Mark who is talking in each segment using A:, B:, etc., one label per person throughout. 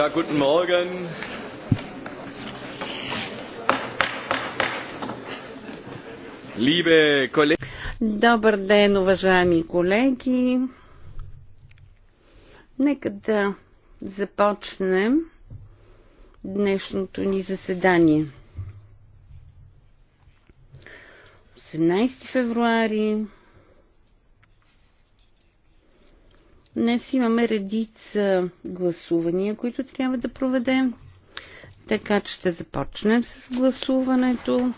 A: Ja, guten Morgen. Liebe колеги.
B: Добър ден, уважаеми колеги. Нека да започнем днешното ни заседание. 18 февруари Днес имаме редица гласувания, които трябва да проведем. Така че ще започнем с гласуването.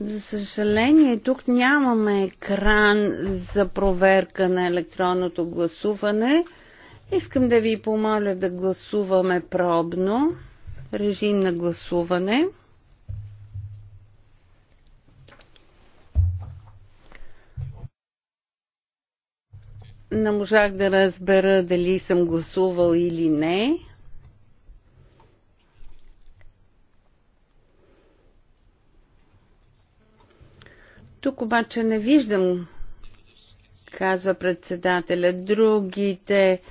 B: За съжаление, тук нямаме екран за проверка на електронното гласуване. Искам да ви помоля да гласуваме пробно. Режим на гласуване. не можах да разбера дали съм гласувал или не. Тук обаче не виждам, казва председателя. Другите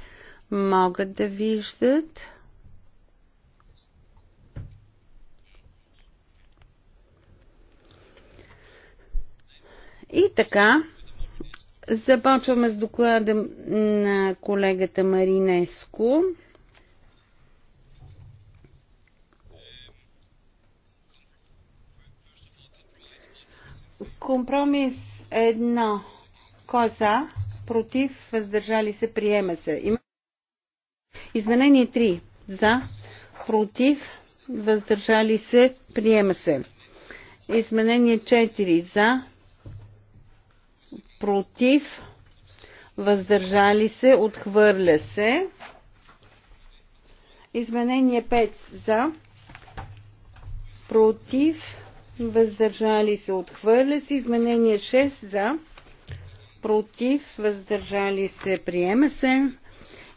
B: могат да виждат. И така, Започваме с доклада на колегата Маринеско. Компромис едно. Кой е за? Против? Въздържали се? Приема се. Изменение 3. За? Против? Въздържали се? Приема се. Изменение 4. За? против, въздържали се, отхвърля се. Изменение 5 за, против, въздържали се, отхвърля се. Изменение 6 за, против, въздържали се, приема се.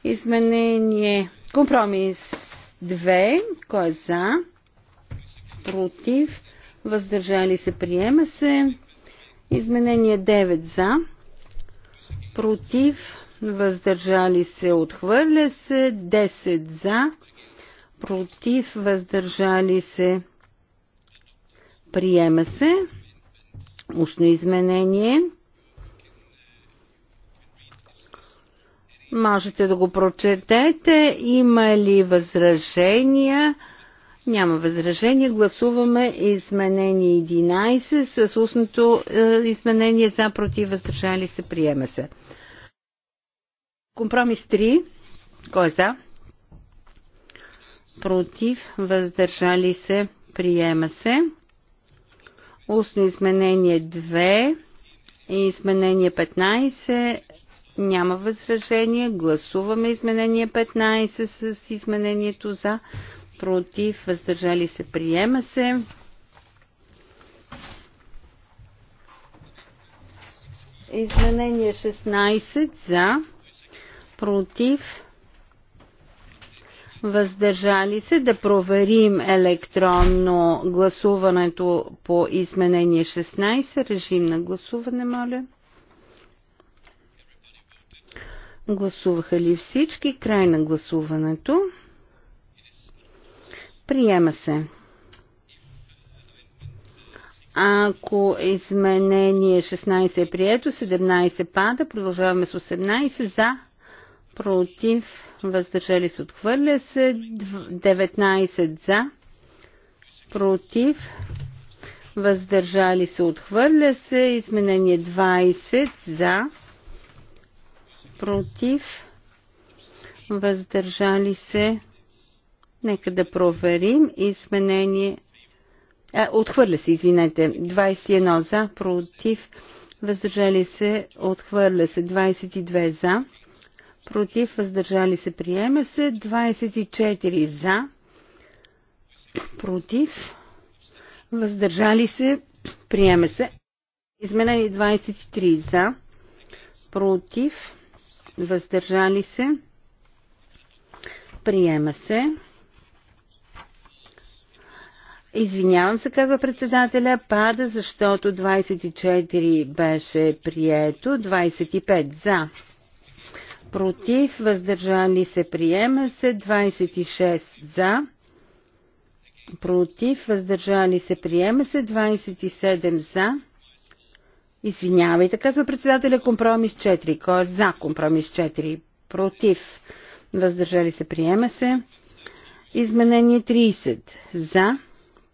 B: Изменение компромис 2, кой е за, против, въздържали се, приема се. Изменение 9 за, против, въздържали се, отхвърля се, 10 за, против, въздържали се, приема се, устно изменение. Можете да го прочетете. Има ли възражения? Няма възражение. Гласуваме изменение 11 с устното е, изменение за против въздържали се. Приема се. Компромис 3. Кой е за? Против въздържали се. Приема се. Устно изменение 2 и изменение 15 няма възражение. Гласуваме изменение 15 с изменението за против, въздържали се, приема се. Изменение 16 за, против, въздържали се да проверим електронно гласуването по изменение 16. Режим на гласуване, моля. Гласуваха ли всички? Край на гласуването. Приема се. Ако изменение 16 е прието, 17 пада, продължаваме с 18 за, против, въздържали се, отхвърля се, 19 за, против, въздържали се, отхвърля се, изменение 20 за, против, въздържали се, Нека да проверим изменение. А, отхвърля се, извинете. 21 за, против, въздържали се, отхвърля се. 22 за, против, въздържали се, приема се. 24 за, против, въздържали се, приема се. Изменение 23 за, против, въздържали се, приема се. Извинявам се, казва председателя, пада, защото 24 беше прието, 25 за. Против, въздържали се, приема се, 26 за. Против, въздържали се, приема се, 27 за. Извинявайте, казва председателя, компромис 4. Кой е за компромис 4? Против, въздържали се, приема се. Изменение 30 за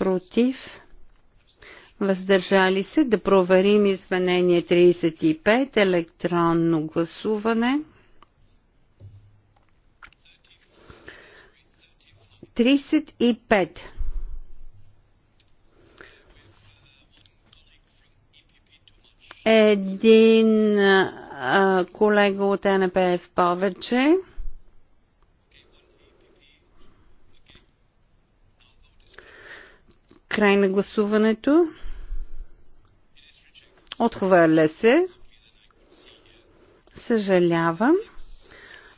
B: против, въздържали се да проверим изменение 35, електронно гласуване. 35. Един а, колега от НПФ повече. Край на гласуването. Отхвърля се. Съжалявам.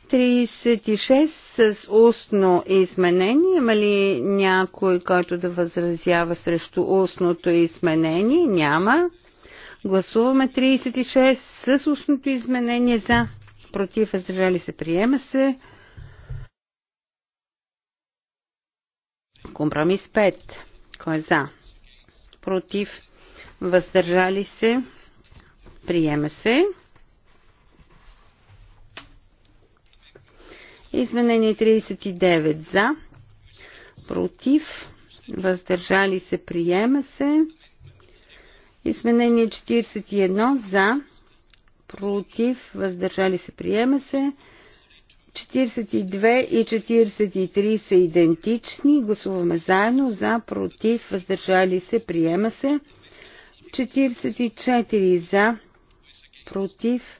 B: 36 с устно изменение. Има ли някой, който да възразява срещу устното изменение? Няма. Гласуваме 36 с устното изменение за. Против, въздържали се, приема се. Компромис 5. Кой е за? Против? Въздържали се? Приема се. Изменение 39 за. Против? Въздържали се? Приема се. Изменение 41 за. Против? Въздържали се? Приема се. 42 и 43 са идентични. Гласуваме заедно за, против, въздържали се, приема се. 44 за, против,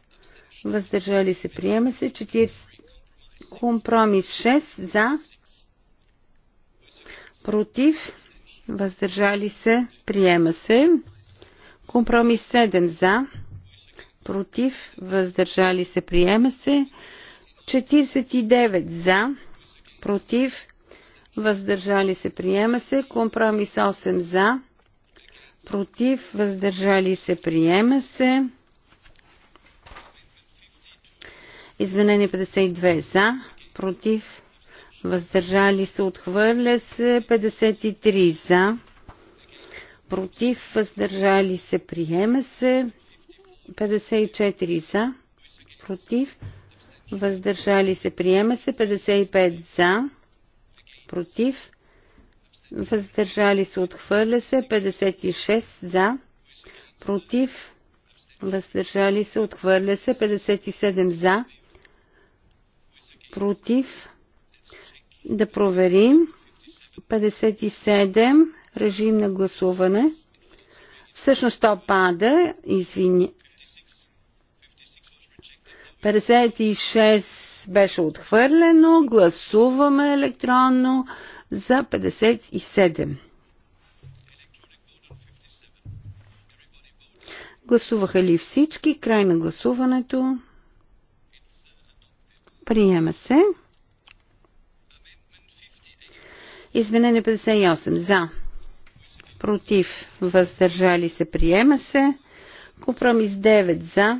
B: въздържали се, приема се. 40... Компромис 6 за, против, въздържали се, приема се. Компромис 7 за, против, въздържали се, приема се. 49 за, против, въздържали се, приема се. Компромис 8 за, против, въздържали се, приема се. Изменение 52 за, против, въздържали се, отхвърля се 53 за, против, въздържали се, приема се 54 за, против, въздържали се, приема се 55 за, против, въздържали се, отхвърля се 56 за, против, въздържали се, отхвърля се 57 за, против, да проверим 57 режим на гласуване. Всъщност то пада, извини, 56 беше отхвърлено. Гласуваме електронно за 57. Гласуваха ли всички? Край на гласуването. Приема се. Извинение 58. За. Против. Въздържали се. Приема се. Компромис 9. За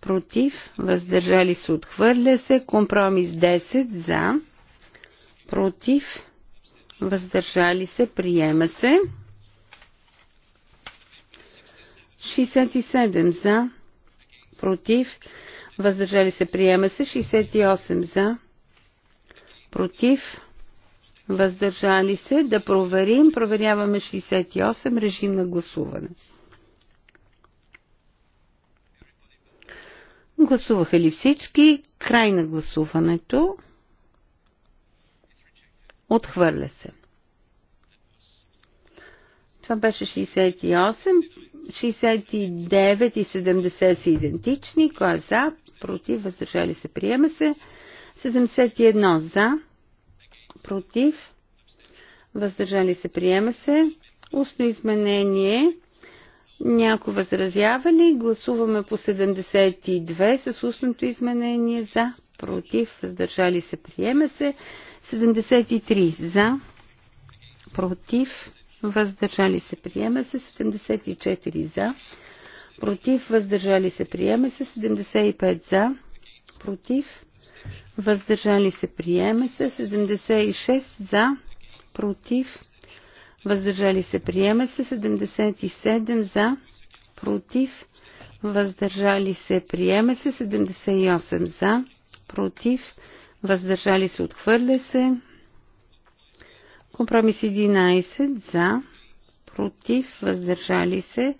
B: против, въздържали се, отхвърля се. Компромис 10 за, против, въздържали се, приема се. 67 за, против, въздържали се, приема се. 68 за, против, въздържали се. Да проверим. Проверяваме 68. Режим на гласуване. Гласуваха ли всички? Край на гласуването. Отхвърля се. Това беше 68, 69 и 70 са идентични. Кой е за? Против? Въздържали се? Приема се. 71 за. Против? Въздържали се? Приема се. Устно изменение Няко възразявали, Гласуваме по 72 с устното изменение за, против, въздържали се, приема се. 73 за, против, въздържали се, приема се. 74 за, против, въздържали се, приема се. 75 за, против, въздържали се, приема се. 76 за, против, въздържали се, приема се 77 за, против, въздържали се, приема се 78 за, против, въздържали се, отхвърля се. Компромис 11 за, против, въздържали се,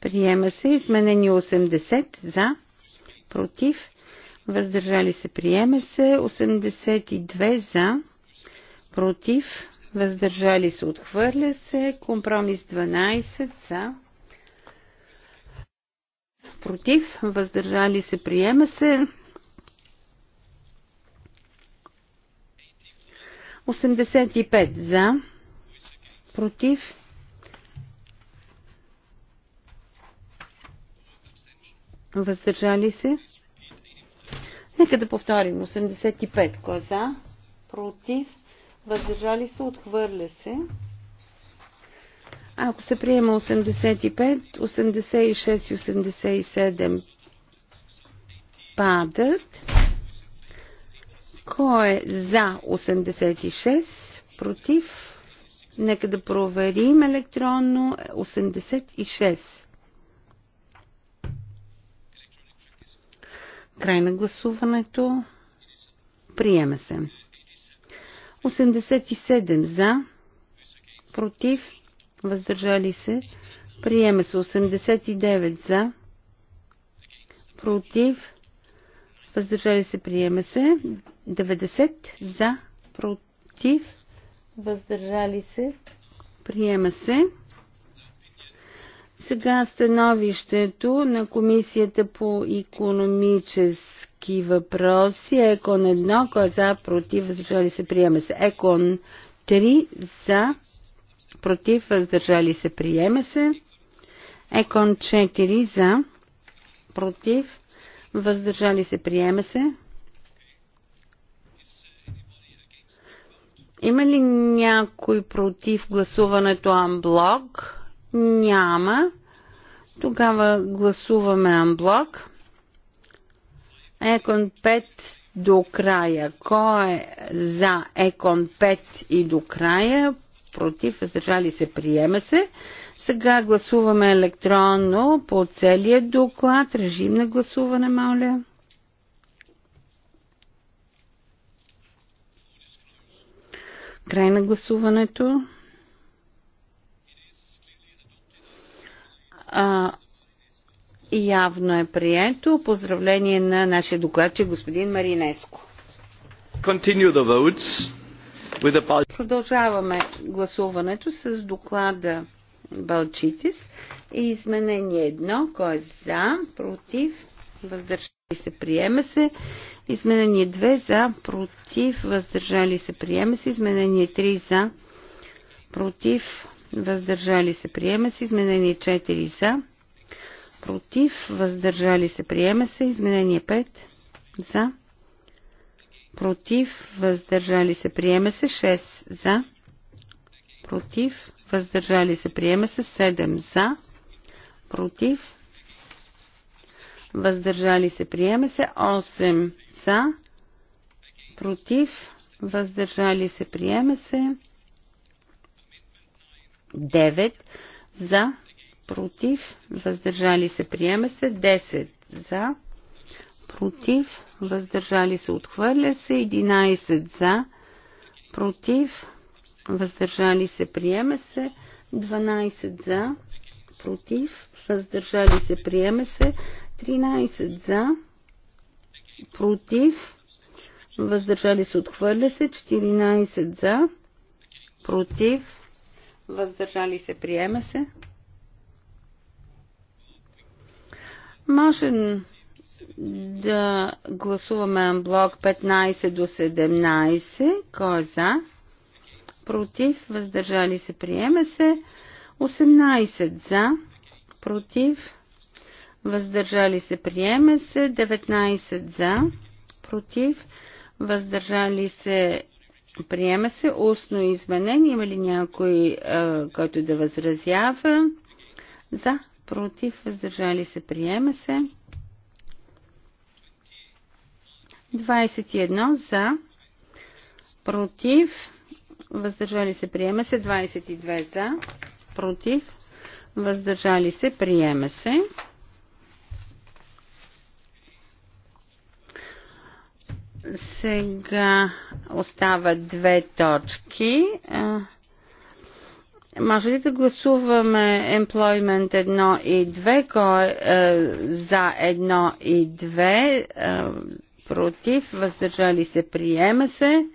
B: приема се. Изменени 80 за, против, въздържали се, приема се. 82 за, против, въздържали се, отхвърля се. Компромис 12 за, против, въздържали се, приема се. 85 за, против, въздържали се. Нека да повторим. 85 коза, е против, въздържали се, отхвърля се. Ако се приема 85, 86 и 87 падат. Кой е за 86? Против? Нека да проверим електронно 86. Край на гласуването. Приема се. 87 за, против, въздържали се, приема се 89 за, против, въздържали се, приема се 90 за, против, въздържали се, приема се. Сега становището на Комисията по економическа всички въпроси. Екон 1, кой е за, против, въздържали се, приема се. Екон 3, за, против, въздържали се, приема се. Екон 4, за, против, въздържали се, приема се. Има ли някой против гласуването Амблок? Няма. Тогава гласуваме Амблок. Екон 5 до края. Кой е за Екон 5 и до края? Против, въздържали се, приема се. Сега гласуваме електронно по целия доклад. Режим на гласуване, моля. Край на гласуването. А, Явно е прието. Поздравление на нашия докладчик господин Маринеско. Продължаваме гласуването с доклада Балчитис и изменение едно, кой е за, против, въздържали се, приема се. Изменение 2 за, против, въздържали се, приема се. Изменение 3 за, против, въздържали се, приема се. Изменение 4 за, против, въздържали се, приема се. Изменение 5 за, против, въздържали се, приема се. 6 за, против, въздържали се, приема се. 7 за, против, въздържали се, приема се. 8 за, против, въздържали се, приема се. 9 за, против, въздържали се, приема се, 10 за, против, въздържали се, отхвърля се, 11 за, против, въздържали се, приема се, 12 за, против, въздържали се, приема се, 13 за, против, въздържали се, отхвърля се, 14 за, против, въздържали се, приема се. Можем да гласуваме блок 15 до 17. Кой е за? Против. Въздържали се. Приема се. 18 за. Против. Въздържали се. Приема се. 19 за. Против. Въздържали се. Приема се. Устно изменение. Има ли някой, който да възразява? За против, въздържали се, приема се. 21 за, против, въздържали се, приема се. 22 за, против, въздържали се, приема се. Сега остават две точки. Може ли да гласуваме Employment 1 и 2? Кой е, за 1 и 2? Е, против? Въздържали се? Приема се.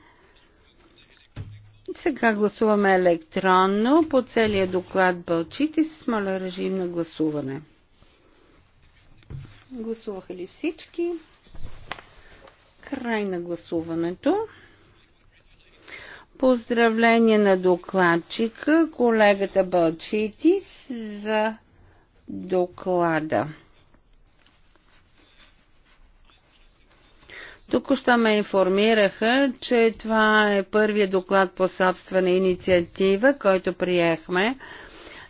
B: Сега гласуваме електронно по целия доклад бълчите с моля режим на гласуване. Гласуваха ли всички? Край на гласуването. Поздравление на докладчика, колегата Балчитис, за доклада. Току-що ме информираха, че това е първият доклад по собствена инициатива, който приехме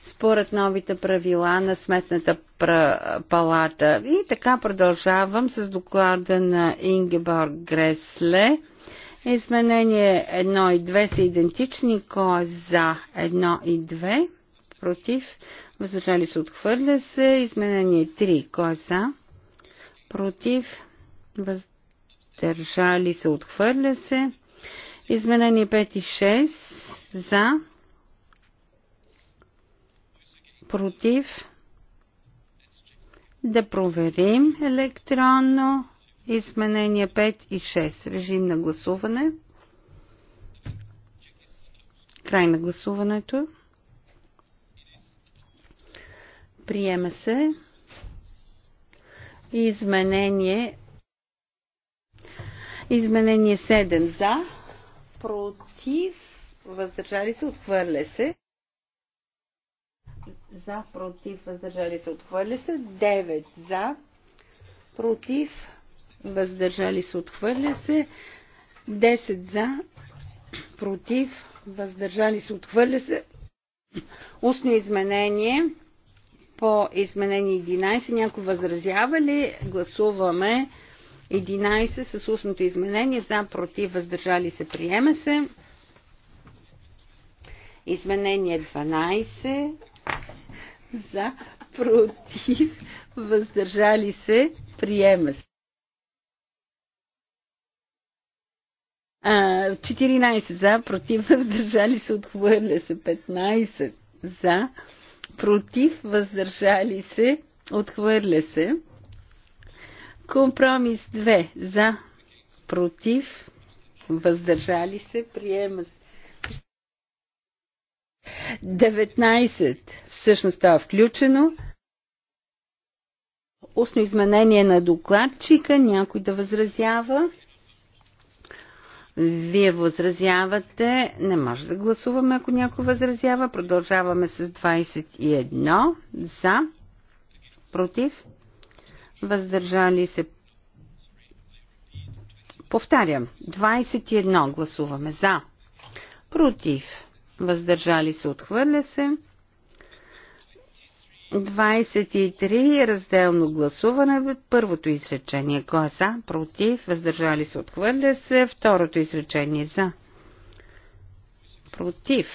B: според новите правила на Сметната палата. И така продължавам с доклада на Ингеборг Гресле Изменение 1 и 2 са идентични. Кой е за 1 и 2? Против. Въздържали се отхвърля се. Изменение 3. Кой е за? Против. Въздържали се отхвърля се. Изменение 5 и 6 за. Против. Да проверим електронно. Изменения 5 и 6. Режим на гласуване. Край на гласуването. Приема се. Изменение. Изменение 7 за. Против. Въздържали се. Отхвърля се. За. Против. Въздържали се. Отхвърля се. 9 за. Против въздържали се, отхвърля се. 10 за, против, въздържали се, отхвърля се. Устно изменение по изменение 11. Някой възразява ли? Гласуваме 11 с устното изменение. За, против, въздържали се, приема се. Изменение 12. За, против, въздържали се, приема се. 14 за, против, въздържали се, отхвърля се. 15 за, против, въздържали се, отхвърля се. Компромис 2 за, против, въздържали се, приема се. 19 всъщност става включено. Устно изменение на докладчика, някой да възразява. Вие възразявате. Не може да гласуваме, ако някой възразява. Продължаваме с 21. За. Против. Въздържали се. Повтарям. 21 гласуваме. За. Против. Въздържали се. Отхвърля се. 23. Разделно гласуване. Първото изречение. Кой е за? Против. Въздържали се. Отхвърля се. Второто изречение. За. Против.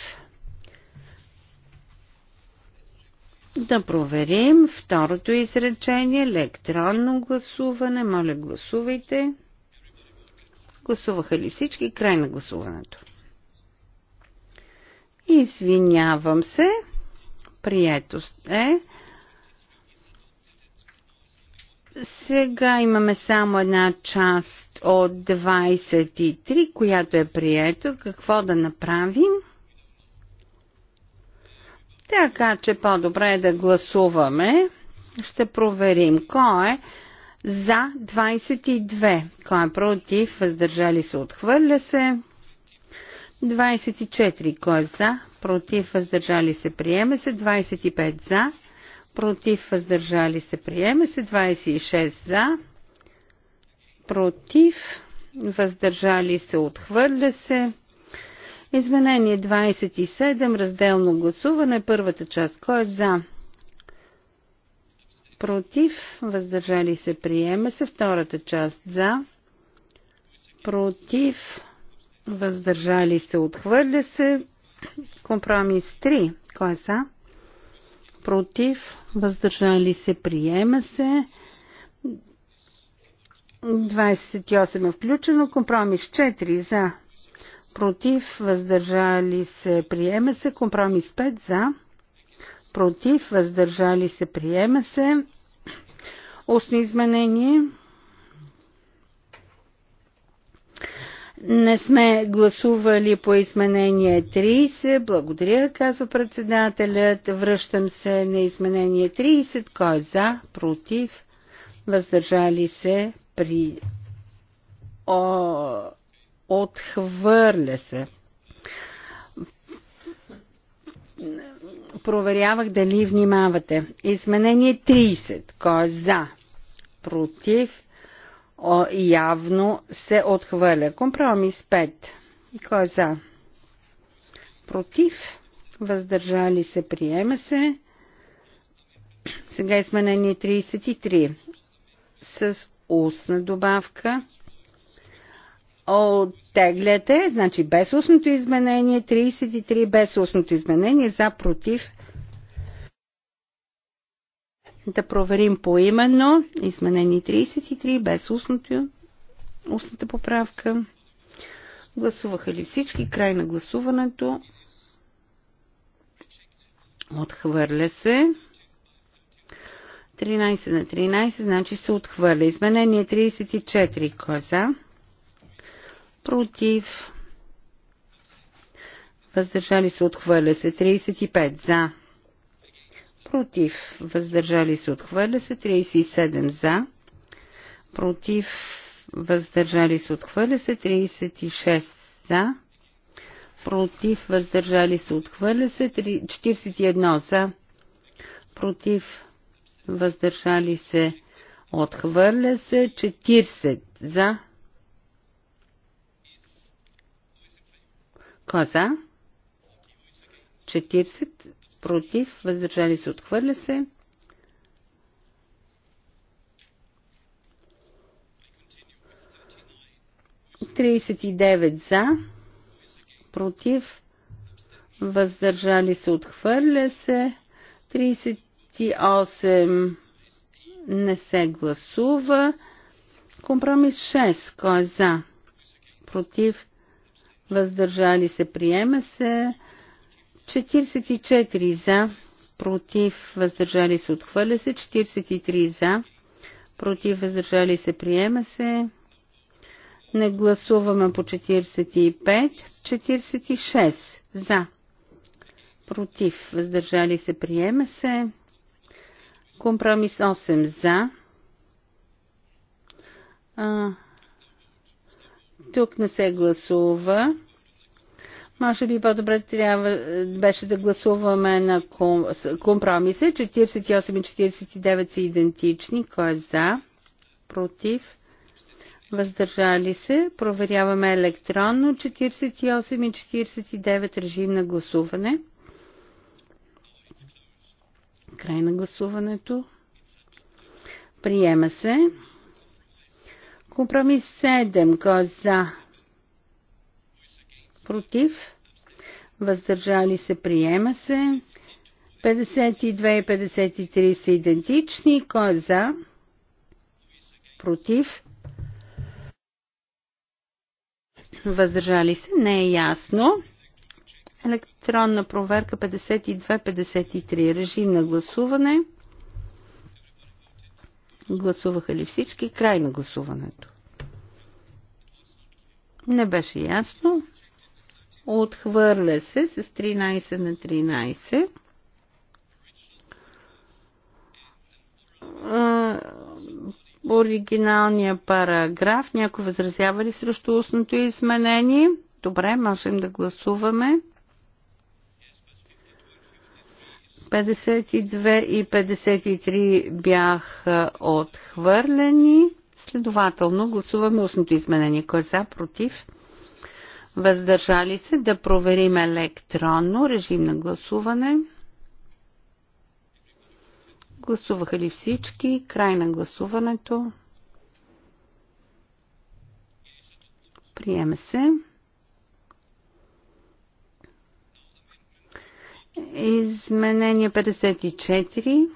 B: Да проверим второто изречение. Електронно гласуване. Моля, гласувайте. Гласуваха ли всички? Край на гласуването. Извинявам се. Приетост е. Сега имаме само една част от 23, която е прието. Какво да направим? Така че по-добре е да гласуваме. Ще проверим кой е за 22, кой е против, въздържали се, отхвърля се. 24. Кой е за? Против. Въздържали се. Приема се. 25 за. Против. Въздържали се. Приема се. 26 за. Против. Въздържали се. Отхвърля се. Изменение 27. Разделно гласуване. Първата част. Кой е за? Против. Въздържали се. Приема се. Втората част. За. Против въздържали се, отхвърля се. Компромис 3. Кой е за? Против, въздържали се, приема се. 28 е включено. Компромис 4 за. Против, въздържали се, приема се. Компромис 5 за. Против, въздържали се, приема се. Осно изменение. Не сме гласували по изменение 30. Благодаря, казва председателят. Връщам се на изменение 30. Кой е за? Против? Въздържали се при... О... Отхвърля се. Проверявах дали внимавате. Изменение 30. Кой е за? Против? явно се отхвърля. Компромис 5. Кой е за? Против. Въздържали се. Приема се. Сега изменение 33. С устна добавка. Оттегляте, значи без устното изменение, 33 без устното изменение, за против да проверим поименно изменение 33 без устното, устната поправка. Гласуваха ли всички? Край на гласуването. Отхвърля се. 13 на 13, значи се отхвърля. Изменение 34. Кой е за? Против. Въздържали се отхвърля се. 35 за против, въздържали се, отхвърля се, 37 за, против, въздържали се, отхвърля се, 36 за, против, въздържали се, отхвърля се, 41 за, против, въздържали се, отхвърля се, 40 за, коза, е 40 против, въздържали се, отхвърля се. Тридесет и девет за, против, въздържали се, отхвърля се. 38 не се гласува. Компромис 6. Кой е за? Против? Въздържали се? Приема се. 44 за, против, въздържали се, отхвърля се. 43 за, против, въздържали се, приема се. Не гласуваме по 45. 46 за, против, въздържали се, приема се. Компромис 8 за. А, тук не се гласува. Може би по-добре трябва беше да гласуваме на компромиса. 48 и 49 са идентични. Кой е за? Против? Въздържали се. Проверяваме електронно. 48 и 49 режим на гласуване. Край на гласуването. Приема се. Компромис 7. Кой е за? против, въздържали се, приема се. 52 и 53 са идентични. Кой е за? Против? Въздържали се? Не е ясно. Електронна проверка 52-53. Режим на гласуване. Гласуваха ли всички? Край на гласуването. Не беше ясно. Отхвърля се с 13 на 13. оригиналния параграф. Някой възразява ли срещу устното изменение? Добре, можем да гласуваме. 52 и 53 бяха отхвърлени. Следователно гласуваме устното изменение. Кой е за, против? въздържали се, да проверим електронно режим на гласуване. Гласуваха ли всички? Край на гласуването. Приеме се. Изменение 54.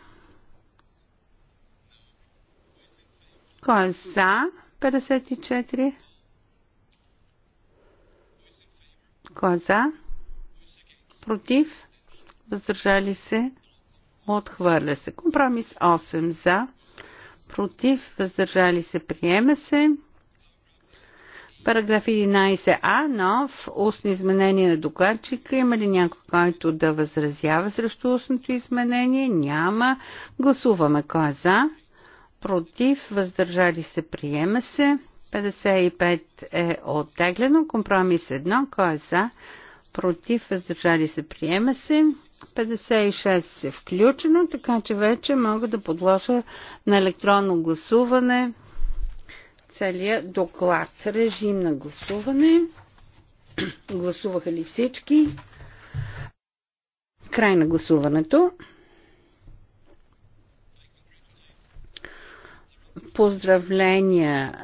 B: Кой е за 54? Кой е за? Против? Въздържали се? Отхвърля се. Компромис 8 за. Против? Въздържали се? Приема се. Параграф 11а, нов, устно изменение на докладчика. Има ли някой, който да възразява срещу устното изменение? Няма. Гласуваме кой е за. Против, въздържали се, приема се. 55 е оттеглено. Компромис 1. Кой е за? Против. Въздържали се. Приема се. 56 е включено, така че вече мога да подложа на електронно гласуване целият доклад. Режим на гласуване. Гласуваха ли всички? Край на гласуването. Поздравления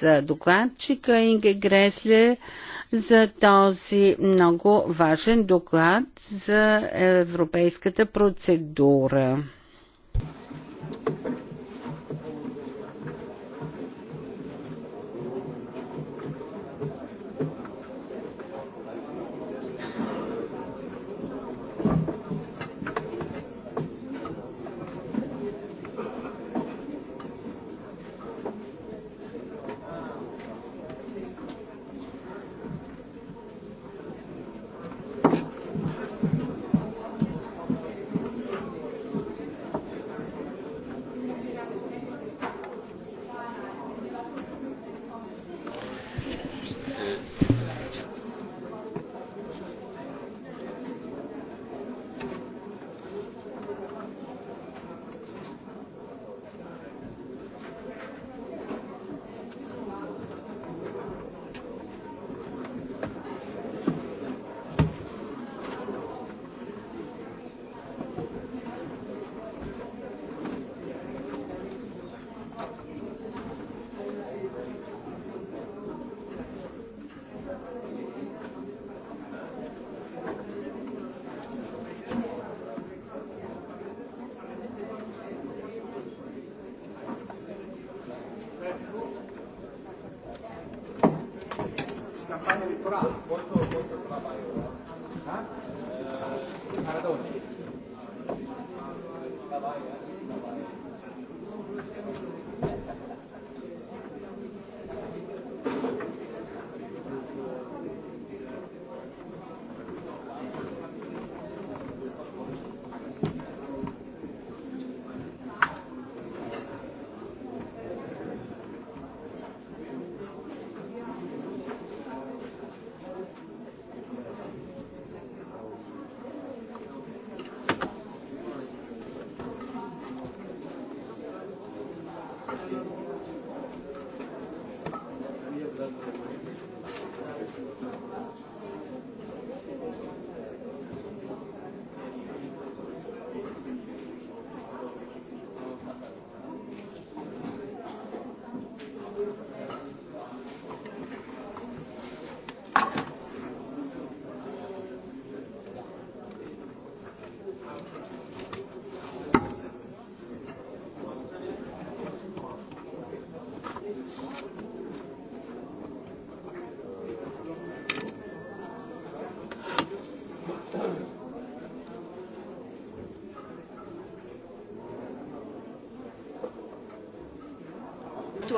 B: за докладчика Инге Гресле за този много важен доклад за европейската процедура.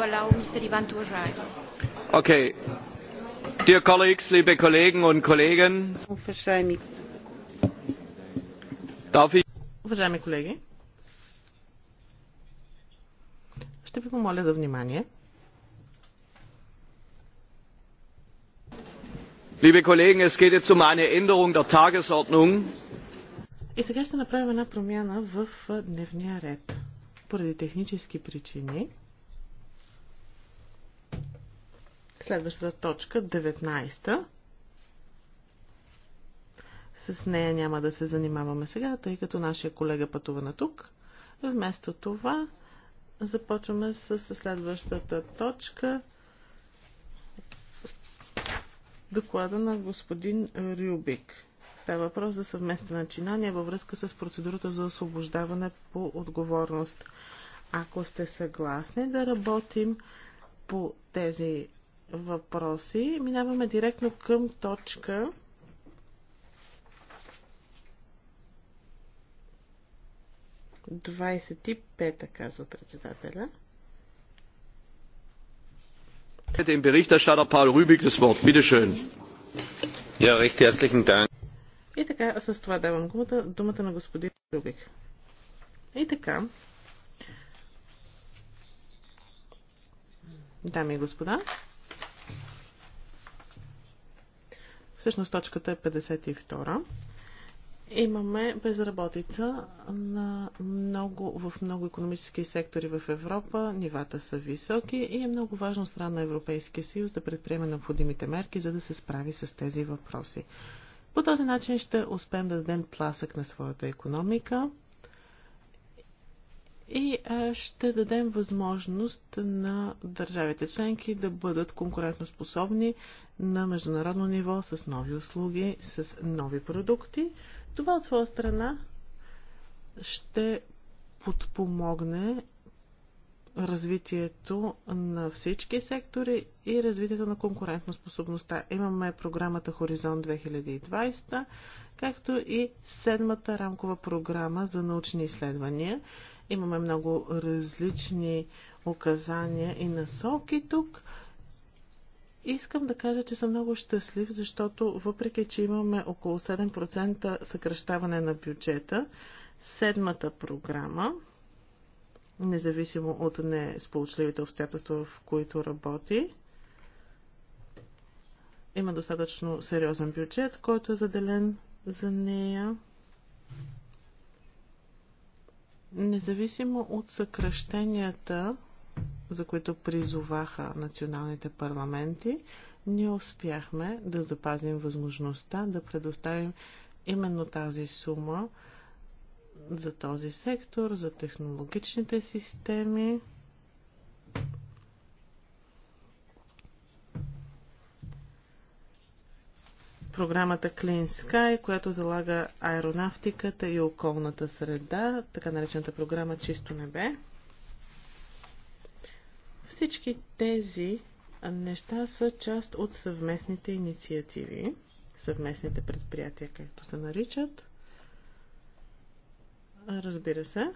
A: allow Mr. Ivan to arrive. Okay. Dear colleagues, liebe Kollegen und Kollegen.
B: Уважаеми. Darf ich... Уважаеми колеги,
C: ще ви помоля за внимание.
A: Liebe Kollegen, es geht jetzt um eine Änderung der Tagesordnung.
C: И сега ще направим една промяна в дневния ред. Поради технически причини Следващата точка, 19. С нея няма да се занимаваме сега, тъй като нашия колега пътува на тук. Вместо това започваме с следващата точка. Доклада на господин Рюбик. Става въпрос за съвместни начинания във връзка с процедурата за освобождаване по отговорност. Ако сте съгласни да работим по тези въпроси. Минаваме директно към точка Двадесет и пета, казва председателя.
A: Dem Berichterstatter Paul Rübig das Wort. Bitte schön. Ja, recht herzlichen Dank.
C: И така, с това давам думата, думата на господин Рубик. И така. Дами и господа, Всъщност точката е 52. Имаме безработица на много, в много економически сектори в Европа. Нивата са високи и е много важно страна на Европейския съюз да предприеме необходимите мерки, за да се справи с тези въпроси. По този начин ще успеем да дадем тласък на своята економика и ще дадем възможност на държавите членки да бъдат конкурентоспособни на международно ниво с нови услуги, с нови продукти. Това от своя страна ще подпомогне развитието на всички сектори и развитието на конкурентоспособността. Имаме програмата Хоризонт 2020, както и седмата рамкова програма за научни изследвания. Имаме много различни указания и насоки тук. Искам да кажа, че съм много щастлив, защото въпреки, че имаме около 7% съкръщаване на бюджета, седмата програма, независимо от несполучливите обстоятелства, в които работи. Има достатъчно сериозен бюджет, който е заделен за нея. Независимо от съкръщенията, за които призоваха националните парламенти, ние успяхме да запазим възможността да предоставим именно тази сума за този сектор, за технологичните системи. програмата Clean Sky, която залага аеронавтиката и околната среда, така наречената програма Чисто небе. Всички тези неща са част от съвместните инициативи, съвместните предприятия, както се наричат. Разбира се.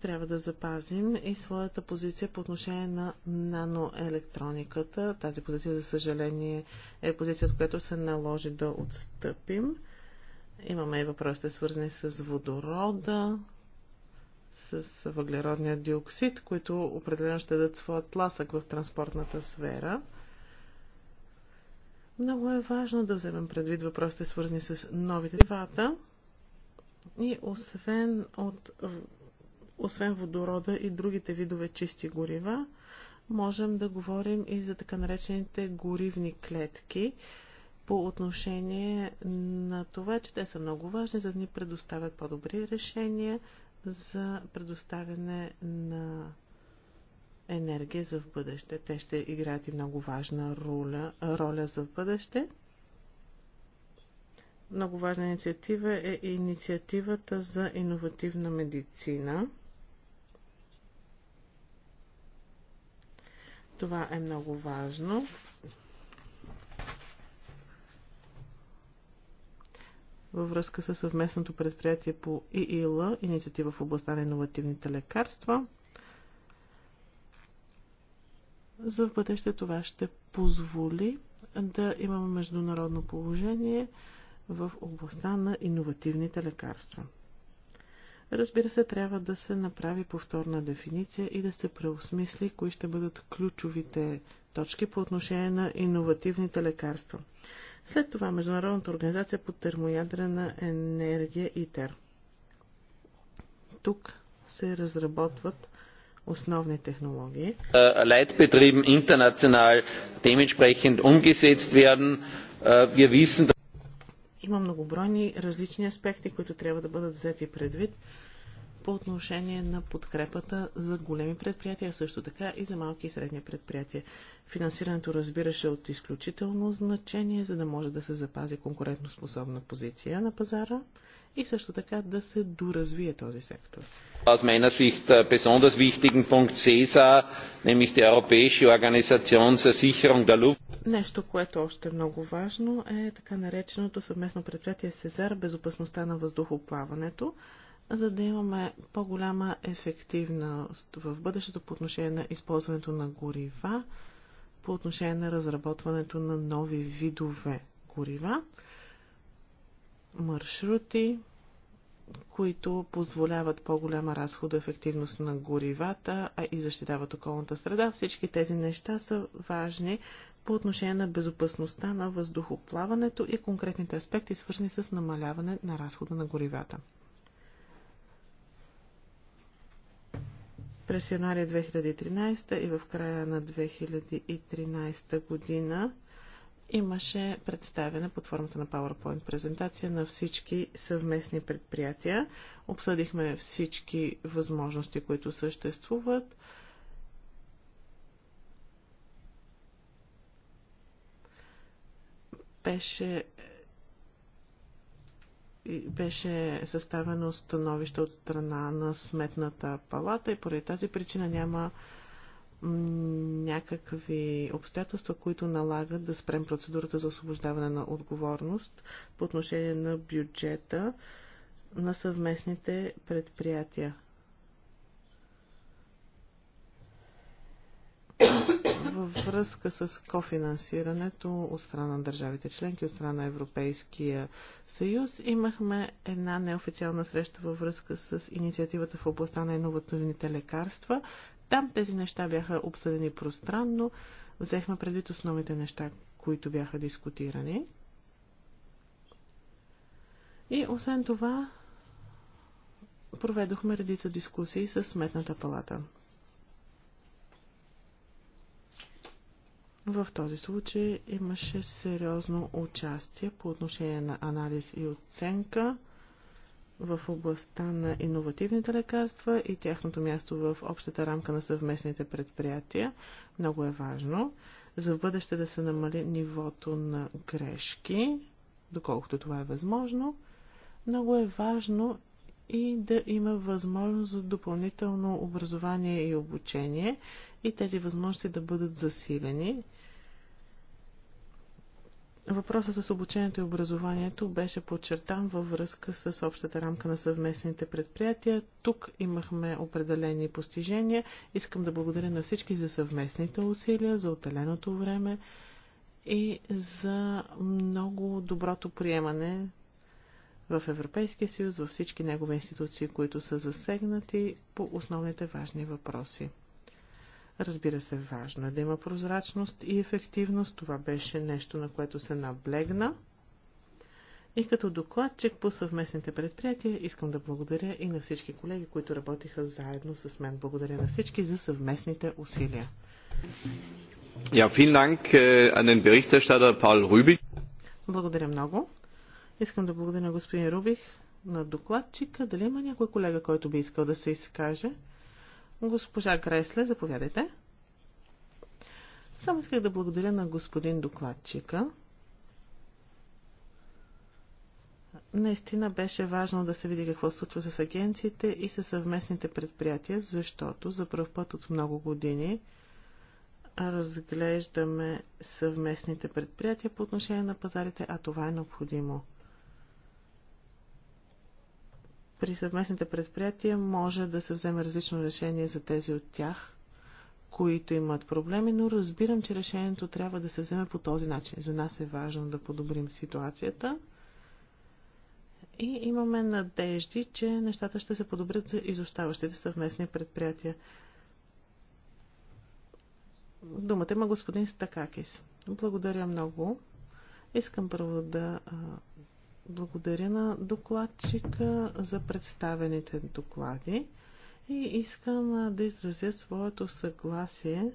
C: трябва да запазим и своята позиция по отношение на наноелектрониката. Тази позиция, за съжаление, е позиция, от която се наложи да отстъпим. Имаме и въпросите свързани с водорода, с въглеродния диоксид, които определено ще дадат своят тласък в транспортната сфера. Много е важно да вземем предвид въпросите, свързани с новите двата. И освен, от, освен водорода и другите видове чисти горива, можем да говорим и за така наречените горивни клетки по отношение на това, че те са много важни, за да ни предоставят по-добри решения за предоставяне на енергия за в бъдеще. Те ще играят и много важна роля, роля за в бъдеще. Много важна инициатива е инициативата за иновативна медицина. Това е много важно. Във връзка с съвместното предприятие по ИИЛ, инициатива в областта на иновативните лекарства – за в бъдеще това ще позволи да имаме международно положение в областта на иновативните лекарства. Разбира се, трябва да се направи повторна дефиниция и да се преосмисли кои ще бъдат ключовите точки по отношение на иновативните лекарства. След това Международната организация по термоядрена енергия ИТЕР. Тук се разработват основни технологии.
A: Äh, Leitbetrieben international dementsprechend umgesetzt werden. Äh, wir wissen,
C: има многобройни различни аспекти, които трябва да бъдат взети предвид по отношение на подкрепата за големи предприятия, също така и за малки и средни предприятия. Финансирането разбираше е от изключително значение, за да може да се запази конкурентоспособна позиция на пазара и също така да се доразвие този сектор.
A: Aus meiner Sicht äh, besonders wichtigen пункт CESA, nämlich die Europäische Organisation zur Sicherung der Luft.
C: Нещо, което е още е много важно е така нареченото съвместно предприятие СЕЗАР безопасността на въздухоплаването, за да имаме по-голяма ефективност в бъдещето по отношение на използването на горива, по отношение на разработването на нови видове горива, маршрути, които позволяват по-голяма разхода ефективност на горивата, а и защитават околната среда. Всички тези неща са важни по отношение на безопасността на въздухоплаването и конкретните аспекти, свързани с намаляване на разхода на горивата. През януари 2013 и в края на 2013 година имаше представяне под формата на PowerPoint презентация на всички съвместни предприятия. Обсъдихме всички възможности, които съществуват. Беше беше съставено становище от страна на Сметната палата и поради тази причина няма някакви обстоятелства, които налагат да спрем процедурата за освобождаване на отговорност по отношение на бюджета на съвместните предприятия. Във връзка с кофинансирането от страна на държавите членки, от страна на Европейския съюз, имахме една неофициална среща във връзка с инициативата в областта на иновативните лекарства, там тези неща бяха обсъдени пространно, взехме предвид основните неща, които бяха дискутирани. И освен това, проведохме редица дискусии с Сметната палата. В този случай имаше сериозно участие по отношение на анализ и оценка в областта на иновативните лекарства и тяхното място в общата рамка на съвместните предприятия. Много е важно за в бъдеще да се намали нивото на грешки, доколкото това е възможно. Много е важно и да има възможност за допълнително образование и обучение и тези възможности да бъдат засилени. Въпросът с обучението и образованието беше подчертан във връзка с общата рамка на съвместните предприятия. Тук имахме определени постижения. Искам да благодаря на всички за съвместните усилия, за отделеното време и за много доброто приемане в Европейския съюз, във всички негови институции, които са засегнати по основните важни въпроси. Разбира се, важно е да има прозрачност и ефективност. Това беше нещо, на което се наблегна. И като докладчик по съвместните предприятия искам да благодаря и на всички колеги, които работиха заедно с мен. Благодаря на всички за съвместните усилия.
A: Ja, vielen Dank äh, an den Berichterstatter Paul Rübig.
C: Благодаря много. Искам да благодаря господин Рубих на докладчика. Дали има някой колега, който би искал да се изкаже? Госпожа Гресле, заповядайте. Само исках да благодаря на господин докладчика. Наистина беше важно да се види какво случва с агенциите и с съвместните предприятия, защото за първ път от много години разглеждаме съвместните предприятия по отношение на пазарите, а това е необходимо. При съвместните предприятия може да се вземе различно решение за тези от тях, които имат проблеми, но разбирам, че решението трябва да се вземе по този начин. За нас е важно да подобрим ситуацията и имаме надежди, че нещата ще се подобрят за изоставащите съвместни предприятия. Думата има господин Стакакис. Благодаря много. Искам първо да благодаря на докладчика за представените доклади и искам да изразя своето съгласие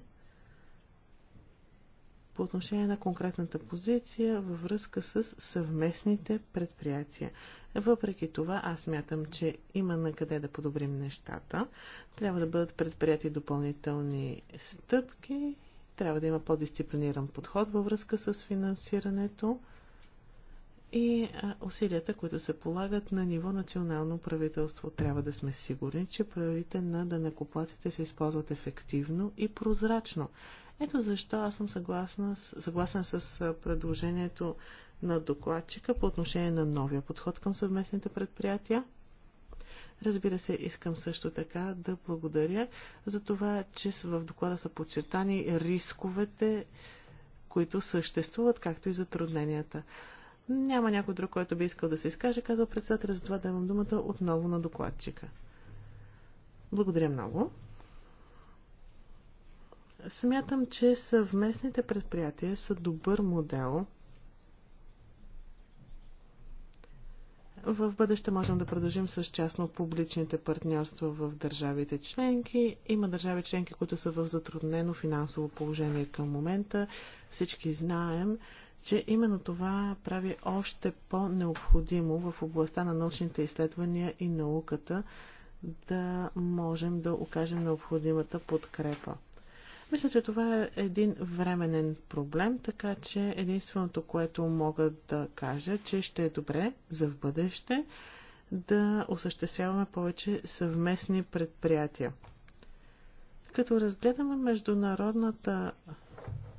C: по отношение на конкретната позиция във връзка с съвместните предприятия. Въпреки това, аз мятам, че има на къде да подобрим нещата. Трябва да бъдат предприяти допълнителни стъпки, трябва да има по-дисциплиниран подход във връзка с финансирането и усилията, които се полагат на ниво национално правителство. Трябва да сме сигурни, че правите на данекоплатите се използват ефективно и прозрачно. Ето защо аз съм съгласна, съгласен с предложението на докладчика по отношение на новия подход към съвместните предприятия. Разбира се, искам също така да благодаря за това, че в доклада са подчертани рисковете, които съществуват, както и затрудненията. Няма някой друг, който би искал да се изкаже, казва председател, затова имам думата отново на докладчика. Благодаря много. Смятам, че съвместните предприятия са добър модел. В бъдеще можем да продължим с частно-публичните партньорства в държавите членки. Има държави членки, които са в затруднено финансово положение към момента. Всички знаем, че именно това прави още по-необходимо в областта на научните изследвания и науката да можем да окажем необходимата подкрепа. Мисля, че това е един временен проблем, така че единственото, което мога да кажа, че ще е добре за в бъдеще да осъществяваме повече съвместни предприятия. Като разгледаме международната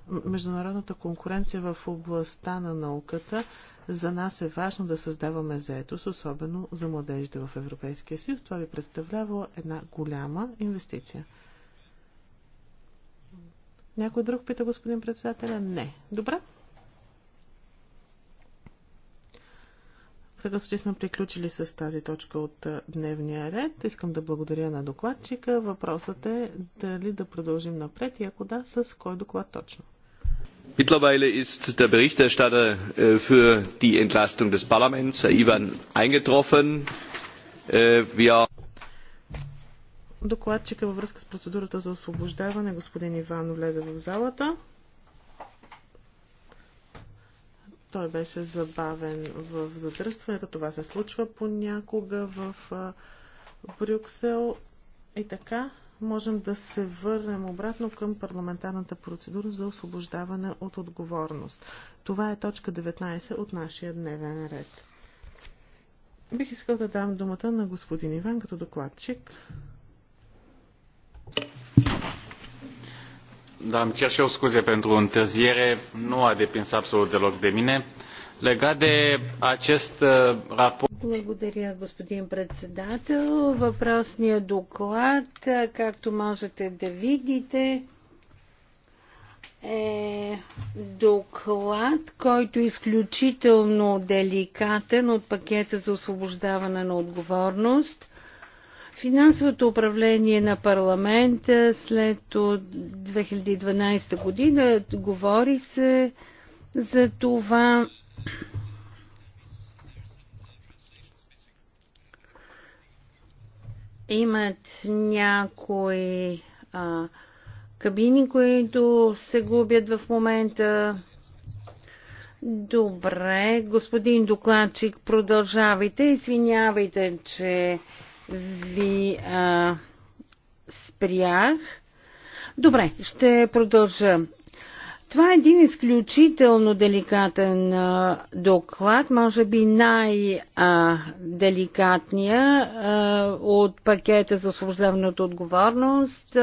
C: международната конкуренция в областта на науката, за нас е важно да създаваме заетост, особено за младежите в Европейския съюз. Това ви представлява една голяма инвестиция. Някой друг пита господин председателя? Не. Добре. Така такъв случай сме приключили с тази точка от дневния ред. Искам да благодаря на докладчика. Въпросът е дали да продължим напред и ако да, с кой доклад точно
A: mittlerweile ist der berichterstatter äh, für die entlastung des parlaments herr ivan eingetroffen. Äh, докладчика
C: във връзка с процедурата за освобождаване господин Иван влезе в залата. Той беше забавен в задръстването. Това се случва понякога в Брюксел. И така, можем да се върнем обратно към парламентарната процедура за освобождаване от отговорност. Това е точка 19 от нашия дневен ред. Бих искал да дам думата на господин Иван като докладчик.
A: Da, îmi cer și eu scuze pentru întârziere,
B: nu a depins absolut deloc de mine. Legat de acest uh, raport... Благодаря, господин председател. Въпросният доклад, както можете да видите, е доклад, който е изключително деликатен от пакета за освобождаване на отговорност. Финансовото управление на парламента след 2012 година говори се за това имат някои а, кабини, които се губят в момента. Добре, господин докладчик, продължавайте. Извинявайте, че ви а, спрях. Добре, ще продължа. Това е един изключително деликатен доклад, може би най-деликатния от пакета за освобождаваната отговорност,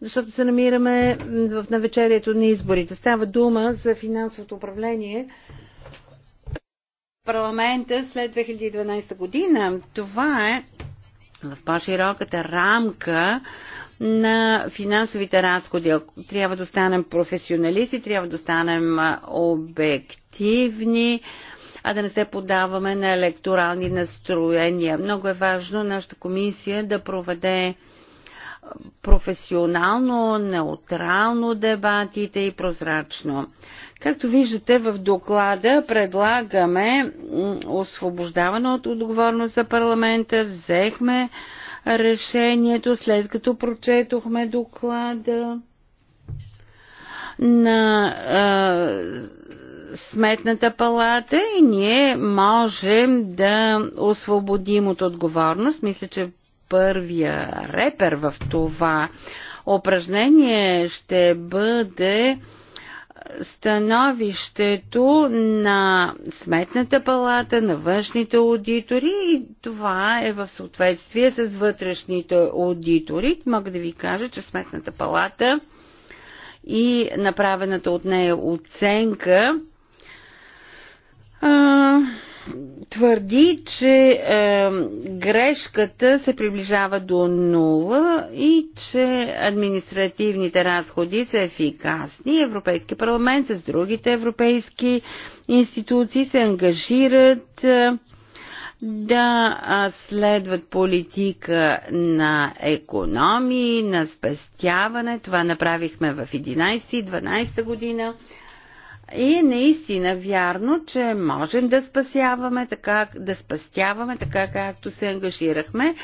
B: защото се намираме в навечерието на изборите. Става дума за финансовото управление парламента след 2012 година. Това е в по-широката рамка на финансовите разходи. Трябва да станем професионалисти, трябва да станем обективни, а да не се подаваме на електорални настроения. Много е важно нашата комисия да проведе професионално, неутрално дебатите и прозрачно. Както виждате в доклада, предлагаме освобождаване от отговорност за парламента, взехме решението, след като прочетохме доклада на а, Сметната палата и ние можем да освободим от отговорност. Мисля, че първия репер в това упражнение ще бъде а, становището на Сметната палата, на външните аудитори и това е в съответствие с вътрешните аудитори. Мога да ви кажа, че Сметната палата и направената от нея оценка а, твърди, че е, грешката се приближава до нула и че административните разходи са ефикасни. Европейски парламент с другите европейски институции се ангажират е, да следват политика на економии, на спестяване. Това направихме в 11-12 година. И е наистина вярно, че можем да спасяваме така, да спастяваме така, както се ангажирахме.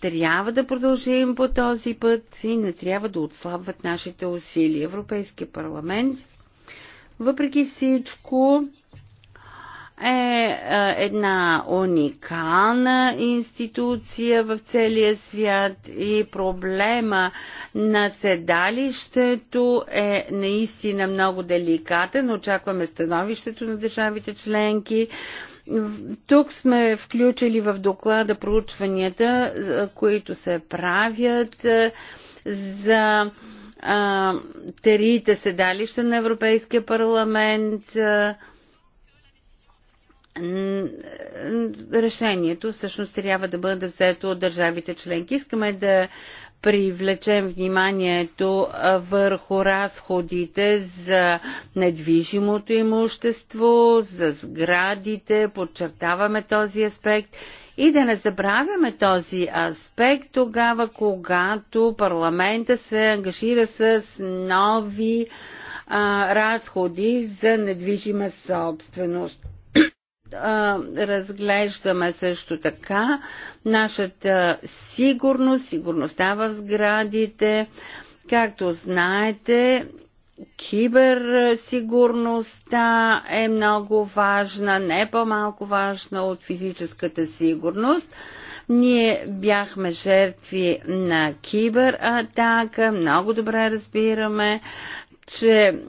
B: Трябва да продължим по този път и не трябва да отслабват нашите усилия. Европейския парламент, въпреки всичко, е, е една уникална институция в целия свят и проблема на седалището е наистина много деликатен. Очакваме становището на държавите членки. Тук сме включили в доклада проучванията, които се правят е, за е, трите седалища на Европейския парламент. А, решението всъщност трябва да бъде взето от държавите членки. Искаме да привлечем вниманието върху разходите за недвижимото имущество, за сградите, подчертаваме този аспект и да не забравяме този аспект тогава, когато парламента се ангажира с нови а, разходи за недвижима собственост разглеждаме също така нашата сигурност, сигурността в сградите, както знаете, киберсигурността е много важна, не по-малко важна от физическата сигурност. Ние бяхме жертви на кибератака, много добре разбираме, че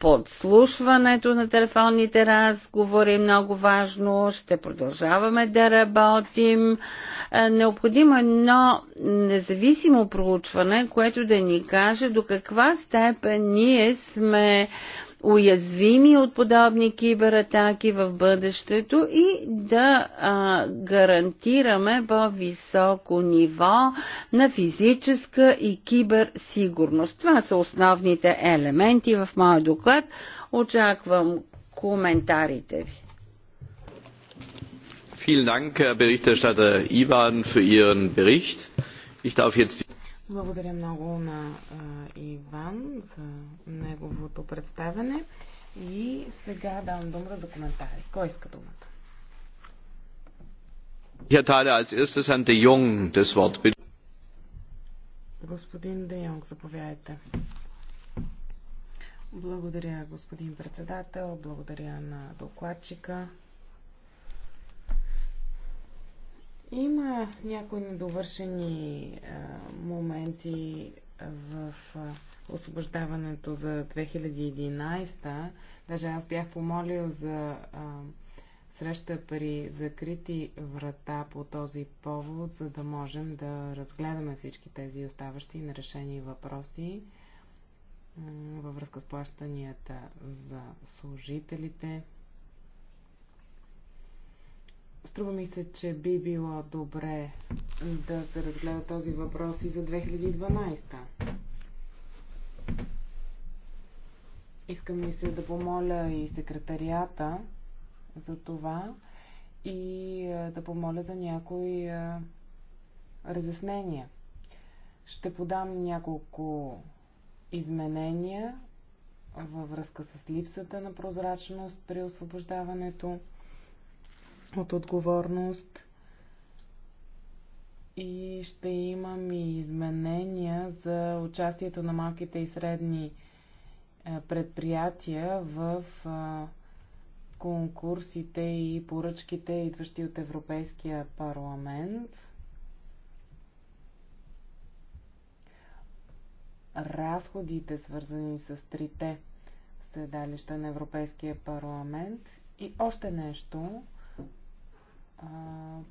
B: подслушването на телефонните разговори е много важно. Ще продължаваме да работим. Е, необходимо е едно независимо проучване, което да ни каже до каква степен ние сме уязвими от подобни кибератаки в бъдещето и да а, гарантираме по-високо ниво на физическа и киберсигурност. Това са основните елементи в моя доклад. Очаквам коментарите ви.
A: Vielen Dank, Herr Berichterstatter Ivan, für Ihren Bericht. Ich darf jetzt
D: благодаря много на Иван за неговото представене. И сега давам дума за коментари. Кой иска думата?
A: als erstes de Jong das Wort.
D: Господин Де Йонг, заповядайте. Благодаря, господин председател. Благодаря на докладчика. Има някои недовършени а, моменти в а, освобождаването за 2011. Даже аз бях помолил за а, среща при закрити врата по този повод, за да можем да разгледаме всички тези оставащи нерешени въпроси във връзка с плащанията за служителите. Струва ми се, че би било добре да се разгледа този въпрос и за 2012. Искам ми се да помоля и секретарията за това и е, да помоля за някои е, разяснения. Ще подам няколко изменения във връзка с липсата на прозрачност при освобождаването от отговорност и ще имам и изменения за участието на малките и средни е, предприятия в е, конкурсите и поръчките, идващи от Европейския парламент. Разходите, свързани с трите седалища на Европейския парламент. И още нещо –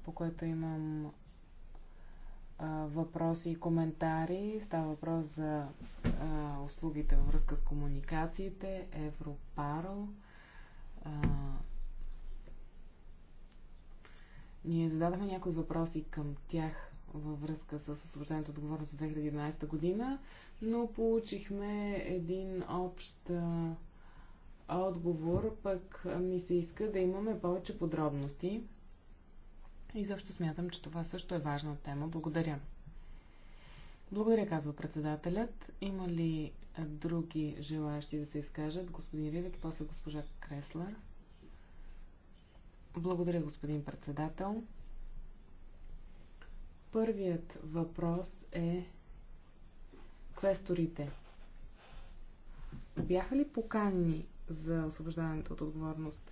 D: по което имам въпроси и коментари. Става въпрос за услугите във връзка с комуникациите, Европаро. ние зададахме някои въпроси към тях във връзка с освобождането отговорност от 2011 година, но получихме един общ а, отговор, пък ми се иска да имаме повече подробности и защо смятам, че това също е важна тема. Благодаря. Благодаря, казва председателят. Има ли други желаящи да се изкажат? Господин Ривек, после госпожа Креслер. Благодаря, господин председател. Първият въпрос е квесторите. Бяха ли покани за освобождаването от отговорност?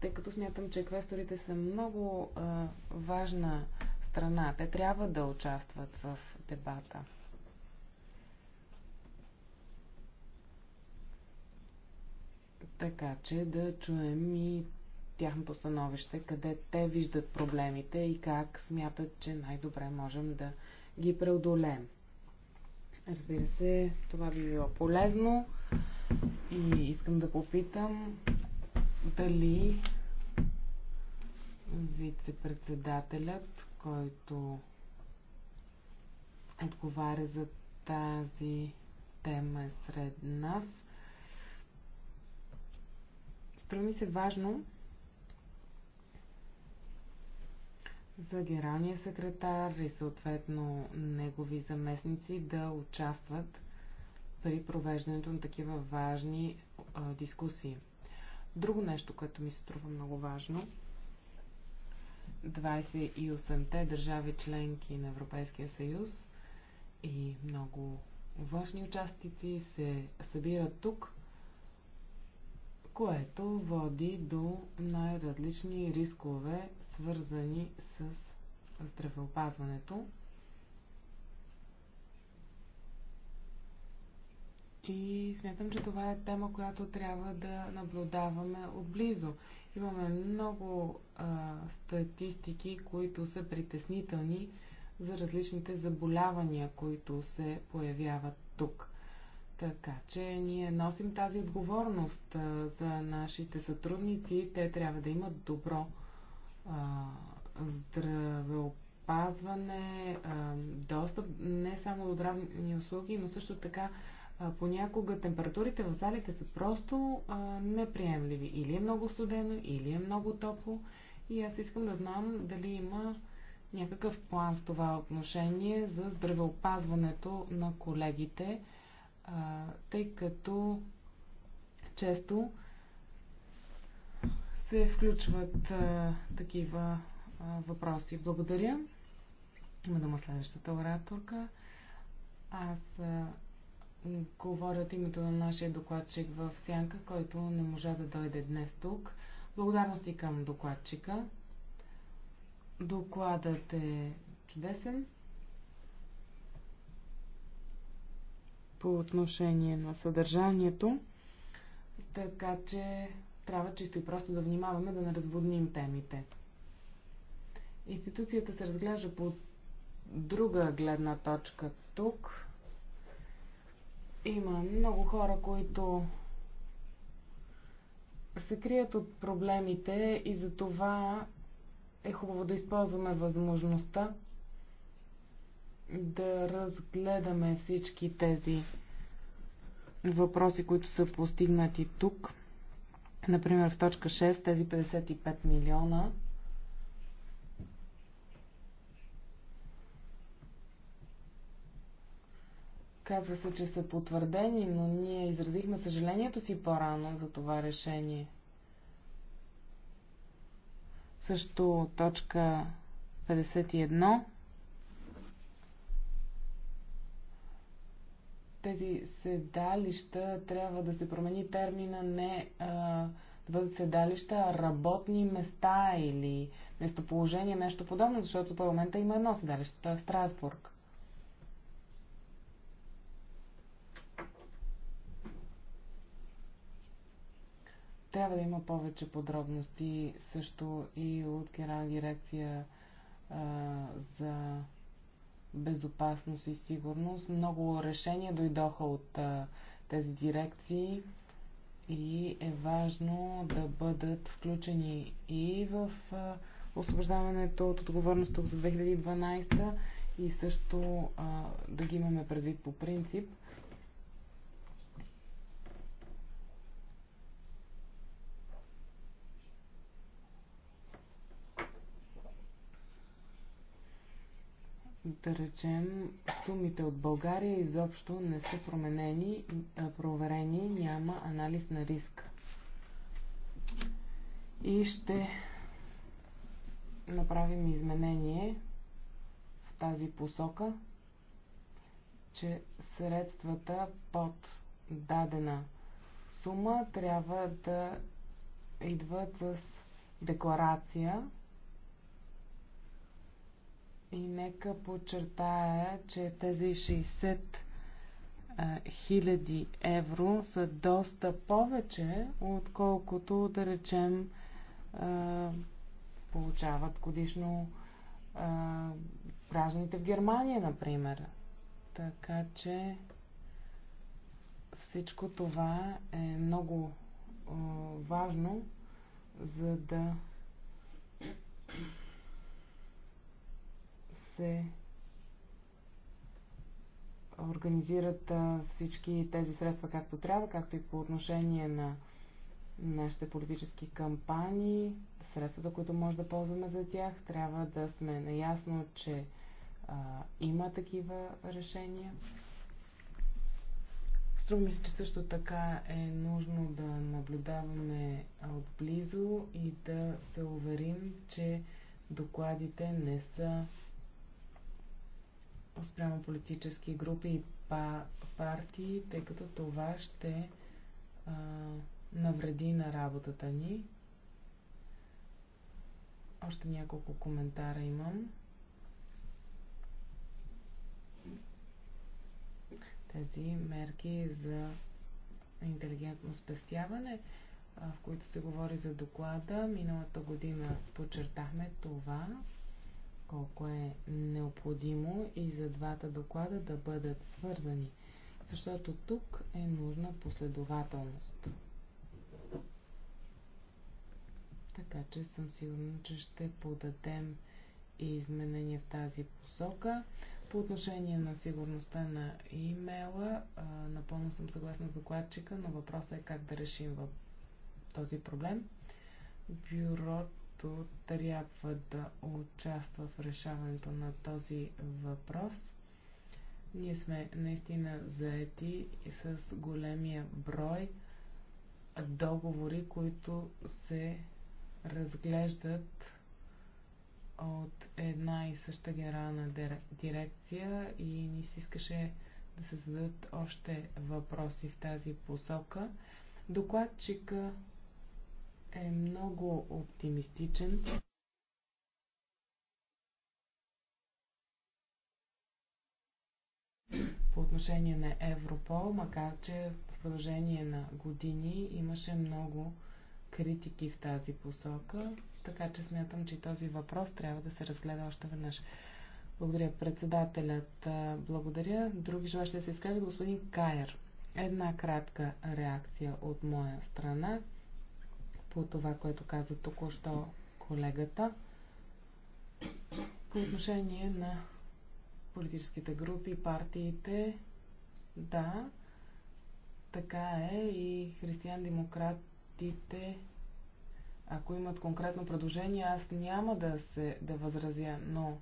D: тъй като смятам, че квесторите са много а, важна страна. Те трябва да участват в дебата. Така че да чуем и тяхното становище, къде те виждат проблемите и как смятат, че най-добре можем да ги преодолеем. Разбира се, това би било полезно и искам да попитам дали вице-председателят, който отговаря за тази тема е сред нас. струми се важно за генералния секретар и съответно негови заместници да участват при провеждането на такива важни а, дискусии. Друго нещо, което ми се струва много важно, 28-те държави членки на Европейския съюз и много външни участници се събират тук, което води до най-различни рискове, свързани с здравеопазването И смятам, че това е тема, която трябва да наблюдаваме отблизо. Имаме много а, статистики, които са притеснителни за различните заболявания, които се появяват тук. Така че ние носим тази отговорност а, за нашите сътрудници. Те трябва да имат добро а, здравеопазване, а, достъп не само до здравни услуги, но също така понякога температурите в залите са просто неприемливи. Или е много студено, или е много топло. И аз искам да знам дали има някакъв план в това отношение за здравеопазването на колегите, тъй като често се включват а, такива а, въпроси. Благодаря. Има дума следващата ораторка. Аз а, говоря от името на нашия докладчик в Сянка, който не можа да дойде днес тук. Благодарности към докладчика. Докладът е чудесен. По отношение на съдържанието. Така че трябва чисто и просто да внимаваме да не разводним темите. Институцията се разглежда по друга гледна точка тук има много хора, които се крият от проблемите и за това е хубаво да използваме възможността да разгледаме всички тези въпроси, които са постигнати тук. Например, в точка 6 тези 55 милиона – Казва се, че са потвърдени, но ние изразихме съжалението си по-рано за това решение. Също точка 51. Тези седалища трябва да се промени термина не а, да бъдат седалища, а работни места или местоположение, нещо подобно, защото парламента има едно седалище, то е в Страсбург. Трябва да има повече подробности също и от Генерална дирекция а, за безопасност и сигурност. Много решения дойдоха от а, тези дирекции и е важно да бъдат включени и в а, освобождаването от отговорност за 2012 и също а, да ги имаме предвид по принцип да речем, сумите от България изобщо не са променени, проверени, няма анализ на риск. И ще направим изменение в тази посока, че средствата под дадена сума трябва да идват с декларация и нека подчертая, че тези 60 000 евро са доста повече, отколкото, да речем, получават годишно гражданите в Германия, например. Така че всичко това е много важно, за да се организират всички тези средства както трябва, както и по отношение на нашите политически кампании, средствата, които може да ползваме за тях. Трябва да сме наясно, че а, има такива решения. Струва ми се, че също така е нужно да наблюдаваме отблизо и да се уверим, че докладите не са спрямо политически групи и па партии, тъй като това ще а, навреди на работата ни. Още няколко коментара имам. Тези мерки за интелигентно спестяване, в които се говори за доклада, миналата година подчертахме това колко е необходимо и за двата доклада да бъдат свързани, защото тук е нужна последователност. Така че съм сигурна, че ще подадем и изменения в тази посока. По отношение на сигурността на имейла, напълно съм съгласна с докладчика, но въпросът е как да решим този проблем. Бюрото който трябва да участва в решаването на този въпрос. Ние сме наистина заети с големия брой договори, които се разглеждат от една и съща генерална дирекция и ни се искаше да се зададат още въпроси в тази посока. Докладчика е много оптимистичен. по отношение на Европол, макар че в продължение на години имаше много критики в тази посока, така че смятам, че този въпрос трябва да се разгледа още веднъж. Благодаря председателят. Благодаря. Други желащи да се изкажат. Господин Кайер. Една кратка реакция от моя страна по това, което каза току-що колегата. По отношение на политическите групи, партиите, да, така е и християн-демократите, ако имат конкретно предложение, аз няма да, се, да възразя, но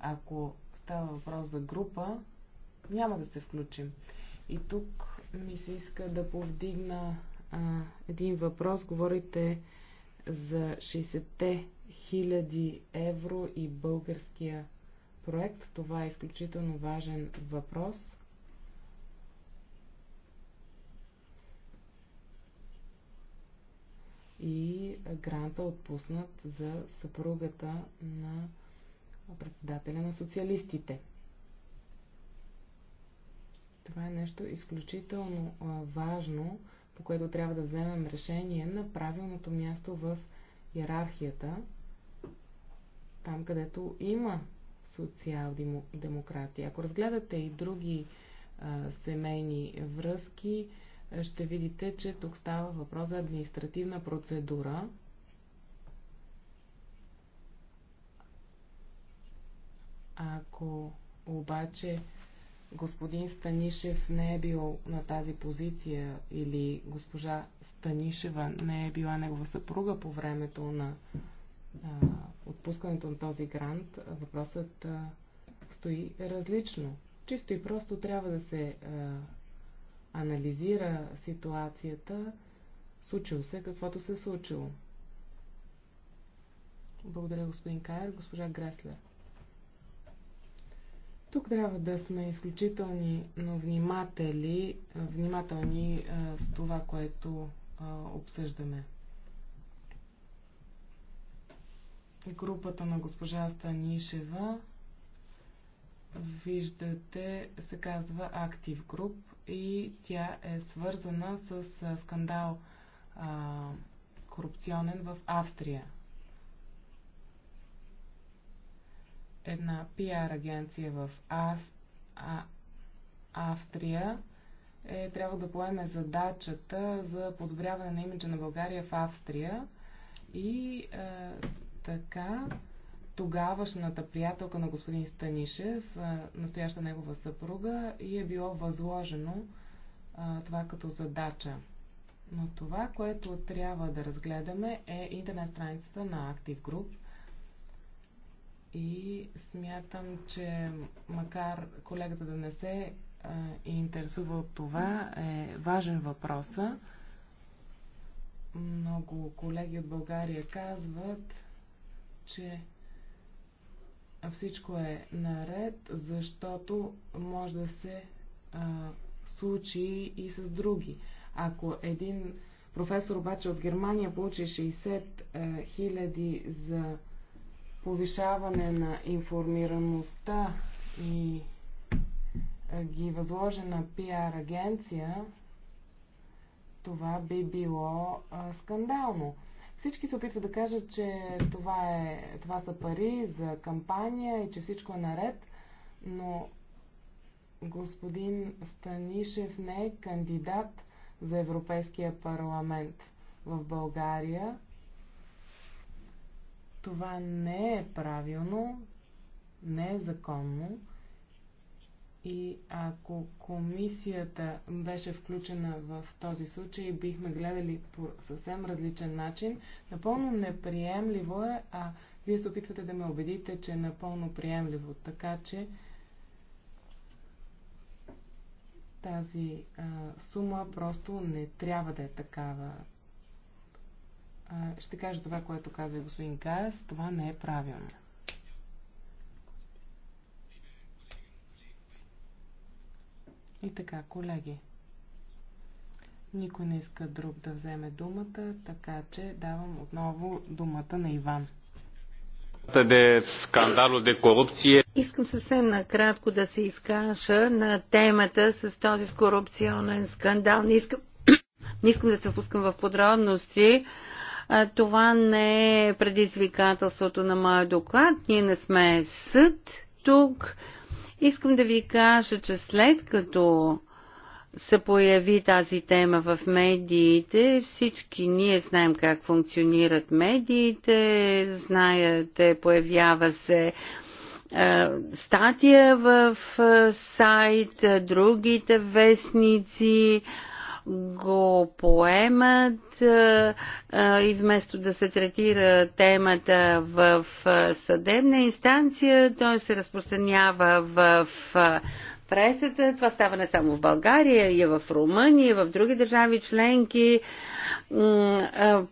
D: ако става въпрос за група, няма да се включим. И тук ми се иска да повдигна а, един въпрос. Говорите за 60-те хиляди евро и българския проект. Това е изключително важен въпрос. И гранта отпуснат за съпругата на председателя на социалистите. Това е нещо изключително важно по което трябва да вземем решение на правилното място в иерархията, там където има социал демократия. Ако разгледате и други а, семейни връзки, ще видите, че тук става въпрос за административна процедура. Ако обаче господин Станишев не е бил на тази позиция или госпожа Станишева не е била негова съпруга по времето на а, отпускането на този грант, въпросът а, стои различно. Чисто и просто трябва да се а, анализира ситуацията, случило се каквото се случило. Благодаря, господин Кайер. Госпожа Греслер. Тук трябва да сме изключителни, но внимателни, внимателни а, с това, което а, обсъждаме. Групата на госпожа Станишева виждате, се казва Active Group и тя е свързана с скандал а, корупционен в Австрия. една пиар агенция в а, Австрия е, трябва да поеме задачата за подобряване на имиджа на България в Австрия. И е, така тогавашната приятелка на господин Станишев, е, настояща негова съпруга, и е било възложено е, това като задача. Но това, което трябва да разгледаме е интернет страницата на Active Group, и смятам, че макар колегата да не се а, е интересува от това, е важен въпроса. Много колеги от България казват, че всичко е наред, защото може да се а, случи и с други. Ако един професор обаче от Германия получи 60 хиляди за повишаване на информираността и ги възложи на пиар агенция, това би било а, скандално. Всички се опитват да кажат, че това, е, това са пари за кампания и че всичко е наред, но господин Станишев не е кандидат за Европейския парламент в България това не е правилно, не е законно. И ако комисията беше включена в този случай, бихме гледали по съвсем различен начин. Напълно неприемливо е, а вие се опитвате да ме убедите, че е напълно приемливо. Така че тази а, сума просто не трябва да е такава ще кажа това, което каза господин Гайес. Това не е правилно. И така, колеги. Никой не иска друг да вземе думата, така че давам отново думата на Иван.
A: De скандало, де корупция. Искам
B: съвсем накратко да се изкажа на темата с този корупционен скандал. Не искам, не искам да се впускам в подробности. Това не е предизвикателството на моя доклад. Ние не сме съд тук. Искам да ви кажа, че след като се появи тази тема в медиите, всички ние знаем как функционират медиите, знаете, появява се е, статия в е, сайт, другите вестници, го поемат и вместо да се третира темата в съдебна инстанция, той се разпространява в пресата. Това става не само в България, и в Румъния, и в други държави членки.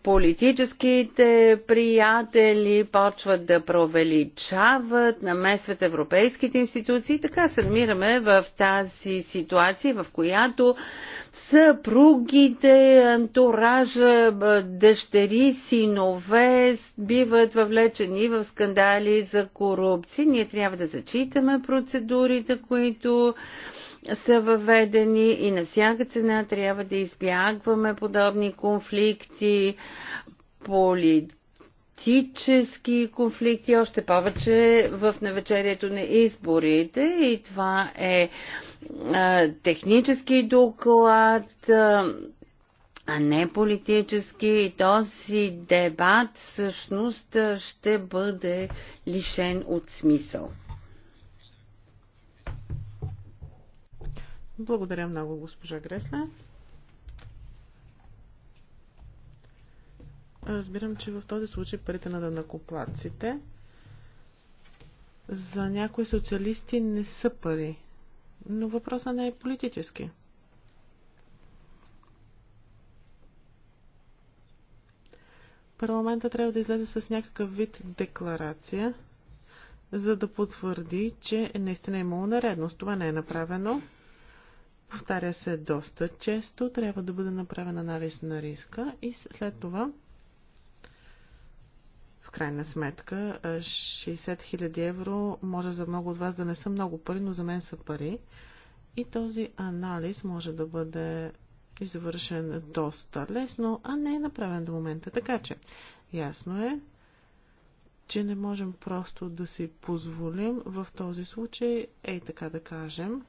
B: Политическите приятели почват да провеличават, намесват европейските институции. Така се намираме в тази ситуация, в която съпругите, антуража, дъщери, синове биват въвлечени в скандали за корупция. Ние трябва да зачитаме процедурите, които са въведени и на всяка цена трябва да избягваме подобни конфликти, политически конфликти, още повече в навечерието на изборите и това е технически доклад, а не политически. И този дебат всъщност ще бъде лишен от смисъл.
C: Благодаря много, госпожа Гресна. Разбирам, че в този случай парите на дънакоплаците. за някои социалисти не са пари. Но въпросът не е политически. Парламента трябва да излезе с някакъв вид декларация, за да потвърди, че наистина е имало наредност. Това не е направено. Повтаря се доста често. Трябва да бъде направен анализ на риска и след това крайна сметка. 60 000 евро може за много от вас да не са много пари, но за мен са пари. И този анализ може да бъде извършен доста лесно, а не е направен до момента. Така че, ясно е, че не можем просто да си позволим в този случай, ей така да кажем,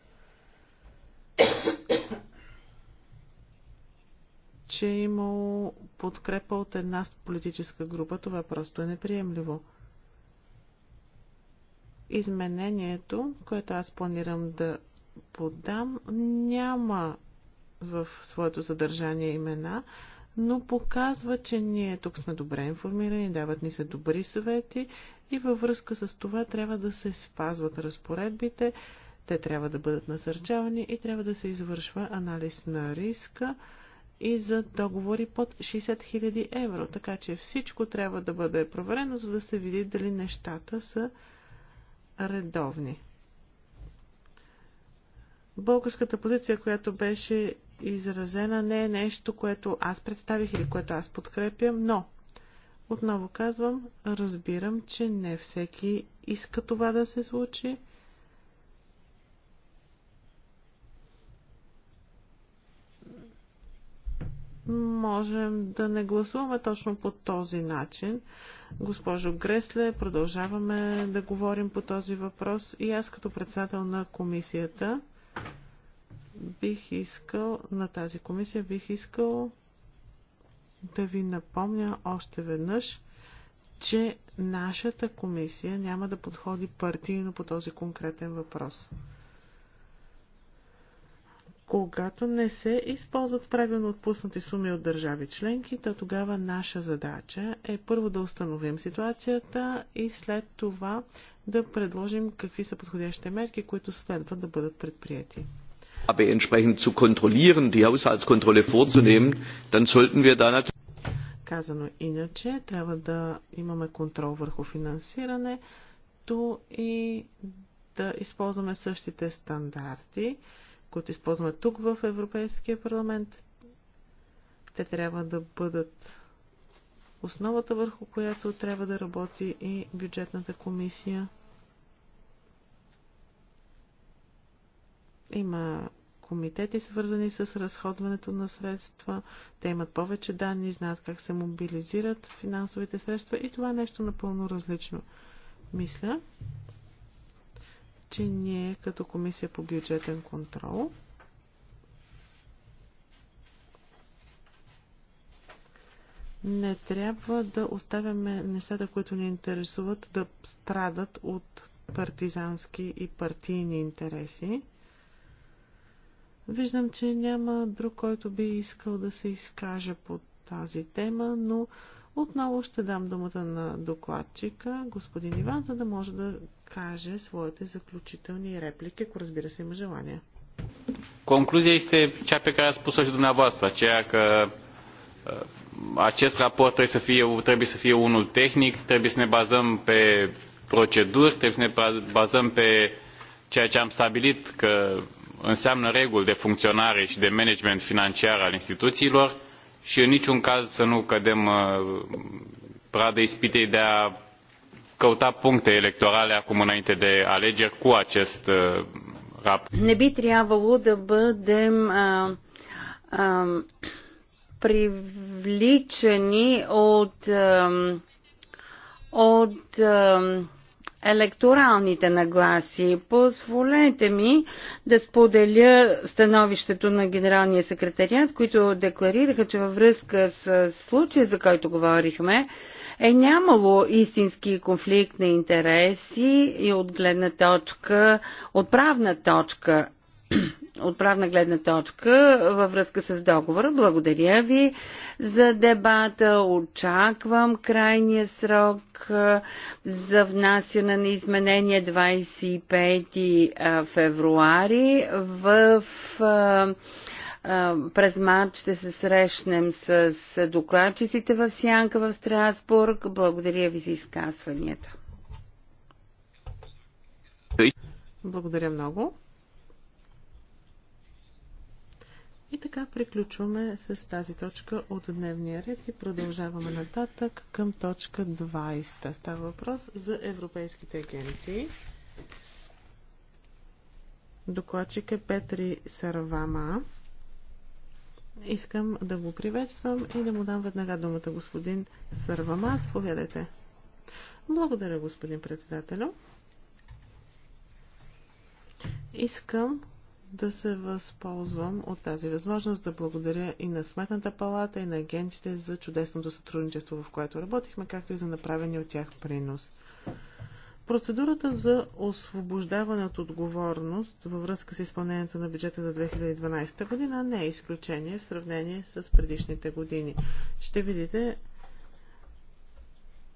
C: че е имало подкрепа от една политическа група. Това просто е неприемливо. Изменението, което аз планирам да подам, няма в своето съдържание имена, но показва, че ние тук сме добре информирани, дават ни се добри съвети и във връзка с това трябва да се спазват разпоредбите, те трябва да бъдат насърчавани и трябва да се извършва анализ на риска, и за договори под 60 000 евро. Така че всичко трябва да бъде проверено, за да се види дали нещата са редовни. Българската позиция, която беше изразена, не е нещо, което аз представих или което аз подкрепям, но отново казвам, разбирам, че не всеки иска това да се случи. можем да не гласуваме точно по този начин. Госпожо Гресле, продължаваме да говорим по този въпрос и аз като председател на комисията бих искал, на тази комисия бих искал да ви напомня още веднъж, че нашата комисия няма да подходи партийно по този конкретен въпрос когато не се използват правилно отпуснати суми от държави членки, то тогава наша задача е първо да установим ситуацията и след това да предложим какви са подходящите мерки, които следва да бъдат предприяти.
A: Aber entsprechend zu kontrollieren, die Haushaltskontrolle vorzunehmen, dann sollten wir da
C: казано иначе, трябва да имаме контрол върху финансирането и да използваме същите стандарти които използваме тук в Европейския парламент. Те трябва да бъдат основата върху която трябва да работи и бюджетната комисия. Има комитети, свързани с разходването на средства. Те имат повече данни, знаят как се мобилизират финансовите средства и това е нещо напълно различно. Мисля, че ние като комисия по бюджетен контрол не трябва да оставяме нещата, които ни интересуват, да страдат от партизански и партийни интереси. Виждам, че няма друг, който би искал да се изкаже по тази тема, но отново ще дам думата на докладчика, господин Иван, за да може да каже своите заключителни реплики, ако разбира се има желание.
A: Concluzia este cea pe care ați spus-o și dumneavoastră, aceea că acest raport trebuie să fie, trebuie să fie unul tehnic, trebuie să ne bazăm pe proceduri, trebuie să ne bazăm pe ceea ce am stabilit că înseamnă reguli de funcționare și de management financiar al instituțiilor și în niciun caz să nu cădem pradă ispitei de a căuta puncte electorale acum înainte de alegeri cu acest rap.
B: Ne bitria трябвало bădem privlicenii od, od, електоралните нагласи. Позволете ми да споделя становището на Генералния секретариат, които декларираха, че във връзка с случая, за който говорихме, е нямало истински конфликт на интереси и от гледна точка, от правна точка от правна гледна точка във връзка с договора. Благодаря ви за дебата. Очаквам крайния срок за внасяне на изменения 25 февруари в през март ще се срещнем с докладчиците в Сянка в Страсбург. Благодаря ви за изказванията. Благодаря
C: много. И така приключваме с тази точка от дневния ред и продължаваме нататък към точка 20. Става въпрос за европейските агенции. Докладчик е Петри Саравама. Искам да го приветствам и да му дам веднага думата господин Сарвама. Споведете. Благодаря, господин председателю. Искам да се възползвам от тази възможност да благодаря и на Сметната палата, и на агенците за чудесното сътрудничество, в което работихме, както и за направения от тях принос. Процедурата за освобождаване от отговорност във връзка с изпълнението на бюджета за 2012 година не е изключение в сравнение с предишните години. Ще видите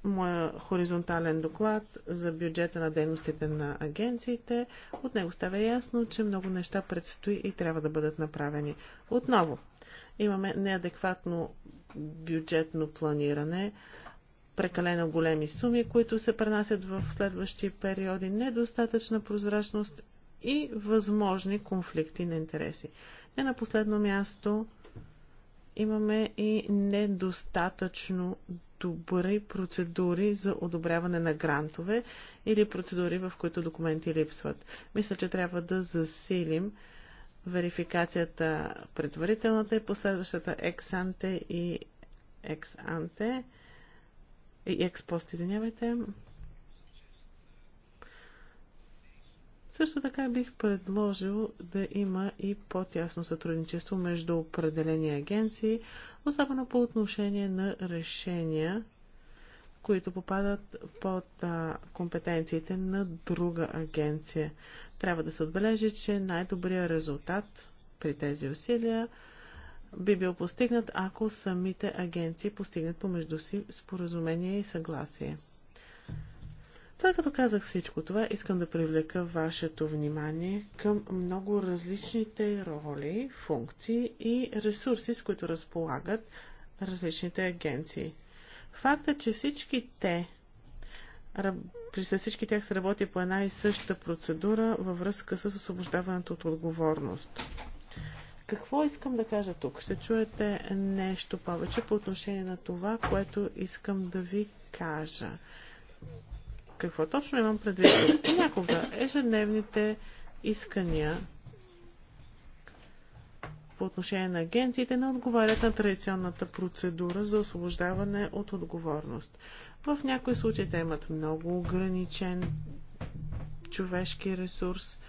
C: моя хоризонтален доклад за бюджета на дейностите на агенциите. От него става ясно, че много неща предстои и трябва да бъдат направени. Отново, имаме неадекватно бюджетно планиране, прекалено големи суми, които се пренасят в следващи периоди, недостатъчна прозрачност и възможни конфликти на интереси. Не на последно място имаме и недостатъчно добри процедури за одобряване на грантове или процедури, в които документи липсват. Мисля, че трябва да засилим верификацията предварителната и последващата ексанте и ексанте и експост, извинявайте, Също така бих предложил да има и по-тясно сътрудничество между определени агенции, особено по отношение на решения, които попадат под а, компетенциите на друга агенция. Трябва да се отбележи, че най-добрият резултат при тези усилия би бил постигнат, ако самите агенции постигнат помежду си споразумение и съгласие. Той като казах всичко това, искам да привлека вашето внимание към много различните роли, функции и ресурси, с които разполагат различните агенции. Факта, че всички те при всички тях се работи по една и съща процедура във връзка с освобождаването от отговорност. Какво искам да кажа тук? Ще чуете нещо повече по отношение на това, което искам да ви кажа. Какво точно имам предвид? Понякога ежедневните искания по отношение на агенциите не отговарят на традиционната процедура за освобождаване от отговорност. В някои случаи те имат много ограничен човешки ресурс,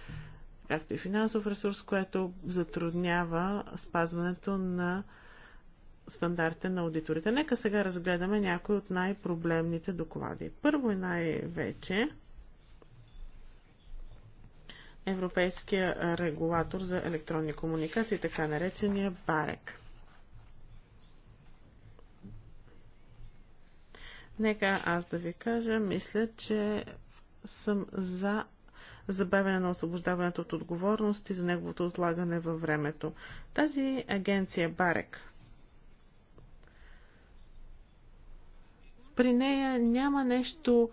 C: както и финансов ресурс, което затруднява спазването на стандартите на аудиторите. Нека сега разгледаме някои от най-проблемните доклади. Първо и най-вече Европейския регулатор за електронни комуникации, така наречения БАРЕК. Нека аз да ви кажа, мисля, че съм за забавяне на освобождаването от отговорности за неговото отлагане във времето. Тази агенция Барек При нея няма нещо,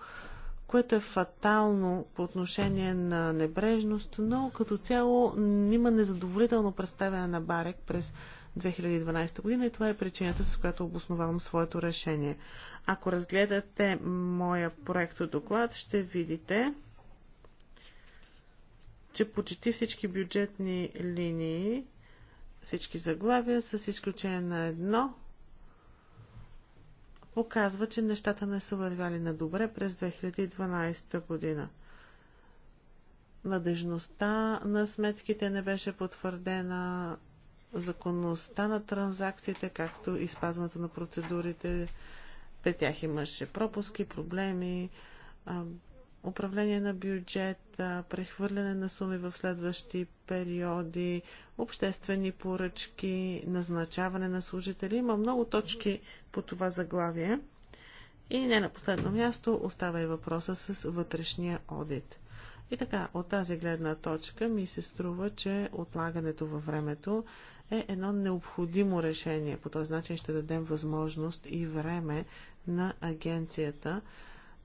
C: което е фатално по отношение на небрежност, но като цяло има незадоволително представяне на Барек през 2012 година и това е причината, с която обосновавам своето решение. Ако разгледате моя проект доклад, ще видите, че почти всички бюджетни линии, всички заглавия, с изключение на едно, показва, че нещата не са вървяли на добре през 2012 година. Надежността на сметките не беше потвърдена, законността на транзакциите, както и спазването на процедурите. При тях имаше пропуски, проблеми, управление на бюджет, прехвърляне на суми в следващи периоди, обществени поръчки, назначаване на служители. Има много точки по това заглавие. И не на последно място остава и въпроса с вътрешния одит. И така, от тази гледна точка ми се струва, че отлагането във времето е едно необходимо решение. По този начин ще дадем възможност и време на агенцията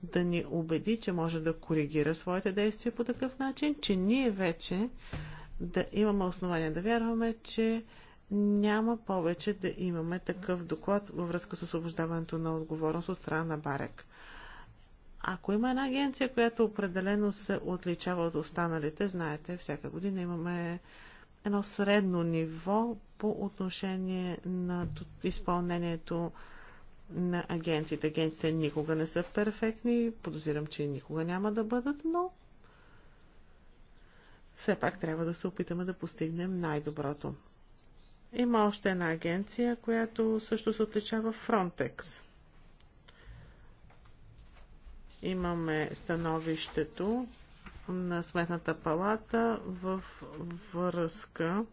C: да ни убеди, че може да коригира своите действия по такъв начин, че ние вече да имаме основания да вярваме, че няма повече да имаме такъв доклад във връзка с освобождаването на отговорност от страна на Барек. Ако има една агенция, която определено се отличава от останалите, знаете, всяка година имаме едно средно ниво по отношение на изпълнението на агенциите. Агенциите никога не са перфектни, подозирам, че никога няма да бъдат, но все пак трябва да се опитаме да постигнем най-доброто. Има още една агенция, която също се отличава Frontex. Имаме становището на Сметната палата в връзка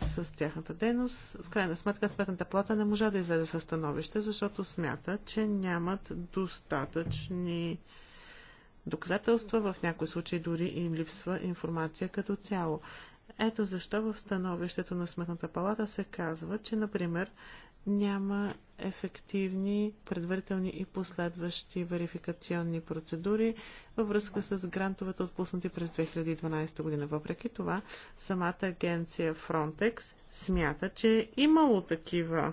C: с тяхната дейност. В крайна сметка Сметната плата не можа да излезе със становище, защото смята, че нямат достатъчни доказателства, в някои случаи дори им липсва информация като цяло. Ето защо в становището на Сметната палата се казва, че, например, няма ефективни предварителни и последващи верификационни процедури във връзка с грантовете отпуснати през 2012 година. Въпреки това, самата агенция Frontex смята, че е имало такива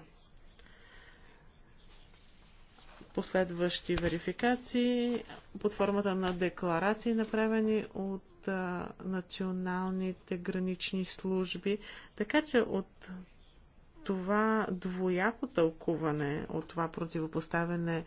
C: последващи верификации под формата на декларации, направени от а, националните гранични служби. Така че от това двояко тълкуване, от това противопоставяне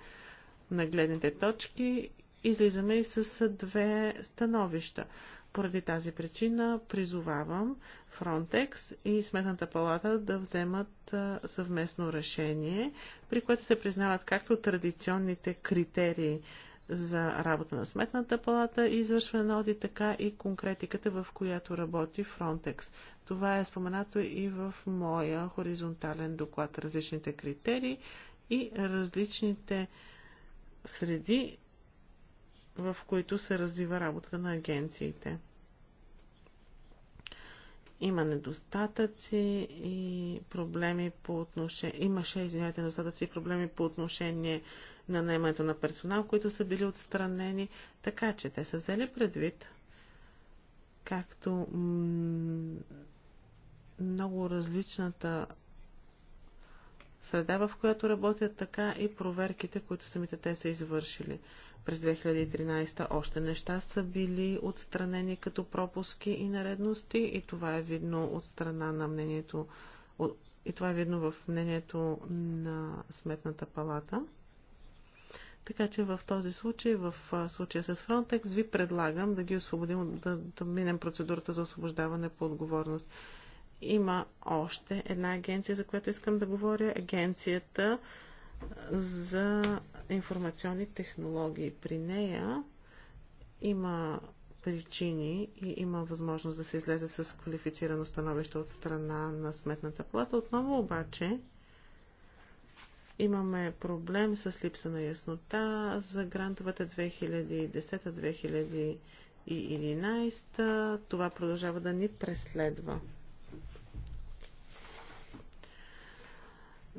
C: на гледните точки, излизаме и с две становища. Поради тази причина призовавам Фронтекс и Сметната палата да вземат съвместно решение, при което се признават както традиционните критерии за работа на Сметната палата и извършване на оди, така и конкретиката, в която работи Frontex. Това е споменато и в моя хоризонтален доклад. Различните критерии и различните среди, в които се развива работата на агенциите. Има недостатъци и проблеми по отношение... Имаше, извинявайте, недостатъци и проблеми по отношение на наемането на персонал, които са били отстранени. Така че те са взели предвид, както много различната среда, в която работят така и проверките, които самите те са извършили. През 2013 още неща са били отстранени като пропуски и наредности и това е видно от страна на мнението и това е видно в мнението на Сметната палата. Така че в този случай, в случая с Фронтекс, ви предлагам да ги освободим, да, да минем процедурата за освобождаване по отговорност. Има още една агенция, за която искам да говоря. Агенцията за информационни технологии. При нея има причини и има възможност да се излезе с квалифицирано становище от страна на Сметната плата. Отново обаче имаме проблем с липса на яснота за грантовете 2010-2011. Това продължава да ни преследва.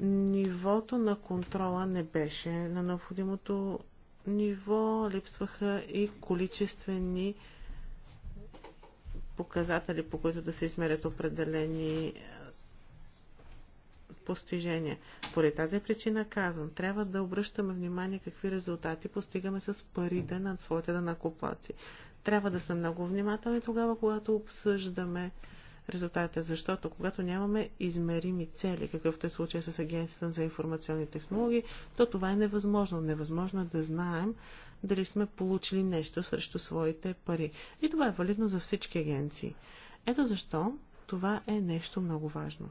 C: нивото на контрола не беше на необходимото ниво, липсваха и количествени показатели, по които да се измерят определени е, постижения. Поради тази причина казвам, трябва да обръщаме внимание какви резултати постигаме с парите на своите данакоплаци. Трябва да сме много внимателни тогава, когато обсъждаме резултатите, защото когато нямаме измерими цели, какъвто е случай с Агенцията за информационни технологии, то това е невъзможно. Невъзможно е да знаем дали сме получили нещо срещу своите пари. И това е валидно за всички агенции. Ето защо това е нещо много важно.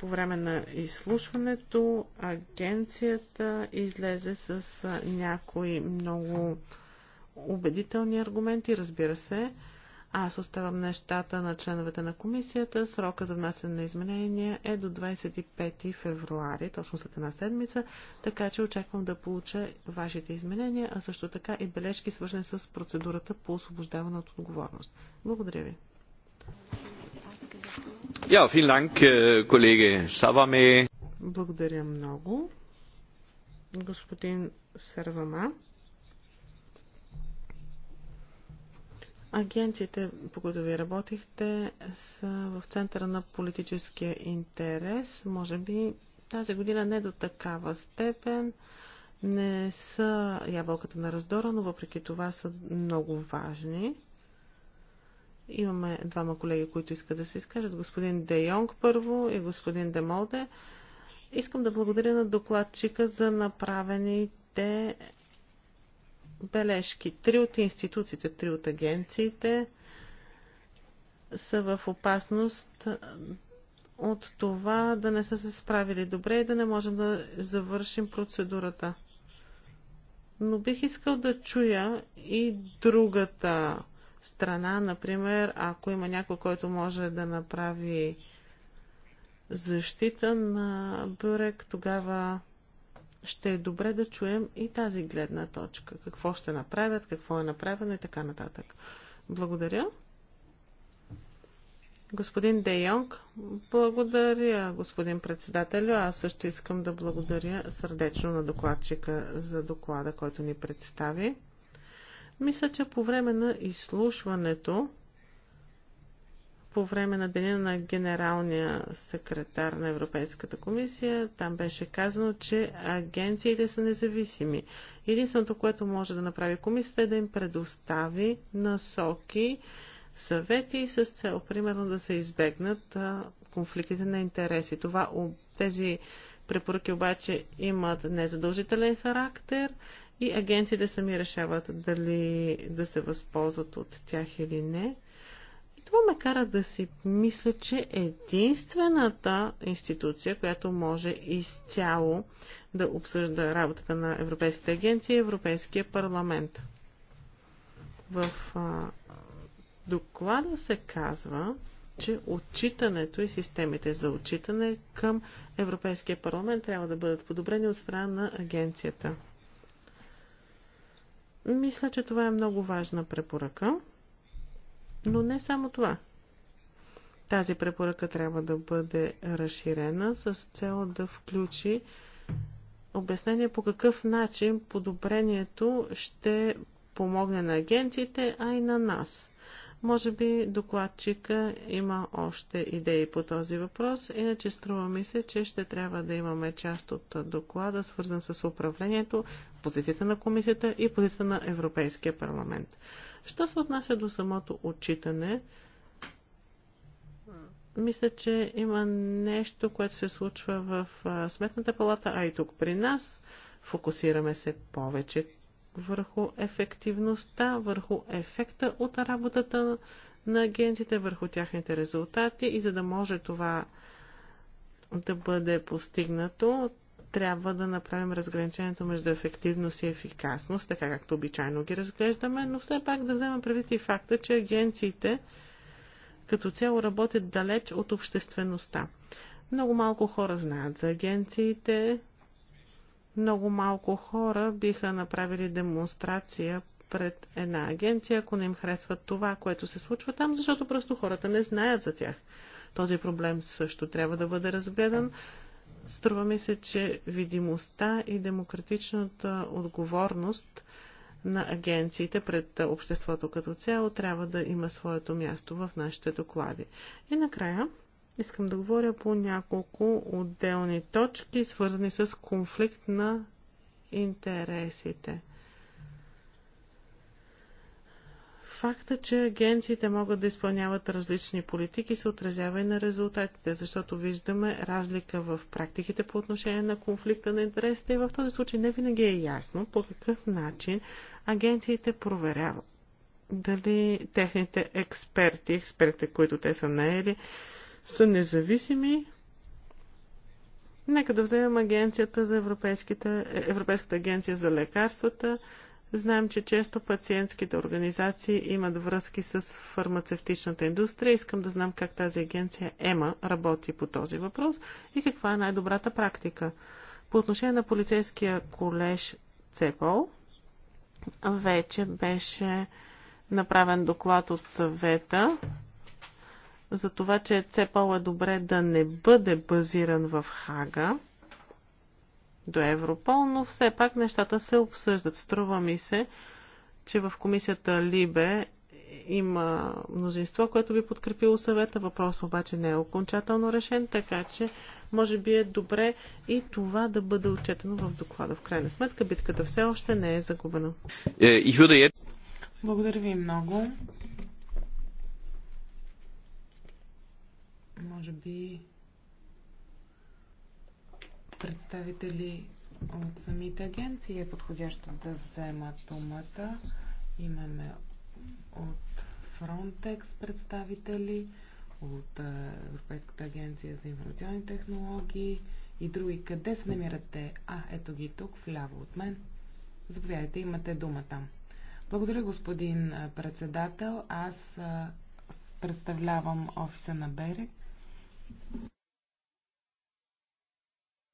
C: по време на изслушването агенцията излезе с някои много убедителни аргументи, разбира се. Аз оставам нещата на членовете на комисията. Срока за внасяне на изменения е до 25 февруари, точно след една седмица, така че очаквам да получа вашите изменения, а също така и бележки, свързани с процедурата по освобождаване от отговорност. Благодаря ви.
A: Ja, vielen Dank, äh, Kollege Savame.
C: Благодаря много, господин Сарвама. Агенциите, по които ви работихте, са в центъра на политическия интерес. Може би тази година не до такава степен. Не са ябълката на раздора, но въпреки това са много важни. Имаме двама колеги, които искат да се изкажат. Господин Де Йонг първо и господин Де Молде. Искам да благодаря на докладчика за направените бележки. Три от институциите, три от агенциите са в опасност от това да не са се справили добре и да не можем да завършим процедурата. Но бих искал да чуя и другата страна, например, ако има някой, който може да направи защита на Бюрек, тогава ще е добре да чуем и тази гледна точка. Какво ще направят, какво е направено и така нататък. Благодаря. Господин Де Йонг, благодаря, господин председателю. Аз също искам да благодаря сърдечно на докладчика за доклада, който ни представи. Мисля, че по време на изслушването по време на деня на генералния секретар на Европейската комисия. Там беше казано, че агенциите са независими. Единственото, което може да направи комисията е да им предостави насоки, съвети с цел, примерно, да се избегнат конфликтите на интереси. Това, тези препоръки обаче имат незадължителен характер и агенциите сами решават дали да се възползват от тях или не. Това ме кара да си мисля, че единствената институция, която може изцяло да обсъжда работата на Европейската агенция е Европейския парламент. В а, доклада се казва, че отчитането и системите за отчитане към Европейския парламент трябва да бъдат подобрени от страна на агенцията. Мисля, че това е много важна препоръка. Но не само това. Тази препоръка трябва да бъде разширена с цел да включи обяснение по какъв начин подобрението ще помогне на агенциите, а и на нас. Може би докладчика има още идеи по този въпрос, иначе струва ми се, че ще трябва да имаме част от доклада, свързан с управлението, позицията на комисията и позицията на Европейския парламент. Що се отнася до самото отчитане, мисля, че има нещо, което се случва в Сметната палата, а и тук при нас. Фокусираме се повече върху ефективността, върху ефекта от работата на агенците, върху тяхните резултати и за да може това да бъде постигнато, трябва да направим разграничението между ефективност и ефикасност, така както обичайно ги разглеждаме, но все пак да вземем предвид и факта, че агенциите като цяло работят далеч от обществеността. Много малко хора знаят за агенциите, много малко хора биха направили демонстрация пред една агенция, ако не им харесват това, което се случва там, защото просто хората не знаят за тях. Този проблем също трябва да бъде разгледан. Струва ми се, че видимостта и демократичната отговорност на агенциите пред обществото като цяло трябва да има своето място в нашите доклади. И накрая, Искам да говоря по няколко отделни точки, свързани с конфликт на интересите. Факта, че агенциите могат да изпълняват различни политики, се отразява и на резултатите, защото виждаме разлика в практиките по отношение на конфликта на интересите и в този случай не винаги е ясно по какъв начин агенциите проверяват дали техните експерти, експертите, които те са наели, са независими. Нека да вземем агенцията за Европейската агенция за лекарствата. Знаем, че често пациентските организации имат връзки с фармацевтичната индустрия. Искам да знам как тази агенция ЕМА работи по този въпрос и каква е най-добрата практика. По отношение на полицейския колеж ЦЕПОЛ, вече беше направен доклад от съвета за това, че ЦЕПАЛ е добре да не бъде базиран в Хага до Европол, но все пак нещата се обсъждат. Струва ми се, че в комисията Либе има мнозинство, което би подкрепило съвета. Въпрос обаче не е окончателно решен, така че може би е добре и това да бъде отчетено в доклада. В крайна сметка битката все още не е загубена.
A: Е, е-
D: Благодаря ви много. Може би представители от самите агенции е подходящо да вземат думата. Имаме от Frontex представители, от е, Европейската агенция за информационни технологии и други. Къде се намирате? А, ето ги тук, вляво от мен. Заповядайте, имате думата. Благодаря, господин е, председател. Аз е, представлявам офиса на Берег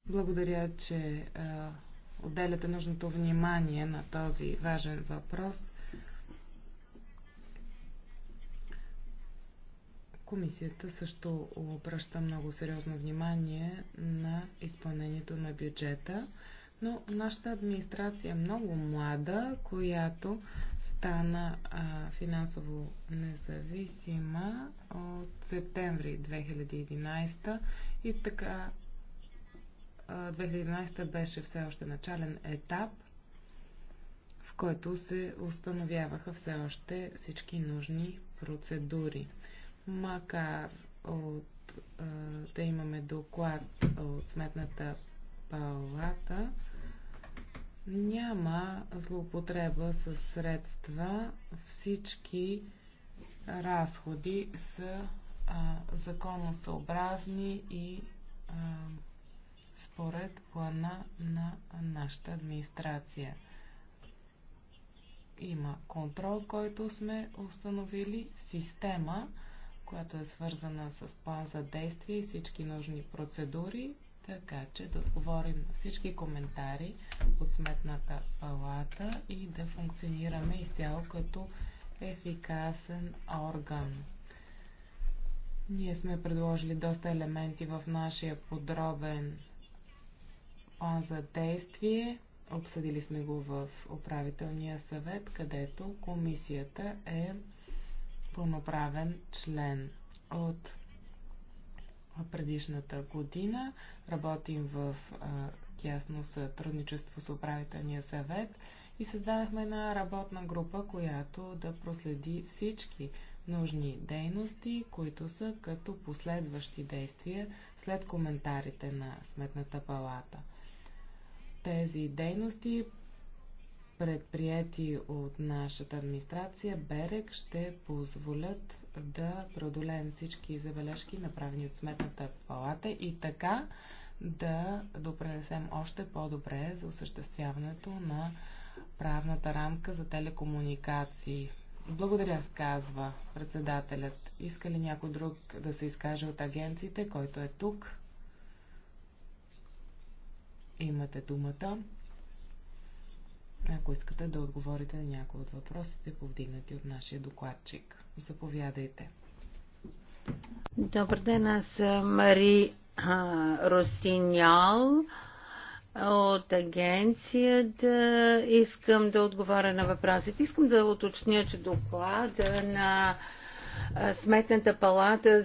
D: Благодаря, че а, отделяте нужното внимание на този важен въпрос. Комисията също обръща много сериозно внимание на изпълнението на бюджета, но нашата администрация е много млада, която стана а, финансово независима от септември 2011 и така 2011 беше все още начален етап, в който се установяваха все още всички нужни процедури. Макар от, а, да имаме доклад от Сметната палата, няма злоупотреба с средства. Всички разходи са а, законосъобразни и а, според плана на нашата администрация. Има контрол, който сме установили, система, която е свързана с план за действие и всички нужни процедури, така че да отговорим на всички коментари от сметната палата и да функционираме изцяло като ефикасен орган. Ние сме предложили доста елементи в нашия подробен план за действие. Обсъдили сме го в управителния съвет, където комисията е пълноправен член от предишната година. Работим в а, тясно сътрудничество с управителния съвет и създадахме една работна група, която да проследи всички нужни дейности, които са като последващи действия след коментарите на Сметната палата – тези дейности, предприяти от нашата администрация, Берег ще позволят да преодолеем всички забележки, направени от Сметната палата и така да допренесем още по-добре за осъществяването на правната рамка за телекомуникации. Благодаря, казва председателят. Иска ли някой друг да се изкаже от агенциите, който е тук? Имате думата, ако искате да отговорите на някои от въпросите, повдигнати от нашия докладчик. Заповядайте.
B: Добър ден, аз съм Мари Росиньол от агенцията. Искам да отговоря на въпросите. Искам да уточня, че доклада на Сметната палата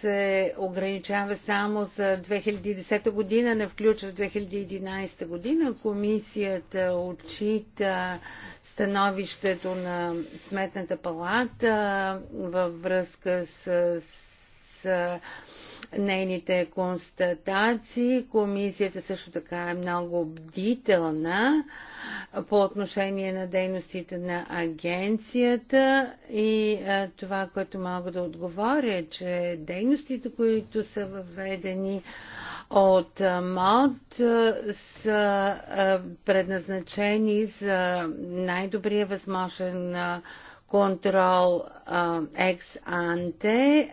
B: се ограничава само за 2010 година, не включва 2011 година. Комисията отчита становището на Сметната палата във връзка с, с нейните констатации. Комисията също така е много бдителна по отношение на дейностите на агенцията и това, което мога да отговоря, е, че дейностите, които са въведени от МОД са предназначени за най-добрия възможен контрол екс-анте,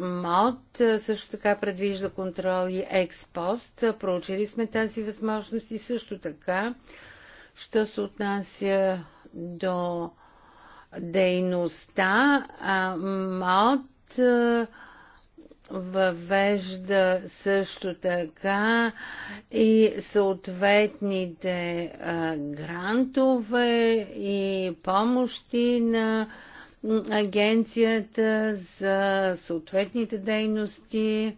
B: МОД също така предвижда контрол и екс-пост. Проучили сме тази възможност и също така, що се отнася до дейността, МОД въвежда също така и съответните а, грантове и помощи на агенцията за съответните дейности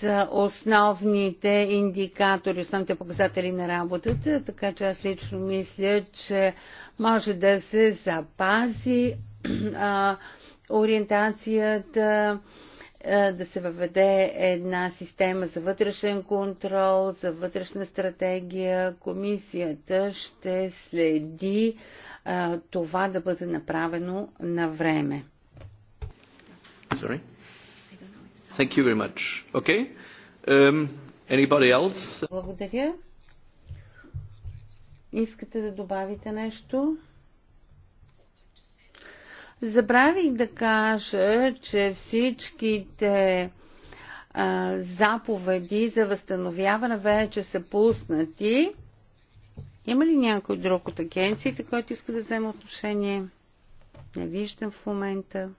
B: за основните индикатори, основните показатели на работата, така че аз лично мисля, че може да се запази а, ориентацията, а, да се въведе една система за вътрешен контрол, за вътрешна стратегия. Комисията ще следи а, това да бъде направено на време.
A: Sorry? Thank you very much. Okay. Um, anybody else?
B: Благодаря. Искате да добавите нещо? Забравих да кажа, че всичките а, заповеди за възстановяване вече са пуснати. Има ли някой друг от агенциите, който иска да вземе отношение? Не виждам в момента.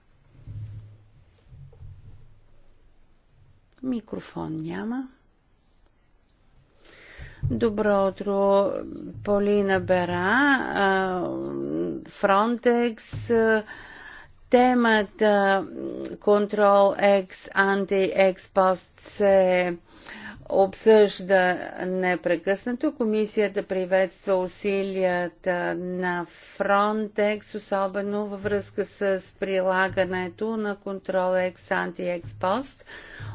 B: Микрофон няма. Добро утро, Полина Бера, Frontex, темата Control X, Anti-X, Post-C, обсъжда непрекъснато. Комисията приветства усилията на Frontex, особено във връзка с прилагането на контрол ex-ante и ex-post,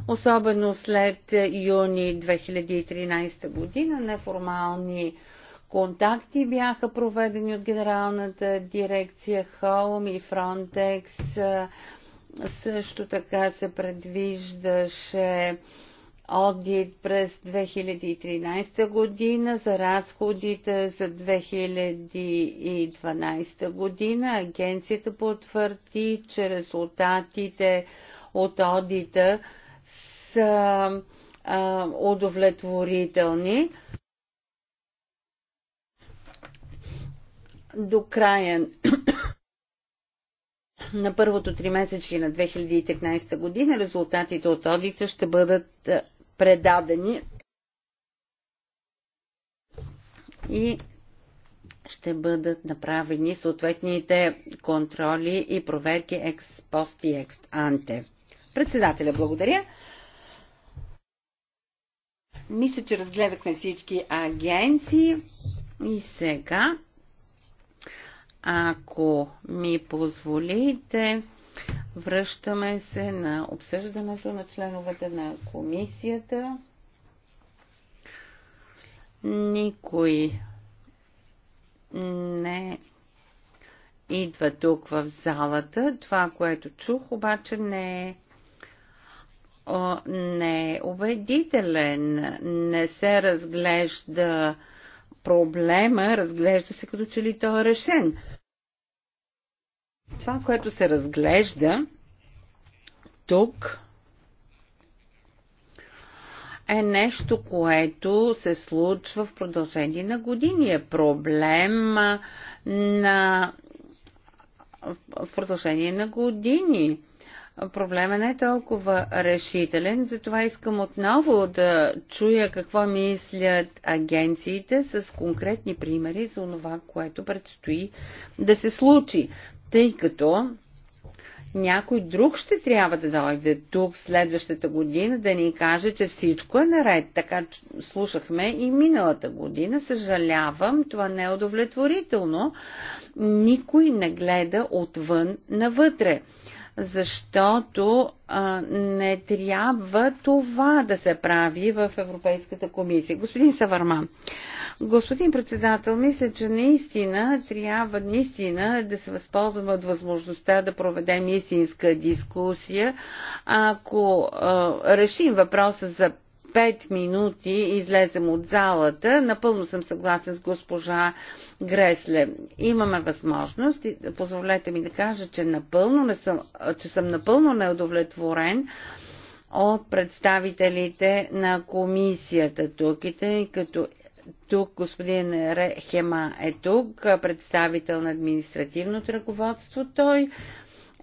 B: особено след юни 2013 година. Неформални контакти бяха проведени от Генералната дирекция Холм и Frontex. Също така се предвиждаше одит през 2013 година, за разходите за 2012 година. Агенцията потвърди, че резултатите от одита са а, удовлетворителни. До края на първото тримесечие на 2013 година резултатите от одита ще бъдат предадени и ще бъдат направени съответните контроли и проверки експост и екс-анте. Председателя, благодаря. Мисля, че разгледахме всички агенции и сега, ако ми позволите, Връщаме се на обсъждането на членовете на комисията. Никой не идва тук в залата. Това, което чух, обаче не е не е убедителен, не се разглежда проблема, разглежда се като че ли той е решен. Това, което се разглежда тук, е нещо, което се случва в продължение на години. Е проблем на... в продължение на години. Проблема не е толкова решителен, затова искам отново да чуя какво мислят агенциите с конкретни примери за това, което предстои да се случи тъй като някой друг ще трябва да дойде тук следващата година да ни каже, че всичко е наред. Така слушахме и миналата година. Съжалявам, това не е удовлетворително. Никой не гледа отвън навътре. Защото а, не трябва това да се прави в Европейската комисия. Господин Саварма, Господин председател, мисля, че наистина трябва наистина да се възползваме от възможността да проведем истинска дискусия. Ако а, решим въпроса за 5 минути и излезем от залата. Напълно съм съгласен с госпожа Гресле. Имаме възможност и позволете ми да кажа, че, напълно не съм, че съм напълно неудовлетворен от представителите на комисията тук и тъй като тук господин Рехема е тук, представител на административното ръководство. Той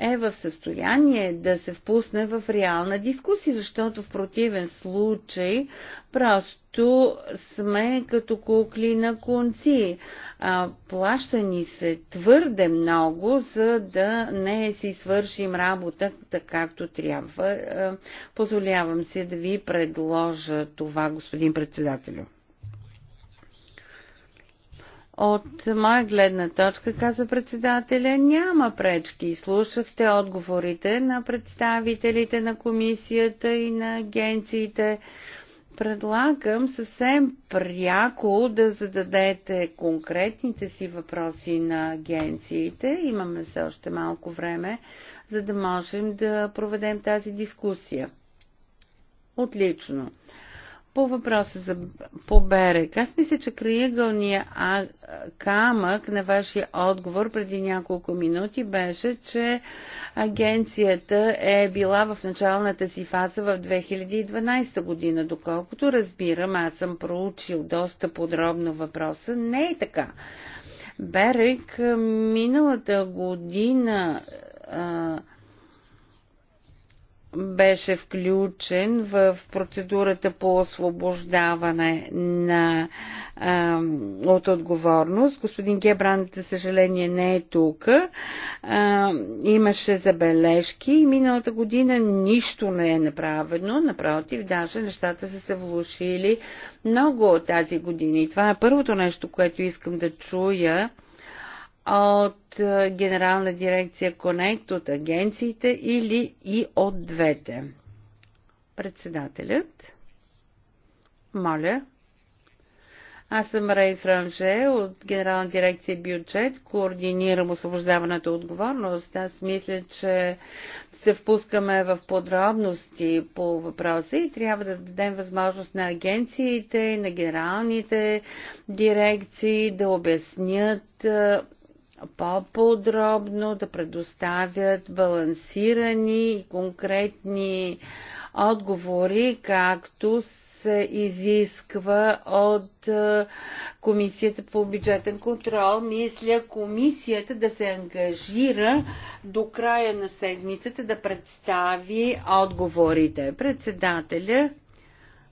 B: е в състояние да се впусне в реална дискусия, защото в противен случай просто сме като кукли на конци. Плащани плаща ни се твърде много, за да не си свършим работа както трябва. позволявам се да ви предложа това, господин председателю. От моя гледна точка, каза председателя, няма пречки. Слушахте отговорите на представителите на комисията и на агенциите. Предлагам съвсем пряко да зададете конкретните си въпроси на агенциите. Имаме все още малко време, за да можем да проведем тази дискусия. Отлично. По въпроса за по берег, аз мисля, че краигълния а, камък на вашия отговор преди няколко минути беше, че агенцията е била в началната си фаза в 2012 година. Доколкото разбирам, аз съм проучил доста подробно въпроса, не е така. Берег миналата година а, беше включен в процедурата по освобождаване на, а, от отговорност. Господин Гебранд, за съжаление, не е тук. А, имаше забележки и миналата година нищо не е направено. Напротив, даже нещата са се влушили много от тази година. И това е първото нещо, което искам да чуя от е, Генерална дирекция Connect, от агенциите или и от двете. Председателят. Моля. Аз съм Рей Франже от Генерална дирекция бюджет. Координирам освобождаването от отговорност. Аз мисля, че се впускаме в подробности по въпроса и трябва да дадем възможност на агенциите, на генералните дирекции да обяснят е, по-подробно, да предоставят балансирани и конкретни отговори, както се изисква от е, Комисията по бюджетен контрол. Мисля комисията да се ангажира до края на седмицата да представи отговорите. Председателя,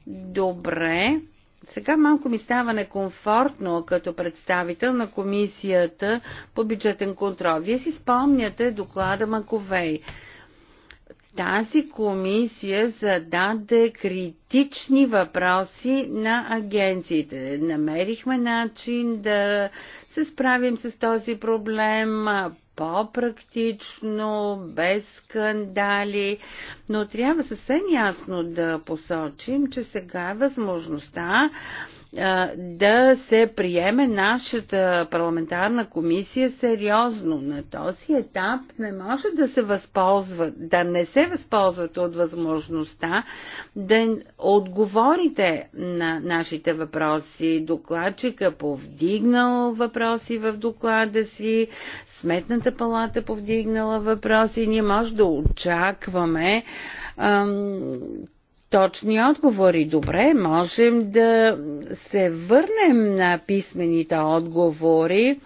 B: добре. Сега малко ми става некомфортно като представител на комисията по бюджетен контрол. Вие си спомняте доклада Маковей. Тази комисия зададе критични въпроси на агенциите. Намерихме начин да се справим с този проблем, по-практично, без скандали, но трябва съвсем ясно да посочим, че сега е възможността да се приеме нашата парламентарна комисия сериозно. На този етап не може да се възползва, да не се възползват от възможността да отговорите на нашите въпроси. Докладчика повдигнал въпроси в доклада си, Сметната палата повдигнала въпроси. Ние може да очакваме точни отговори. Добре, можем да се върнем на писмените отговори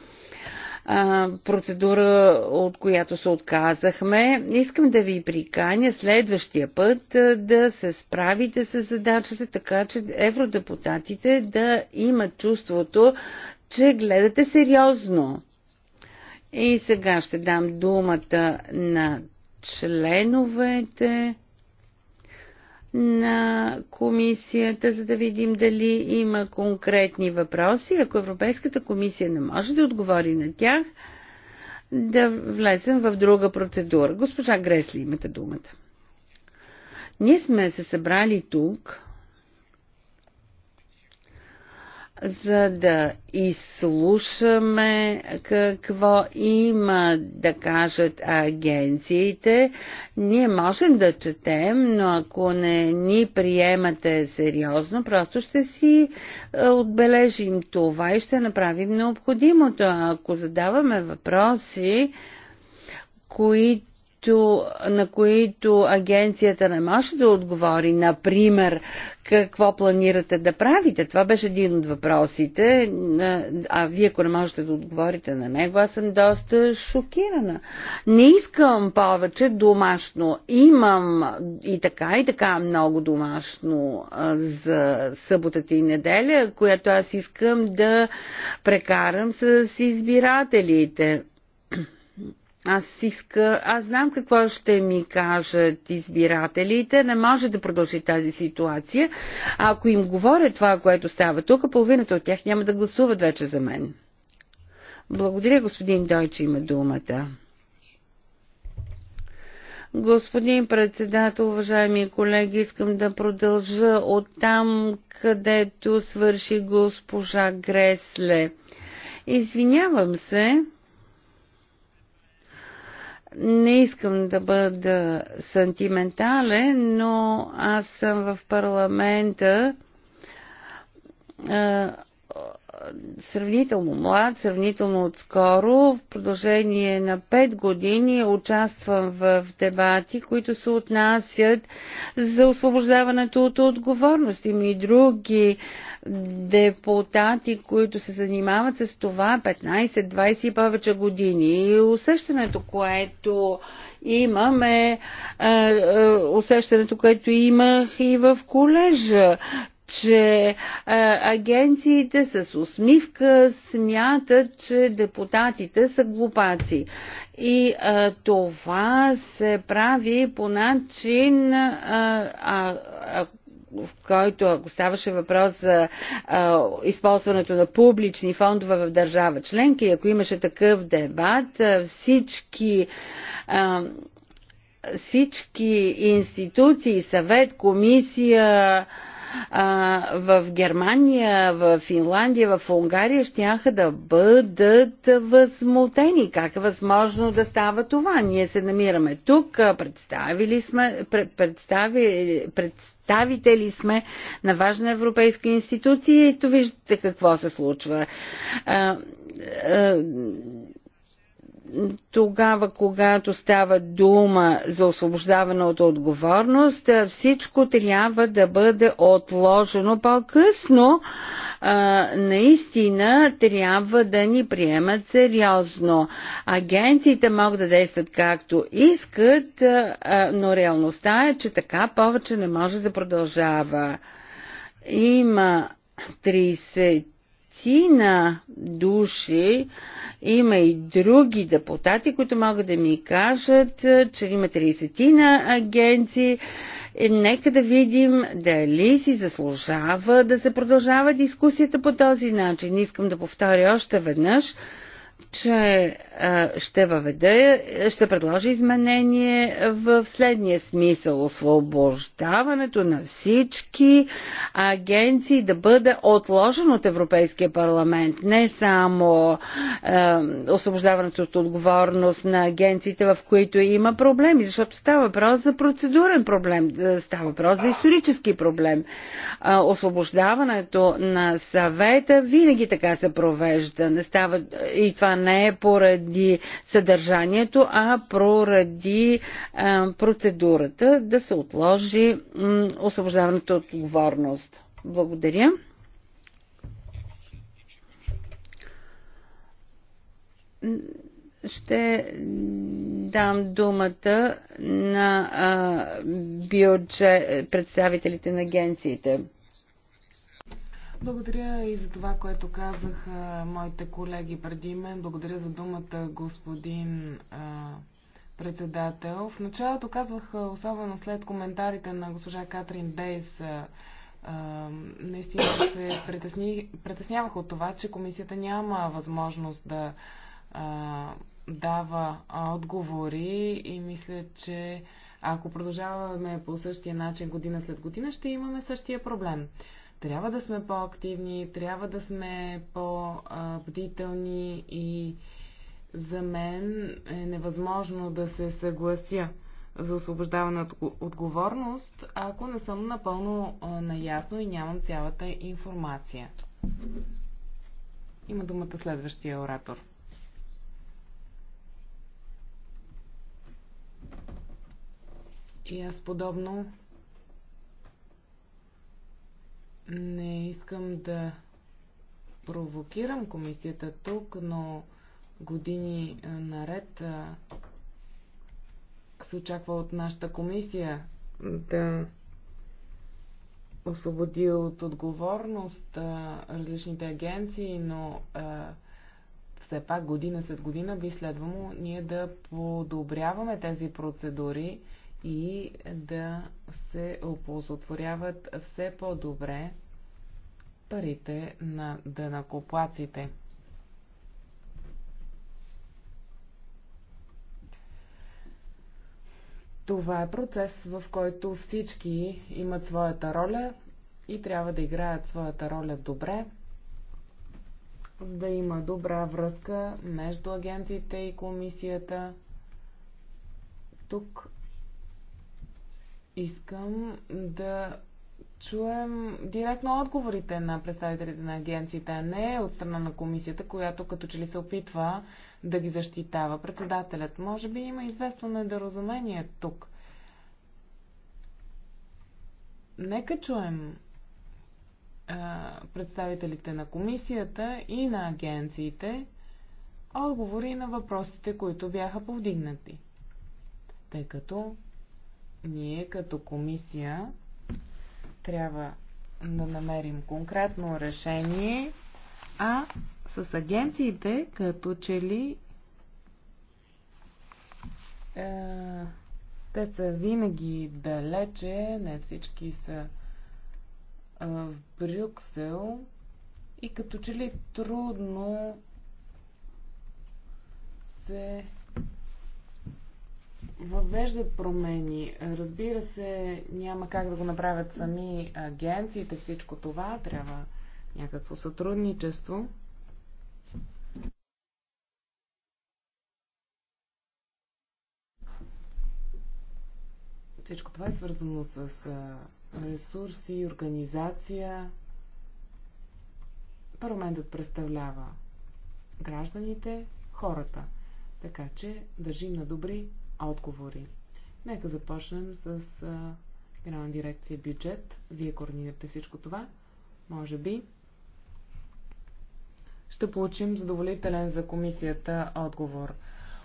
B: процедура, от която се отказахме. Искам да ви приканя следващия път да се справите с задачата, така че евродепутатите да имат чувството, че гледате сериозно. И сега ще дам думата на членовете на комисията, за да видим дали има конкретни въпроси. Ако Европейската комисия не може да отговори на тях, да влезем в друга процедура. Госпожа Гресли, имате думата. Ние сме се събрали тук, за да изслушаме какво има да кажат агенциите. Ние можем да четем, но ако не ни приемате сериозно, просто ще си е, отбележим това и ще направим необходимото. Ако задаваме въпроси, които които, на които агенцията не може да отговори. Например, какво планирате да правите? Това беше един от въпросите. А вие, ако не можете да отговорите на него, аз съм доста шокирана. Не искам повече домашно. Имам и така, и така много домашно за съботата и неделя, която аз искам да прекарам с избирателите. Аз, иска, аз знам какво ще ми кажат избирателите. Не може да продължи тази ситуация. А ако им говоря това, което става тук, половината от тях няма да гласуват вече за мен. Благодаря, господин Дойче, има думата. Господин председател, уважаеми колеги, искам да продължа от там, където свърши госпожа Гресле. Извинявам се, не искам да бъда сантиментален, но аз съм в парламента сравнително млад, сравнително отскоро, в продължение на 5 години участвам в дебати, които се отнасят за освобождаването от отговорност. Има и други депутати, които се занимават с това 15, 20 и повече години. И усещането, което имаме, е, е, усещането, което имах и в колежа че агенциите с усмивка смятат, че депутатите са глупаци. И а, това се прави по начин, а, а, в който, ако ставаше въпрос за а, използването на публични фондове в държава членки, ако имаше такъв дебат, а, всички. А, всички институции, съвет, комисия, а, в Германия, в Финландия, в Унгария щяха да бъдат възмутени. Как е възможно да става това? Ние се намираме тук, представили сме, представи, представители сме на важна европейска институция и то виждате какво се случва. А, а, тогава, когато става дума за освобождаване от отговорност, всичко трябва да бъде отложено по-късно. Наистина трябва да ни приемат сериозно. Агенциите могат да действат както искат, но реалността е, че така повече не може да продължава. Има 30 десетина души, има и други депутати, които могат да ми кажат, е, че има 30 на агенции. Е, нека да видим дали си заслужава да се продължава дискусията по този начин. Искам да повторя още веднъж, че ще въведе, ще предложи изменение в следния смисъл. Освобождаването на всички агенции да бъде отложено от Европейския парламент. Не само е, освобождаването от отговорност на агенциите, в които има проблеми, защото става въпрос за процедурен проблем, става въпрос за исторически проблем. Е, освобождаването на съвета винаги така се провежда. Не става и това не е поради съдържанието, а поради процедурата да се отложи освобождаването от отговорност. Благодаря. ще дам думата на а, бюджет, представителите на агенциите.
D: Благодаря и за това, което казаха моите колеги преди мен. Благодаря за думата, господин а, председател. В началото казвах, особено след коментарите на госпожа Катрин Дейс, а, наистина се притесни, притеснявах от това, че комисията няма възможност да а, дава отговори и мисля, че ако продължаваме по същия начин година след година, ще имаме същия проблем. Трябва да сме по-активни, трябва да сме по-бдителни и за мен е невъзможно да се съглася за освобождаване от отговорност, ако не съм напълно наясно и нямам цялата информация. Има думата следващия оратор. И аз подобно Не искам да провокирам комисията тук, но години наред се очаква от нашата комисия да освободи от отговорност а, различните агенции, но а, все пак година след година би следвало ние да подобряваме тези процедури и да се оползотворяват все по-добре парите на дънакоплаците. Това е процес, в който всички имат своята роля и трябва да играят своята роля добре, за да има добра връзка между агенциите и комисията. Тук искам да чуем директно отговорите на представителите на агенциите, а не от страна на комисията, която като че ли се опитва да ги защитава. Председателят, може би има известно недоразумение тук. Нека чуем а, представителите на комисията и на агенциите отговори на въпросите, които бяха повдигнати. Тъй като ние като комисия трябва да намерим конкретно решение, а с агенциите, като че ли е, те са винаги далече, не всички са е, в Брюксел и като че ли трудно се въвеждат промени. Разбира се, няма как да го направят сами агенциите, всичко това. Трябва някакво сътрудничество. Всичко това е свързано с ресурси, организация. Парламентът представлява гражданите, хората. Така че държим на добри отговори. Нека започнем с а, Генерална дирекция бюджет. Вие координирате всичко това. Може би ще получим задоволителен за комисията отговор.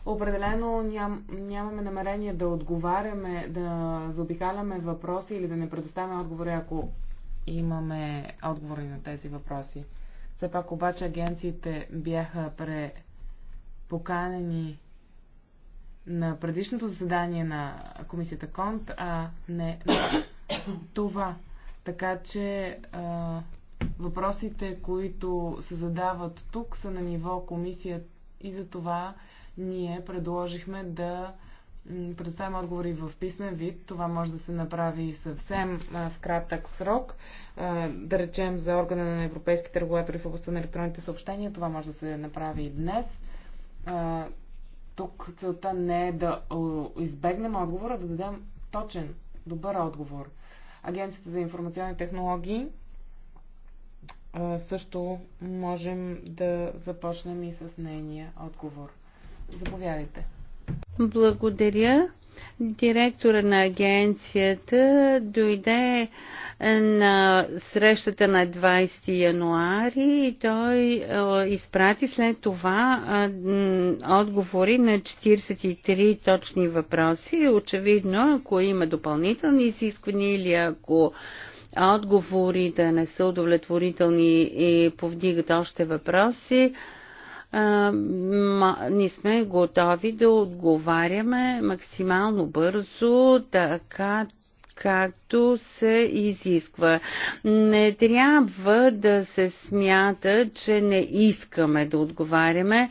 D: Определено ням, нямаме намерение да отговаряме, да заобикаляме въпроси или да не предоставяме отговори, ако имаме отговори на тези въпроси. Все пак обаче агенциите бяха препоканени на предишното заседание на комисията Конт, а не на това. Така че а, въпросите, които се задават тук, са на ниво комисия и за това ние предложихме да предоставим отговори в писмен вид. Това може да се направи съвсем а, в кратък срок. А, да речем за органа на европейските регулатори в областта на електронните съобщения. Това може да се направи и днес. А, тук целта не е да избегнем отговора, да дадем точен, добър отговор. Агенцията за информационни технологии също можем да започнем и с нейния отговор. Заповядайте.
B: Благодаря. Директора на агенцията дойде на срещата на 20 януари и той е, изпрати след това е, отговори на 43 точни въпроси. Очевидно, ако има допълнителни изисквания или ако отговорите не са удовлетворителни и повдигат още въпроси, е, ние сме готови да отговаряме максимално бързо, така както се изисква. Не трябва да се смята, че не искаме да отговаряме.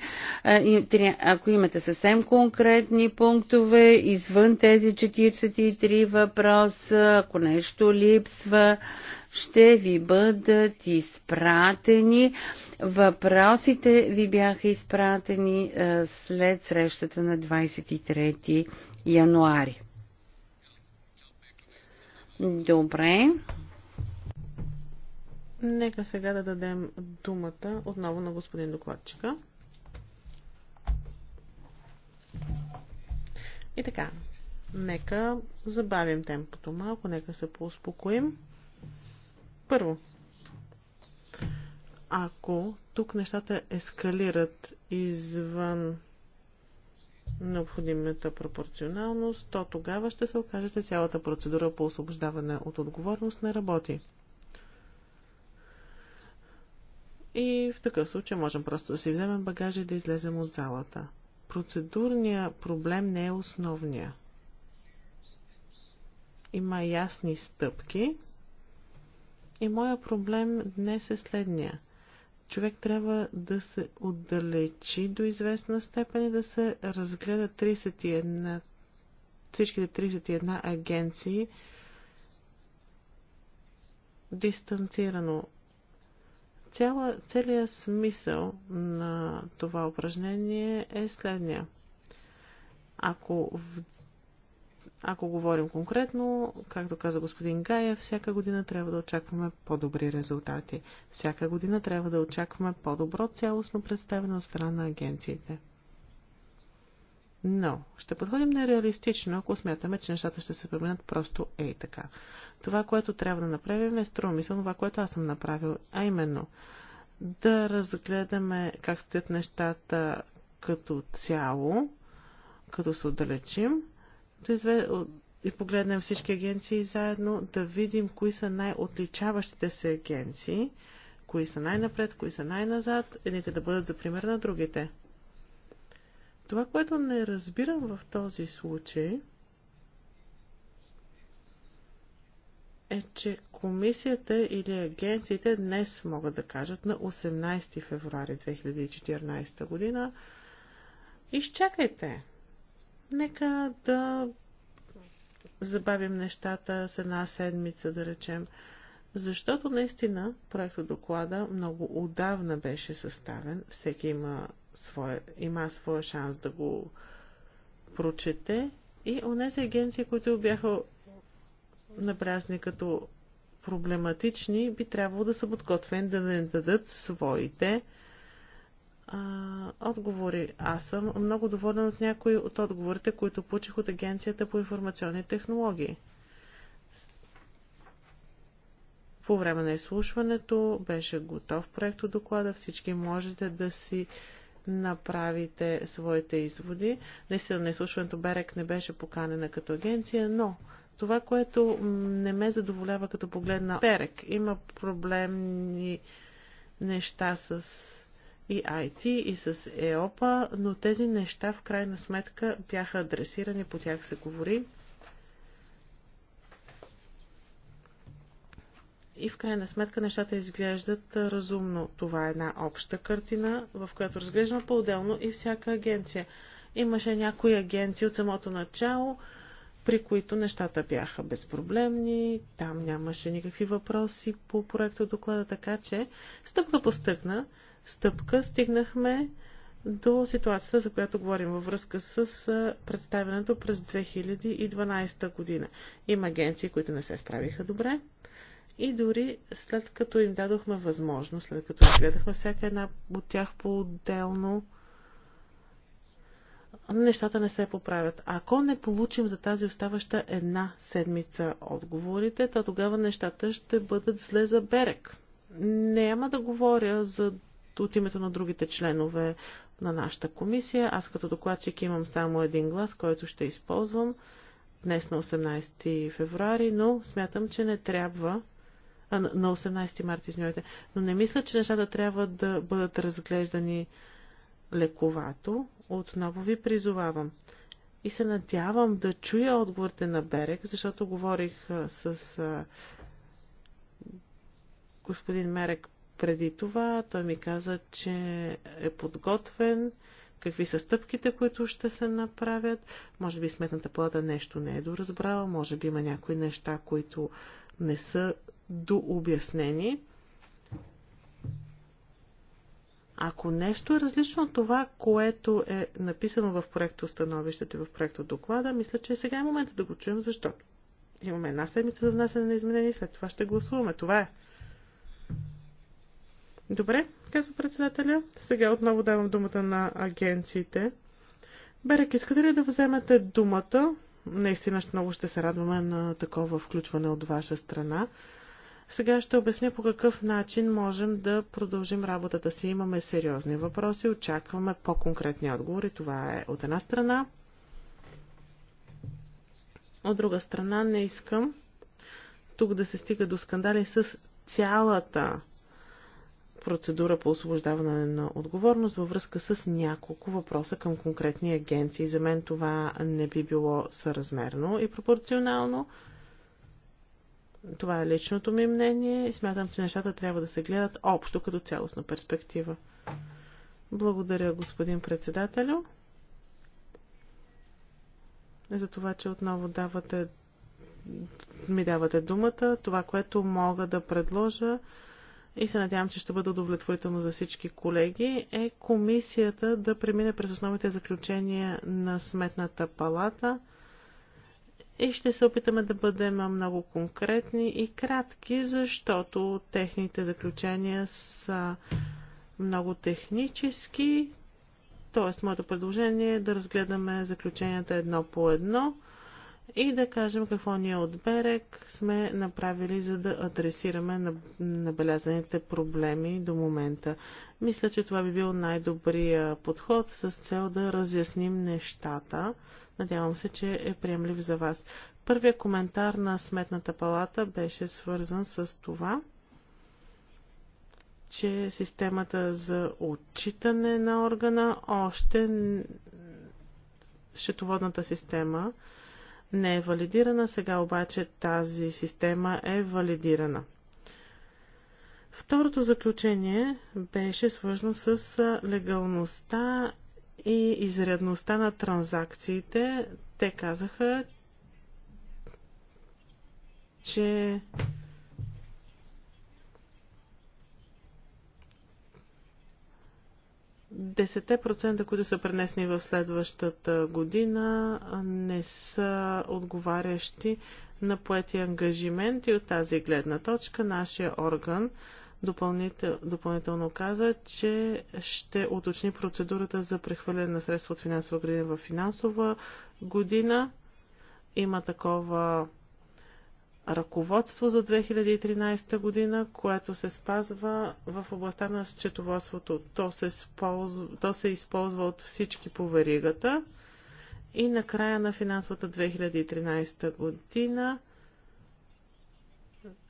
B: Ако имате съвсем конкретни пунктове, извън тези 43 въпроса, ако нещо липсва, ще ви бъдат изпратени. Въпросите ви бяха изпратени след срещата на 23 януари. Добре.
C: Нека сега да дадем думата отново на господин докладчика. И така, нека забавим темпото малко, нека се поуспокоим. Първо, ако тук нещата ескалират извън необходимата е пропорционалност, то тогава ще се окаже, че цялата процедура по освобождаване от отговорност не работи. И в такъв случай можем просто да си вземем багажа и да излезем от залата. Процедурният проблем не е основния. Има ясни стъпки. И моя проблем днес е следния човек трябва да се отдалечи до известна степен и да се разгледа 31, всичките 31 агенции дистанцирано. Цяла, целият смисъл на това упражнение е следния. Ако в ако говорим конкретно, както каза господин Гая, всяка година трябва да очакваме по-добри резултати. Всяка година трябва да очакваме по-добро цялостно представяне от страна на агенциите. Но ще подходим нереалистично, ако смятаме, че нещата ще се променят просто ей така. Това, което трябва да направим е струмисъл това, което аз съм направил, а именно да разгледаме как стоят нещата като цяло, като се отдалечим и погледнем всички агенции заедно, да видим кои са най-отличаващите се агенции, кои са най-напред, кои са най-назад, едните да бъдат за пример на другите. Това, което не разбирам в този случай, е, че комисията или агенциите днес могат да кажат на 18 февруари 2014 година, изчакайте, Нека да забавим нещата с една седмица, да речем. Защото наистина проектът доклада много отдавна беше съставен. Всеки има своя, има своя шанс да го прочете. И онези агенции, които бяха набрязни като проблематични, би трябвало да са подготвени да не дадат своите а, отговори. Аз съм много доволен от някои от отговорите, които получих от Агенцията по информационни технологии. По време на изслушването беше готов проект от доклада. Всички можете да си направите своите изводи. Наистина на изслушването Берек не беше поканена като агенция, но това, което не ме задоволява като погледна Берек, има проблемни неща с и IT и с ЕОПА, но тези неща в крайна сметка бяха адресирани, по тях се говори. И в крайна сметка нещата изглеждат разумно. Това е една обща картина, в която разглеждаме по-отделно и всяка агенция. Имаше някои агенции от самото начало, при които нещата бяха безпроблемни, там нямаше никакви въпроси по проекта доклада, така че стъпка по стъпна стъпка стигнахме до ситуацията, за която говорим във връзка с представянето през 2012 година. Има агенции, които не се справиха добре. И дори след като им дадохме възможност, след като изгледахме всяка една от тях по-отделно, нещата не се поправят. Ако не получим за тази оставаща една седмица отговорите, то тогава нещата ще бъдат зле за берег. Няма да говоря за от името на другите членове на нашата комисия. Аз като докладчик имам само един глас, който ще използвам днес на 18 февруари, но смятам, че не трябва а, на 18 марта, извинявайте, но не мисля, че нещата трябва да бъдат разглеждани лековато. Отново ви призовавам. И се надявам да чуя отговорите на Берек, защото говорих с господин Мерек преди това. Той ми каза, че е подготвен, какви са стъпките, които ще се направят. Може би сметната плата нещо не е доразбрала, може би има някои неща, които не са дообяснени. Ако нещо е различно от това, което е написано в проекто становището и в проекто доклада, мисля, че сега е момента да го чуем, защото имаме една седмица за внасяне на изменения и след това ще гласуваме. Това е. Добре, казва председателя. Сега отново давам думата на агенциите. Берек, искате ли да вземете думата? Наистина много ще се радваме на такова включване от ваша страна. Сега ще обясня по какъв начин можем да продължим работата си. Имаме сериозни въпроси, очакваме по-конкретни отговори. Това е от една страна. От друга страна не искам тук да се стига до скандали с цялата процедура по освобождаване на отговорност във връзка с няколко въпроса към конкретни агенции. За мен това не би било съразмерно и пропорционално. Това е личното ми мнение и смятам, че нещата трябва да се гледат общо като цялостна перспектива. Благодаря, господин председателю, за това, че отново давате, ми давате думата. Това, което мога да предложа, и се надявам, че ще бъде удовлетворително за всички колеги, е комисията да премине през основните заключения на Сметната палата и ще се опитаме да бъдем много конкретни и кратки, защото техните заключения са много технически, т.е. моето предложение е да разгледаме заключенията едно по едно и да кажем какво ние от Берек сме направили, за да адресираме набелязаните проблеми до момента. Мисля, че това би бил най-добрия подход с цел да разясним нещата. Надявам се, че е приемлив за вас. Първият коментар на Сметната палата беше свързан с това, че системата за отчитане на органа още счетоводната система не е валидирана, сега обаче тази система е валидирана. Второто заключение беше свързано с легалността и изрядността на транзакциите. Те казаха, че 10%, които са пренесени в следващата година, не са отговарящи на поети ангажимент и от тази гледна точка нашия орган допълнител, допълнително каза, че ще уточни процедурата за прехвърляне на средства от финансова година в финансова година. Има такова ръководство за 2013 година, което се спазва в областта на счетоводството. То се, използва, то се използва от всички по веригата. И на края на финансовата 2013 година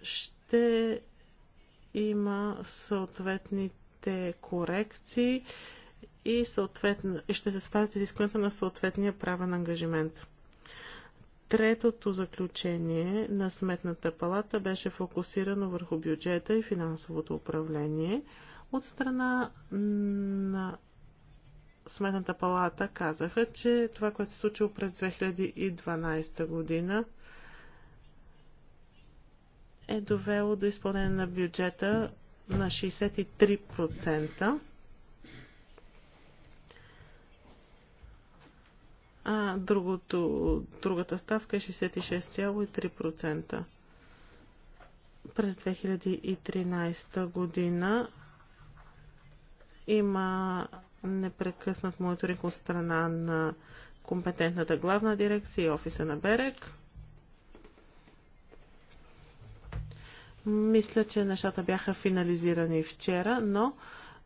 C: ще има съответните корекции и съответно, ще се спазят изискването на съответния правен ангажимент. Третото заключение на Сметната палата беше фокусирано върху бюджета и финансовото управление. От страна на Сметната палата казаха, че това, което се случило през 2012 година, е довело до изпълнение на бюджета на 63%. а другото, другата ставка е 66,3%. През 2013 година има непрекъснат мониторинг от страна на компетентната главна дирекция и офиса на Берек. Мисля, че нещата бяха финализирани вчера, но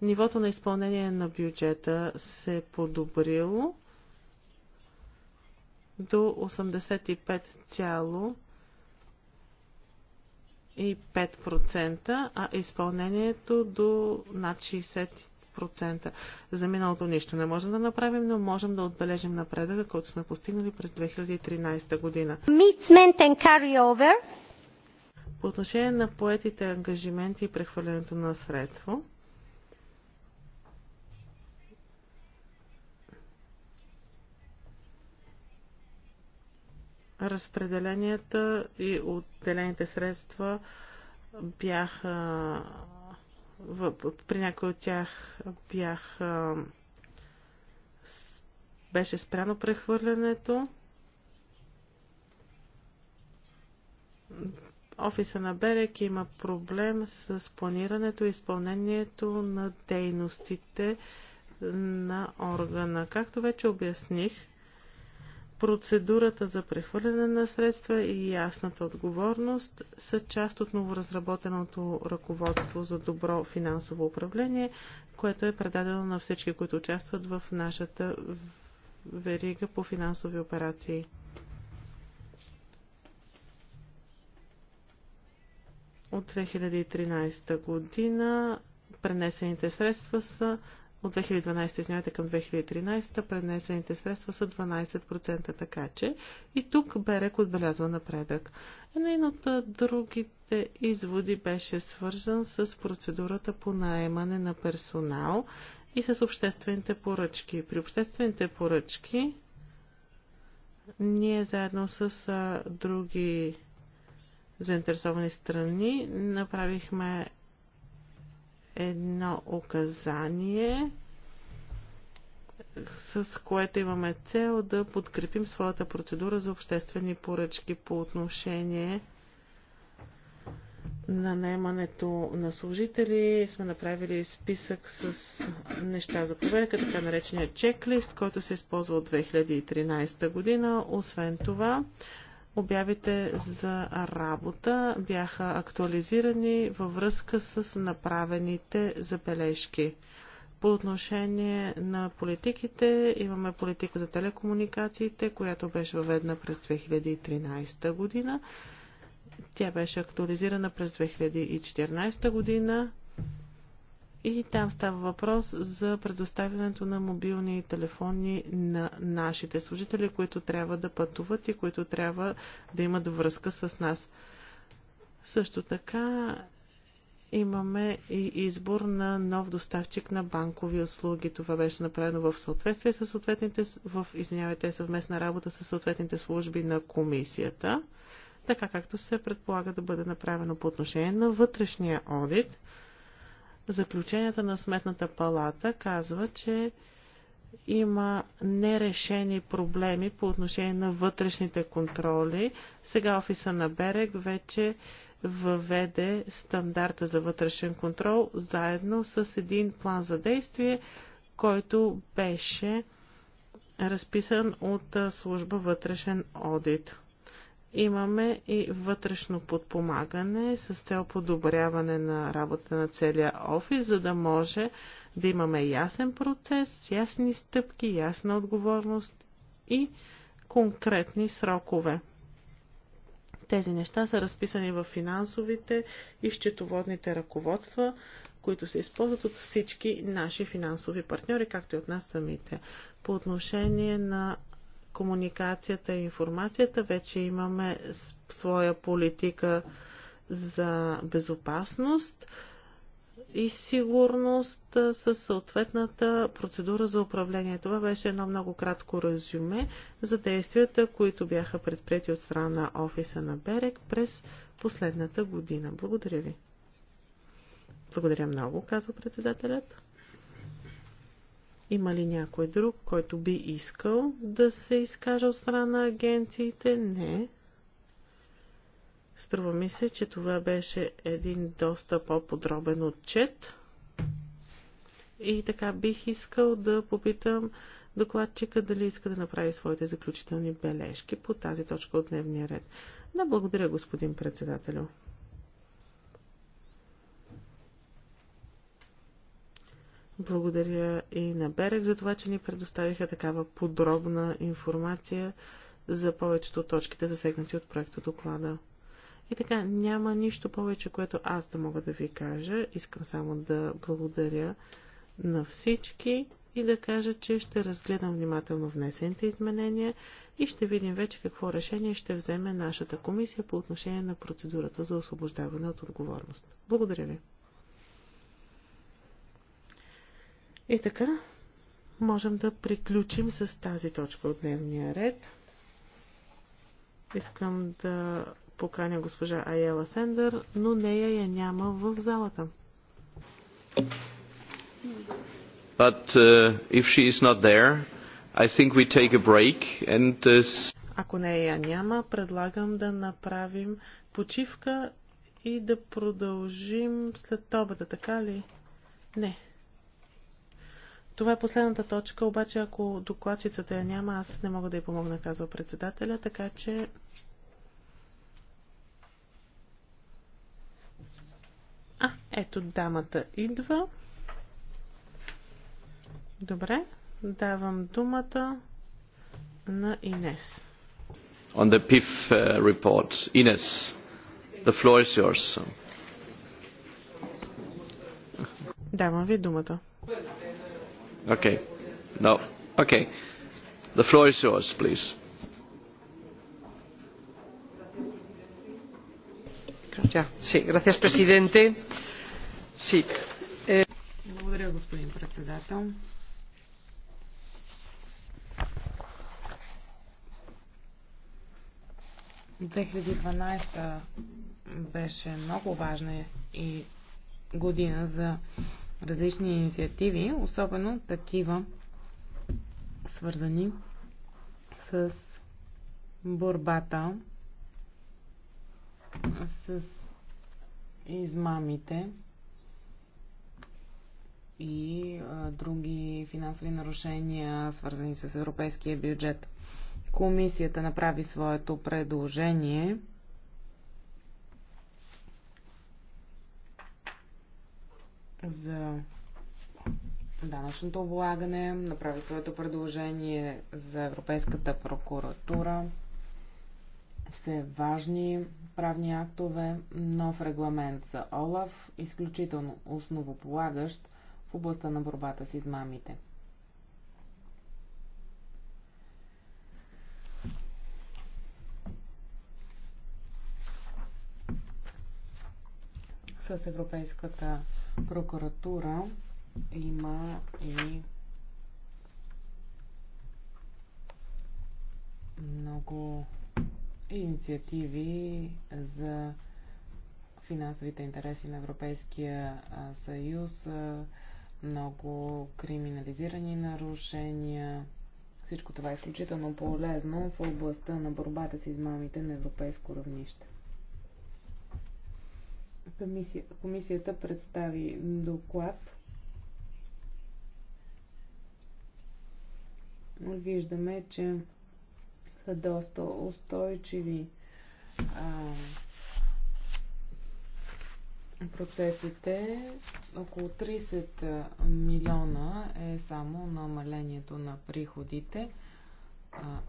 C: нивото на изпълнение на бюджета се е подобрило до 85,5%, а изпълнението до над 60%. За миналото нищо не можем да направим, но можем да отбележим напредъка, който сме постигнали през 2013 година.
A: and
C: По отношение на поетите ангажименти и прехвърлянето на средство, разпределенията и отделените средства бяха при някои от тях бяха беше спряно прехвърлянето. Офиса на Берек има проблем с планирането и изпълнението на дейностите на органа. Както вече обясних, Процедурата за прехвърляне на средства и ясната отговорност са част от новоразработеното ръководство за добро финансово управление, което е предадено на всички, които участват в нашата верига по финансови операции. От 2013 година пренесените средства са от 2012 извинете, към 2013 пренесените средства са 12%, така че и тук Берек отбелязва напредък. Един от другите изводи беше свързан с процедурата по наемане на персонал и с обществените поръчки. При обществените поръчки ние заедно с други заинтересовани страни направихме едно указание, с което имаме цел да подкрепим своята процедура за обществени поръчки по отношение на наемането на служители. Сме направили списък с неща за проверка, така наречения чеклист, който се използва от 2013 година. Освен това, Обявите за работа бяха актуализирани във връзка с направените забележки. По отношение на политиките, имаме политика за телекомуникациите, която беше въведена през 2013 година. Тя беше актуализирана през 2014 година и там става въпрос за предоставянето на мобилни телефони на нашите служители, които трябва да пътуват и които трябва да имат връзка с нас. Също така имаме и избор на нов доставчик на банкови услуги. Това беше направено в съответствие с съответните, в, извинявайте, съвместна работа с съответните служби на комисията, така както се предполага да бъде направено по отношение на вътрешния одит – Заключенията на Сметната палата казва, че има нерешени проблеми по отношение на вътрешните контроли. Сега офиса на Берег вече въведе стандарта за вътрешен контрол заедно с един план за действие, който беше разписан от служба вътрешен одит. Имаме и вътрешно подпомагане с цел подобряване на работа на целия офис, за да може да имаме ясен процес, ясни стъпки, ясна отговорност и конкретни срокове. Тези неща са разписани в финансовите и счетоводните ръководства, които се използват от всички наши финансови партньори, както и от нас самите. По отношение на комуникацията и информацията. Вече имаме своя политика за безопасност и сигурност със съответната процедура за управление. Това беше едно много кратко резюме за действията, които бяха предприяти от страна на офиса на Берек през последната година. Благодаря ви. Благодаря много, казва председателят. Има ли някой друг, който би искал да се изкаже от страна на агенциите? Не. Струва ми се, че това беше един доста по-подробен отчет. И така бих искал да попитам докладчика дали иска да направи своите заключителни бележки по тази точка от дневния ред. Да, благодаря, господин председателю. Благодаря и на Берег за това, че ни предоставиха такава подробна информация за повечето от точките, засегнати от проекта доклада. И така, няма нищо повече, което аз да мога да ви кажа. Искам само да благодаря на всички и да кажа, че ще разгледам внимателно внесените изменения и ще видим вече какво решение ще вземе нашата комисия по отношение на процедурата за освобождаване от отговорност. Благодаря ви. И така, можем да приключим с тази точка от дневния ред. Искам да поканя госпожа Айела Сендър, но нея я няма в залата.
A: But uh, if she is not there, I think we take a break and uh,
C: Ако нея я няма, предлагам да направим почивка и да продължим след обеда, така ли? Не. Това е последната точка, обаче ако докладчицата я няма, аз не мога да й помогна, казва председателя, така че А, ето дамата идва. Добре, давам думата на Инес.
A: On the PIF uh, report, Ines, the floor is yours.
C: Давам ви думата.
A: Okay. No. Okay. The floor is yours, please.
B: Señor presidente,
A: sí.
D: Eh, Благодаря, господин председател. беше много важна и година за различни инициативи, особено такива, свързани с борбата с измамите и а, други финансови нарушения, свързани с европейския бюджет. Комисията направи своето предложение за данъчното облагане, направи своето предложение за Европейската прокуратура. Все важни правни актове, нов регламент за ОЛАФ, изключително основополагащ в областта на борбата с измамите. С Европейската прокуратура има и много инициативи за финансовите интереси на Европейския съюз, много криминализирани нарушения. Всичко това е изключително полезно в областта на борбата с измамите на европейско равнище комисия, комисията представи доклад. Виждаме, че са доста устойчиви а, процесите. Около 30 милиона е само намалението на приходите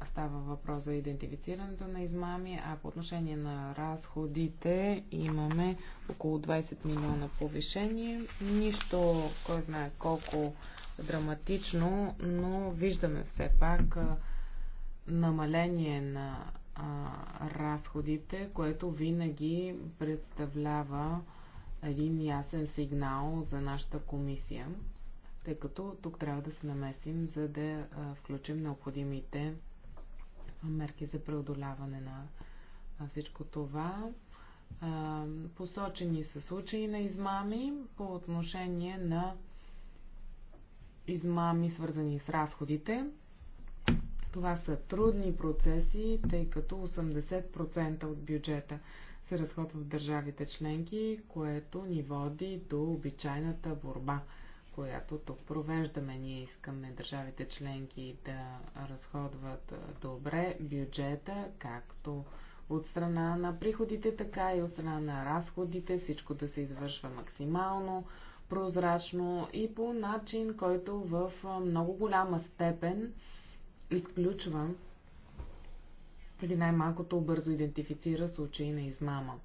D: става въпрос за идентифицирането на измами, а по отношение на разходите имаме около 20 милиона повишение. Нищо, кой знае колко драматично, но виждаме все пак намаление на а, разходите, което винаги представлява един ясен сигнал за нашата комисия тъй като тук трябва да се намесим, за да включим необходимите мерки за преодоляване на всичко това. Посочени са случаи на измами по отношение на измами, свързани с разходите. Това са трудни процеси, тъй като 80% от бюджета се разходва в държавите членки, което ни води до обичайната борба – която тук провеждаме. Ние искаме държавите членки да разходват добре бюджета, както от страна на приходите, така и от страна на разходите. Всичко да се извършва максимално прозрачно и по начин, който в много голяма степен изключва или най-малкото бързо идентифицира случаи на измама.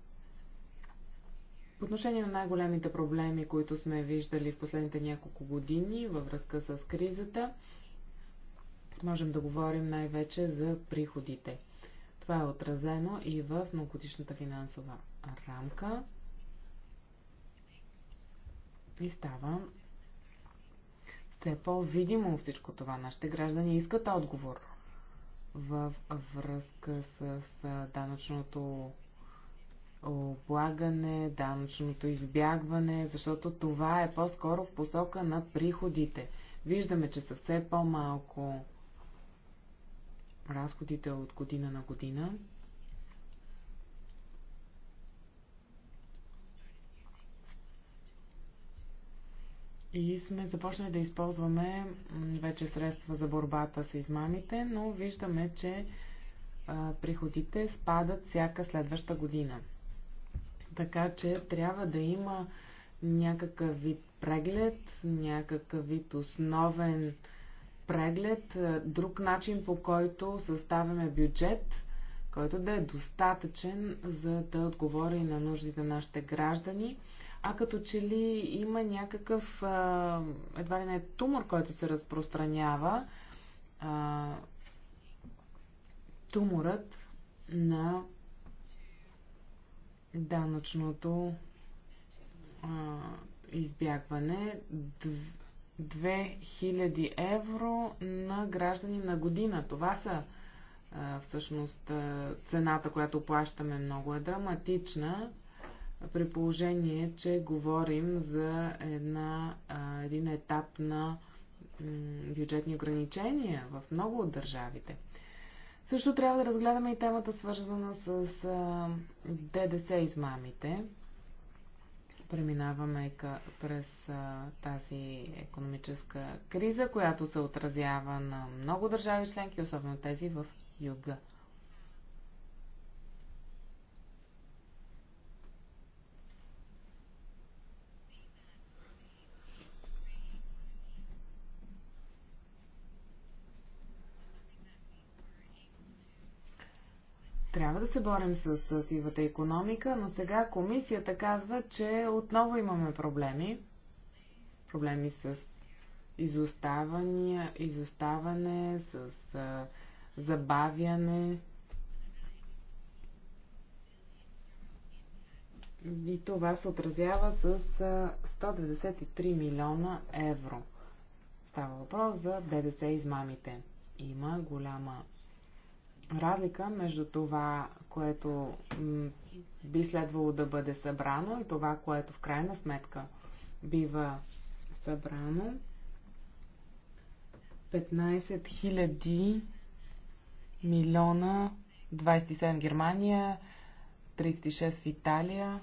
D: По отношение на най-големите проблеми, които сме виждали в последните няколко години във връзка с кризата, можем да говорим най-вече за приходите. Това е отразено и в многогодишната финансова рамка и става все по-видимо всичко това. Нашите граждани искат отговор в връзка с данъчното облагане, данъчното избягване, защото това е по-скоро в посока на приходите. Виждаме, че са все по-малко разходите от година на година. И сме започнали да използваме вече средства за борбата с измамите, но виждаме, че приходите спадат всяка следваща година. Така че трябва да има някакъв вид преглед, някакъв вид основен преглед, е, друг начин по който съставяме бюджет, който да е достатъчен, за да отговори на нуждите на нашите граждани. А като че ли има някакъв, е, едва ли не тумор, който се разпространява, е, туморът на данъчното а, избягване 2000 евро на граждани на година. Това са а, всъщност цената, която плащаме много е драматична при положение, че говорим за една, а, един етап на бюджетни ограничения в много от държавите. Също трябва да разгледаме и темата свързана с ДДС измамите. Преминаваме през тази економическа криза, която се отразява на много държави членки, особено тези в юга Трябва да се борим с, с сивата економика, но сега комисията казва, че отново имаме проблеми. Проблеми с изоставания, изоставане, с а, забавяне. И това се отразява с а, 193 милиона евро. Става въпрос за ДДС измамите. Има голяма разлика между това, което би следвало да бъде събрано и това, което в крайна сметка бива събрано. 15 000 милиона, 27 Германия, 36 в Италия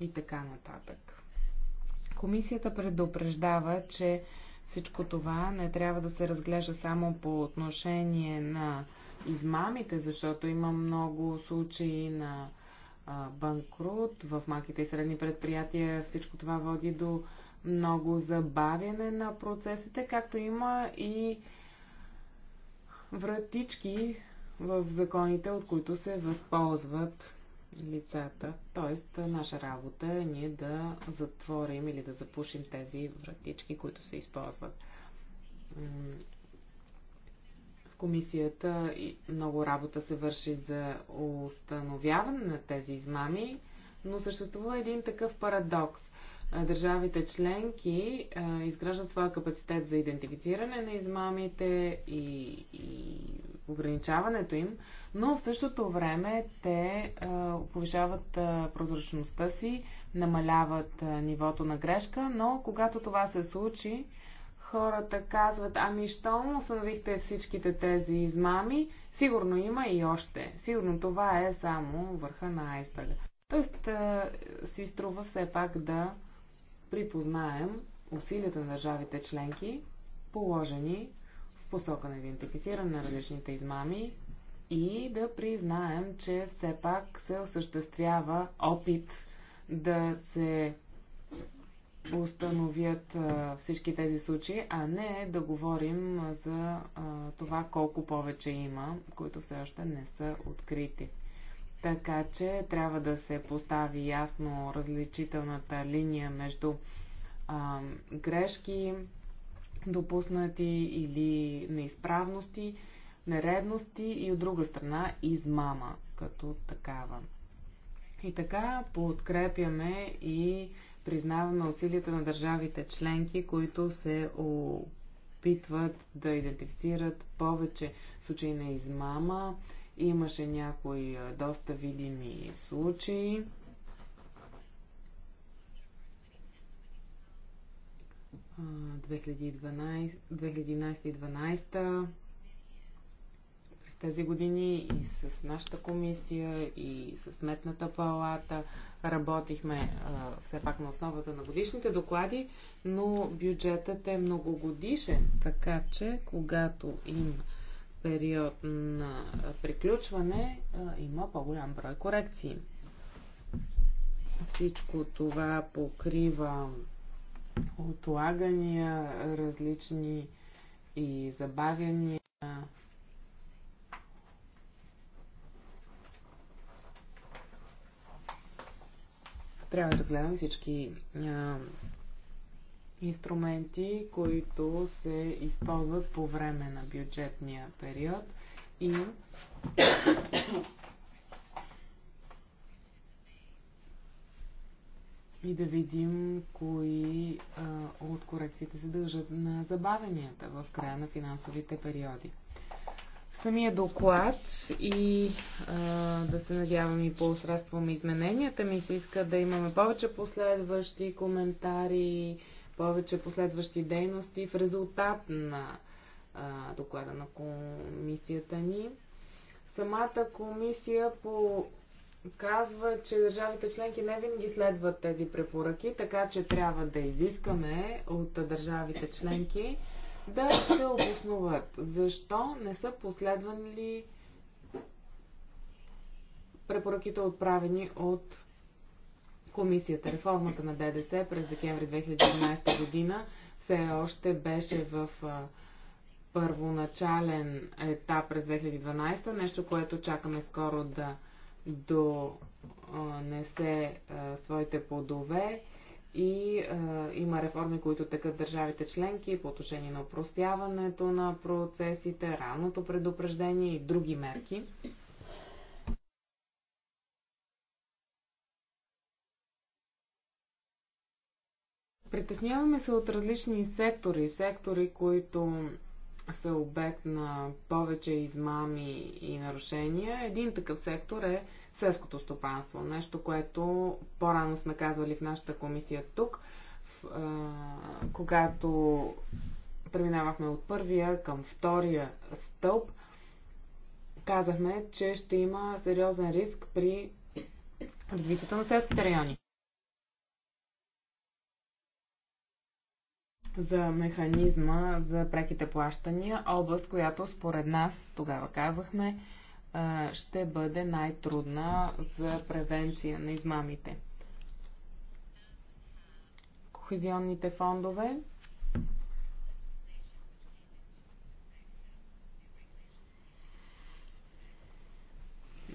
D: и така нататък. Комисията предупреждава, че всичко това не трябва да се разглежда само по отношение на измамите, защото има много случаи на банкрут в малките и средни предприятия. Всичко това води до много забавяне на процесите, както има и вратички в законите, от които се възползват лицата. Тоест, наша работа е ние да затворим или да запушим тези вратички, които се използват комисията и много работа се върши за установяване на тези измами, но съществува един такъв парадокс. Държавите членки а, изграждат своя капацитет за идентифициране на измамите и, и ограничаването им, но в същото време те а, повишават а, прозрачността си, намаляват а, нивото на грешка, но когато това се случи, хората казват, ами щом установихте всичките тези измами, сигурно има и още. Сигурно това е само върха на айсберга. Тоест, си струва все пак да припознаем усилията на държавите членки, положени в посока на идентифициране на различните измами и да признаем, че все пак се осъществява опит да се установят всички тези случаи, а не да говорим за това колко повече има, които все още не са открити. Така че трябва да се постави ясно различителната линия между а, грешки, допуснати или неизправности, нередности и от друга страна измама като такава. И така подкрепяме и Признаваме усилията на държавите членки, които се опитват да идентифицират повече случаи на измама. Имаше някои доста видими случаи. Uh, 2011 12 тези години и с нашата комисия, и с Сметната палата. Работихме а, все пак на основата на годишните доклади, но бюджетът е многогодишен, така че когато има период на приключване, а, има по-голям брой корекции. Всичко това покрива отлагания, различни и забавяния Трябва да разгледаме всички а, инструменти, които се използват по време на бюджетния период и и да видим кои а, от корекциите се дължат на забавенията в края на финансовите периоди самия доклад и а, да се надявам и посредством измененията ми се иска да имаме повече последващи коментари, повече последващи дейности в резултат на а, доклада на комисията ни. Самата комисия по казва, че държавите членки не винаги следват тези препоръки, така че трябва да изискаме от държавите членки да се обосноват защо не са последвани препоръките отправени от комисията. Реформата на ДДС през декември 2011 година все още беше в първоначален етап през 2012, нещо, което чакаме скоро да донесе своите плодове и е, има реформи, които тъкат държавите членки по отношение на упростяването на процесите, ранното предупреждение и други мерки. Притесняваме се от различни сектори, сектори, които са обект на повече измами и нарушения. Един такъв сектор е селското стопанство. Нещо, което по-рано сме казвали в нашата комисия тук, в, а, когато преминавахме от първия към втория стълб, казахме, че ще има сериозен риск при развитието на селските райони. за механизма за преките плащания, област, която според нас, тогава казахме, ще бъде най-трудна за превенция на измамите. Кохезионните фондове.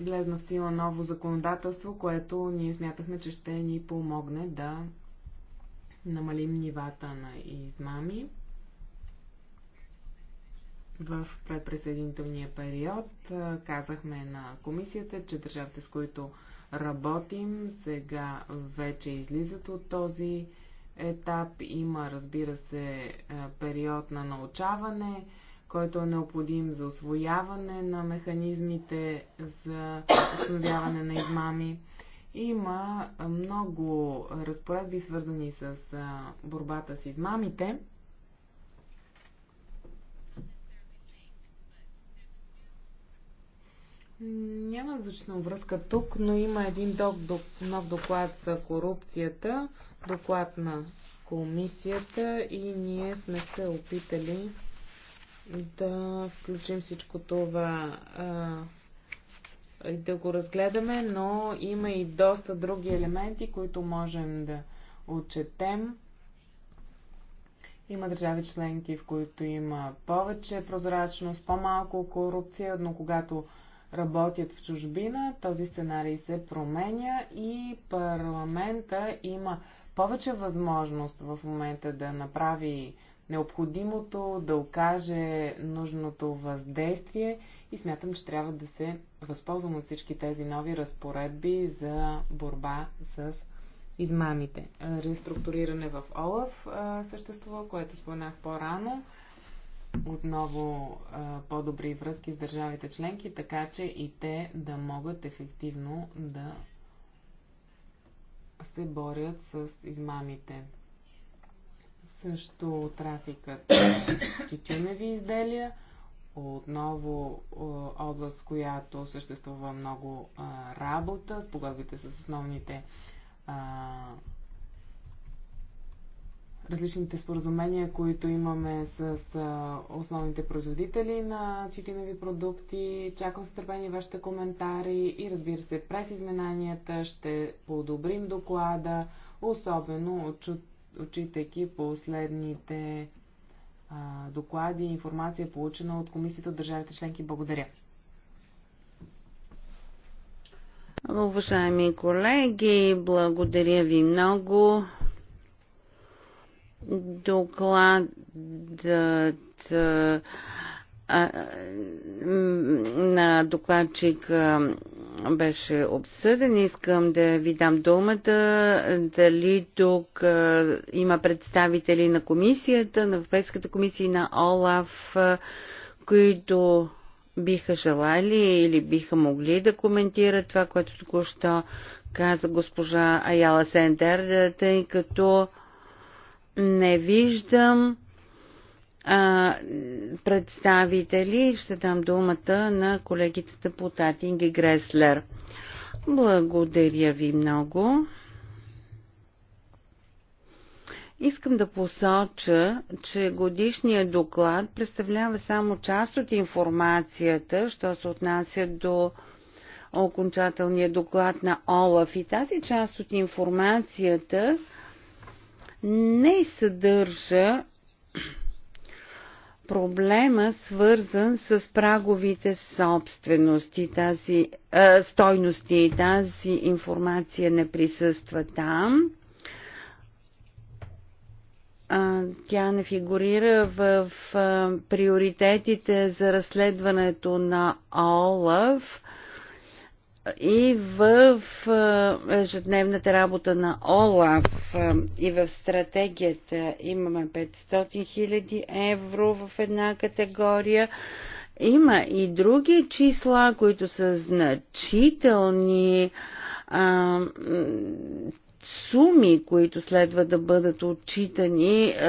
D: Влезна в сила ново законодателство, което ние смятахме, че ще ни помогне да намалим нивата на измами в предпредседнителния период. Казахме на комисията, че държавите, с които работим, сега вече излизат от този етап. Има, разбира се, период на научаване, който е необходим за освояване на механизмите за установяване на измами. Има много разпоредби, свързани с борбата с измамите. Няма защитна връзка тук, но има един док, нов доклад за корупцията, доклад на комисията и ние сме се опитали да включим всичко това да го разгледаме, но има и доста други елементи, които можем да отчетем. Има държави членки, в които има повече прозрачност, по-малко корупция, но когато работят в чужбина, този сценарий се променя и парламента има повече възможност в момента да направи необходимото, да окаже нужното въздействие и смятам, че трябва да се възползвам от всички тези нови разпоредби за борба с измамите. Реструктуриране в ОЛАФ съществува, което споменах по-рано. Отново по-добри връзки с държавите членки, така че и те да могат ефективно да се борят с измамите. Също трафикът тютюневи изделия – отново е, област, в която съществува много е, работа, спогодбите с основните е, различните споразумения, които имаме с основните производители на чикенови продукти. Чакам с търпение вашите коментари и разбира се, през изменанията ще подобрим доклада, особено отчитайки последните доклади и информация, получена от комисията от държавите членки. Благодаря.
B: Уважаеми колеги, благодаря ви много. Докладът на докладчик беше обсъден. Искам да ви дам думата. Дали тук има представители на комисията, на Европейската комисия и на ОЛАФ, които биха желали или биха могли да коментират това, което току-що каза госпожа Аяла Сендер, тъй като не виждам представители. Ще дам думата на колегите депутати Инги Греслер. Благодаря ви много. Искам да посоча, че годишният доклад представлява само част от информацията, що се отнася до окончателния доклад на ОЛАФ. И тази част от информацията не съдържа проблема свързан с праговите собствености, тази е, стойности, тази информация не присъства там. А, тя не фигурира в, а, приоритетите за разследването на Олаф. А, и в ежедневната работа на ОЛАФ и в стратегията имаме 500 000 евро в една категория. Има и други числа, които са значителни суми, които следва да бъдат отчитани, е,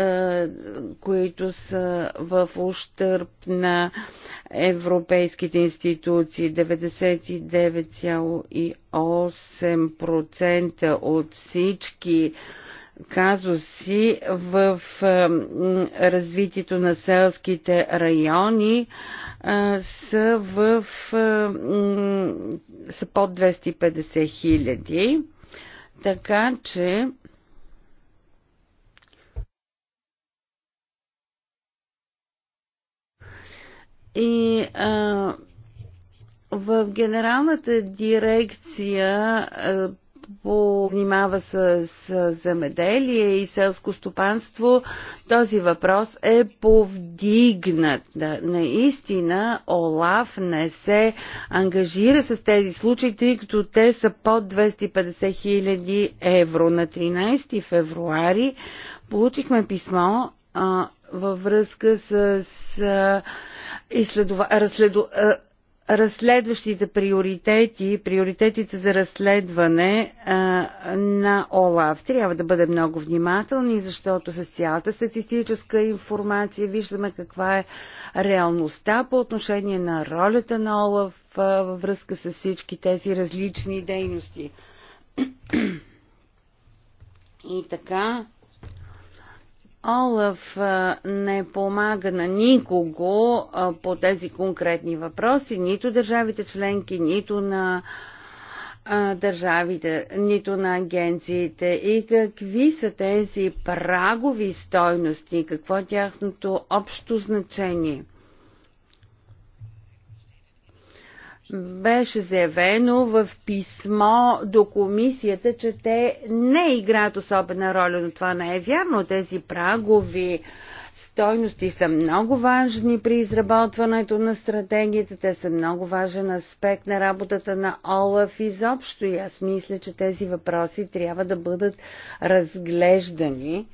B: които са в ущърп на европейските институции. 99,8% от всички казуси в е, развитието на селските райони е, са, в, са под 250 хиляди. Така че и а, в генералната дирекция а, внимава с, с земеделие и селско стопанство, този въпрос е повдигнат. Да, наистина Олаф не се ангажира с тези случаи, тъй като те са под 250 хиляди евро. На 13 февруари получихме писмо а, във връзка с а, изследова, разследо, а, разследващите приоритети, приоритетите за разследване а, на ОЛАВ. Трябва да бъдем много внимателни, защото с цялата статистическа информация виждаме каква е реалността по отношение на ролята на ОЛАВ а, във връзка с всички тези различни дейности. И така, Олаф не помага на никого по тези конкретни въпроси, нито държавите членки, нито на държавите, нито на агенциите и какви са тези прагови стойности, какво е тяхното общо значение – беше заявено в писмо до комисията, че те не играят особена роля, но това не е вярно. Тези прагови стойности са много важни при изработването на стратегията. Те са много важен аспект на работата на Олаф изобщо. И аз мисля, че тези въпроси трябва да бъдат разглеждани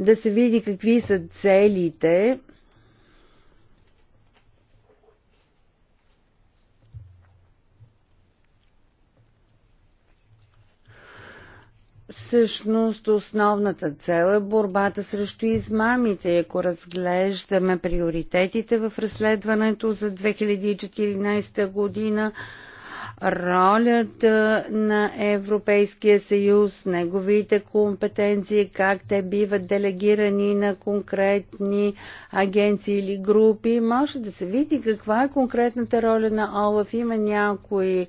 B: да се види какви са целите всъщност основната цел е борбата срещу измамите. Ако разглеждаме приоритетите в разследването за 2014 година, ролята на Европейския съюз, неговите компетенции, как те биват делегирани на конкретни агенции или групи. Може да се види каква е конкретната роля на Олаф. Има някои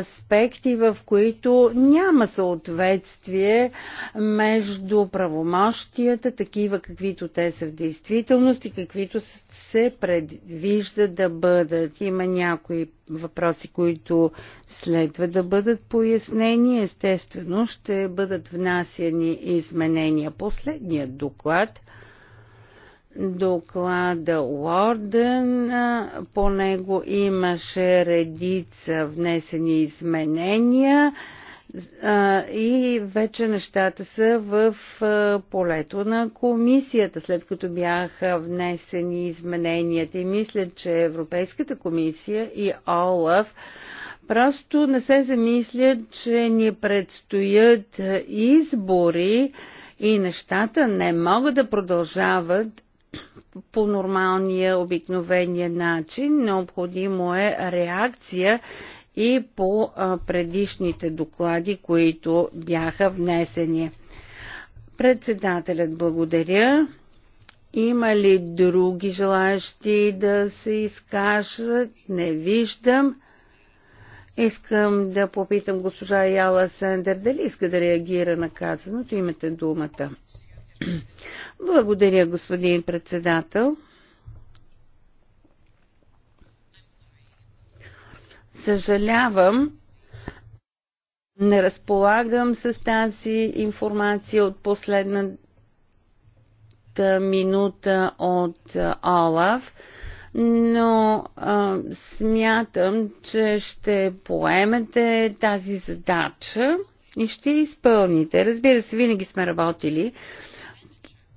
B: аспекти, в които няма съответствие между правомощията, такива каквито те са в действителност и каквито се предвижда да бъдат. Има някои въпроси, които следва да бъдат пояснени. Естествено ще бъдат внасяни изменения. Последният доклад доклада Уорден. По него имаше редица внесени изменения и вече нещата са в полето на комисията, след като бяха внесени измененията. И мисля, че Европейската комисия и ОЛАФ Просто не се замисля, че ни предстоят избори и нещата не могат да продължават по нормалния, обикновения начин. Необходимо е реакция и по предишните доклади, които бяха внесени. Председателят благодаря. Има ли други желаящи да се изкажат? Не виждам. Искам да попитам госпожа Яла Сендер дали иска да реагира на казаното. Имате думата. Благодаря, господин председател. Съжалявам, не разполагам с тази информация от последната минута от Олаф но а, смятам, че ще поемете тази задача и ще изпълните. Разбира се, винаги сме работили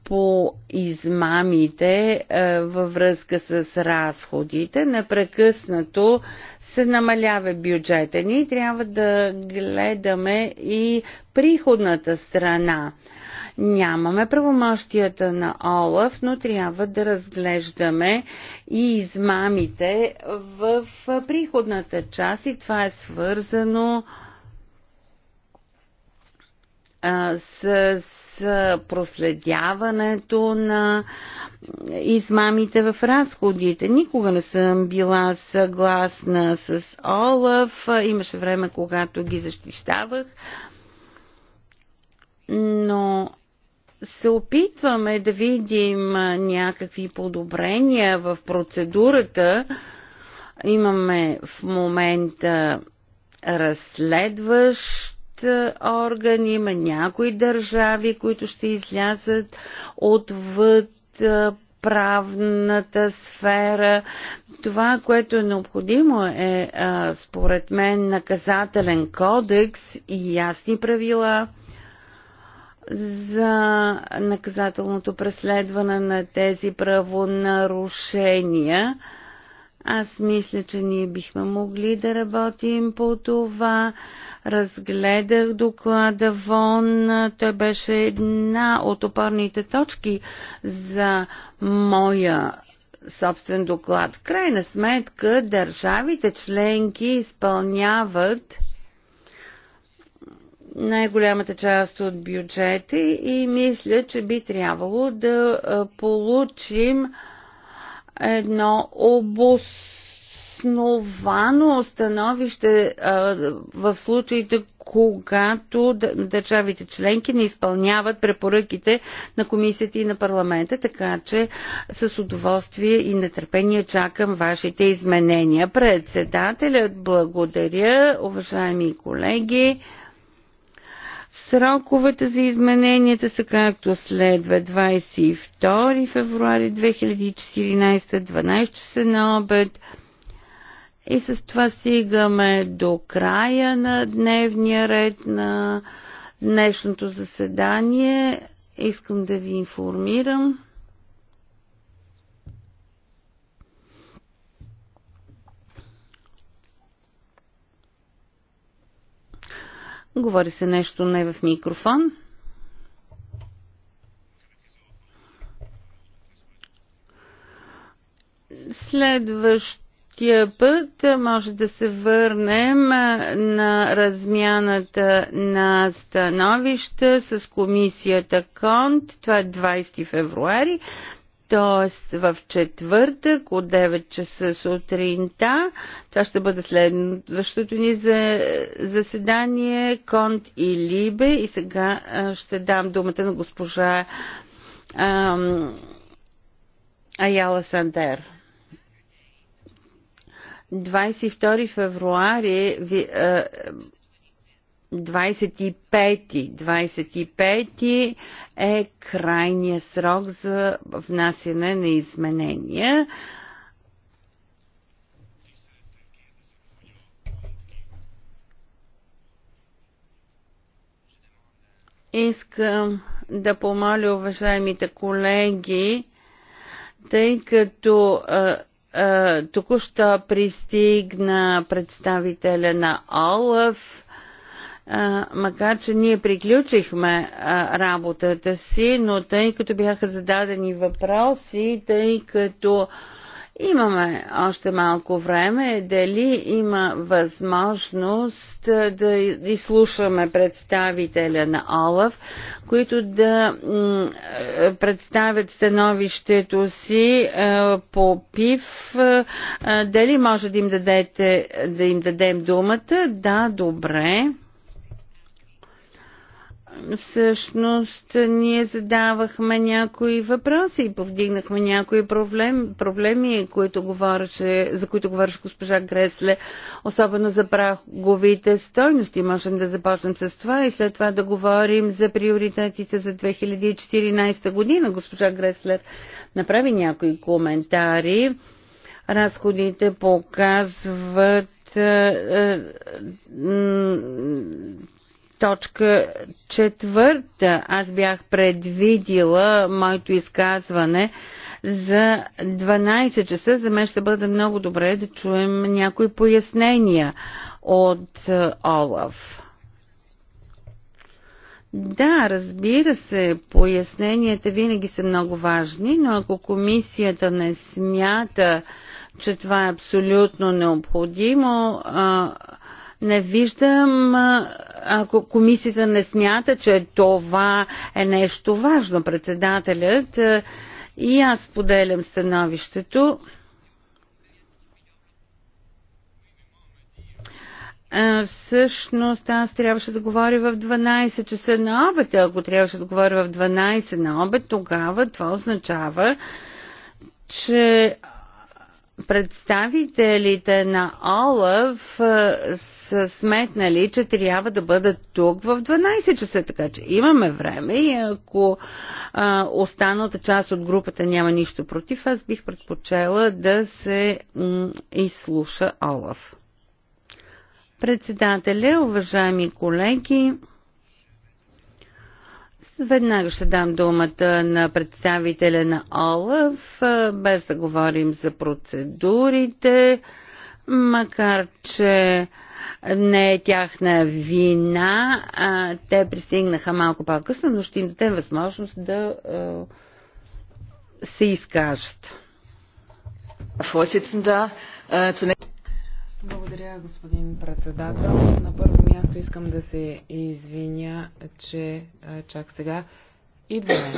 B: по измамите а, във връзка с разходите. Непрекъснато се намалява бюджета. Ние трябва да гледаме и приходната страна. Нямаме правомощията на Олаф, но трябва да разглеждаме и измамите в приходната част и това е свързано с, с проследяването на измамите в разходите. Никога не съм била съгласна с Олаф. Имаше време, когато ги защищавах. Но се опитваме да видим някакви подобрения в процедурата. Имаме в момента разследващ орган, има някои държави, които ще излязат отвъд правната сфера. Това, което е необходимо е, според мен, наказателен кодекс и ясни правила – за наказателното преследване на тези правонарушения. Аз мисля, че ние бихме могли да работим по това. Разгледах доклада ВОН. Той беше една от опорните точки за моя собствен доклад. В крайна сметка, държавите членки изпълняват най-голямата част от бюджета и мисля, че би трябвало да получим едно обосновано становище в случаите, когато държавите членки не изпълняват препоръките на комисията и на парламента, така че с удоволствие и нетърпение чакам вашите изменения. Председателят, благодаря, уважаеми колеги. Сроковете за измененията са както следва 22 февруари 2014, 12 часа на обед. И с това стигаме до края на дневния ред на днешното заседание. Искам да ви информирам, Говори се нещо не в микрофон. Следващия път може да се върнем на размяната на становища с комисията КОНТ. Това е 20 февруари т.е. в четвъртък от 9 часа сутринта. Това ще бъде следващото ни за заседание Конт и Либе. И сега ще дам думата на госпожа ам, Аяла Сандер. 22 февруари ви, а, 25, 25 е крайния срок за внасяне на изменения. Искам да помоля уважаемите колеги, тъй като току-що пристигна представителя на ОЛАФ, макар че ние приключихме работата си, но тъй като бяха зададени въпроси, тъй като имаме още малко време, дали има възможност да изслушаме представителя на ОЛАФ, които да представят становището си по ПИВ, дали може да им, дадете, да им дадем думата? Да, добре всъщност ние задавахме някои въпроси и повдигнахме някои проблем, проблеми, които говореше, за които говореше госпожа Гресле, особено за праговите стойности. Можем да започнем с това и след това да говорим за приоритетите за 2014 година. Госпожа Греслер направи някои коментари. Разходите показват е, е, точка четвърта. Аз бях предвидила моето изказване за 12 часа. За мен ще бъде много добре да чуем някои пояснения от е, Олаф. Да, разбира се, поясненията винаги са много важни, но ако комисията не смята, че това е абсолютно необходимо, не виждам, ако комисията не смята, че това е нещо важно, председателят. И аз споделям становището. всъщност аз трябваше да говоря в 12 часа на обед. Ако трябваше да говоря в 12 на обед, тогава това означава, че представителите на Олаф са сметнали, че трябва да бъдат тук в 12 часа, така че имаме време и ако а, останалата част от групата няма нищо против, аз бих предпочела да се изслуша Олаф. Председателя, уважаеми колеги, Веднага ще дам думата на представителя на ОЛАВ, без да говорим за процедурите, макар че не е тяхна вина. А, те пристигнаха малко по-късно, но ще им дадем възможност да а, се изкажат.
D: Благодаря, господин председател. На първо място искам да се извиня, че чак сега идваме.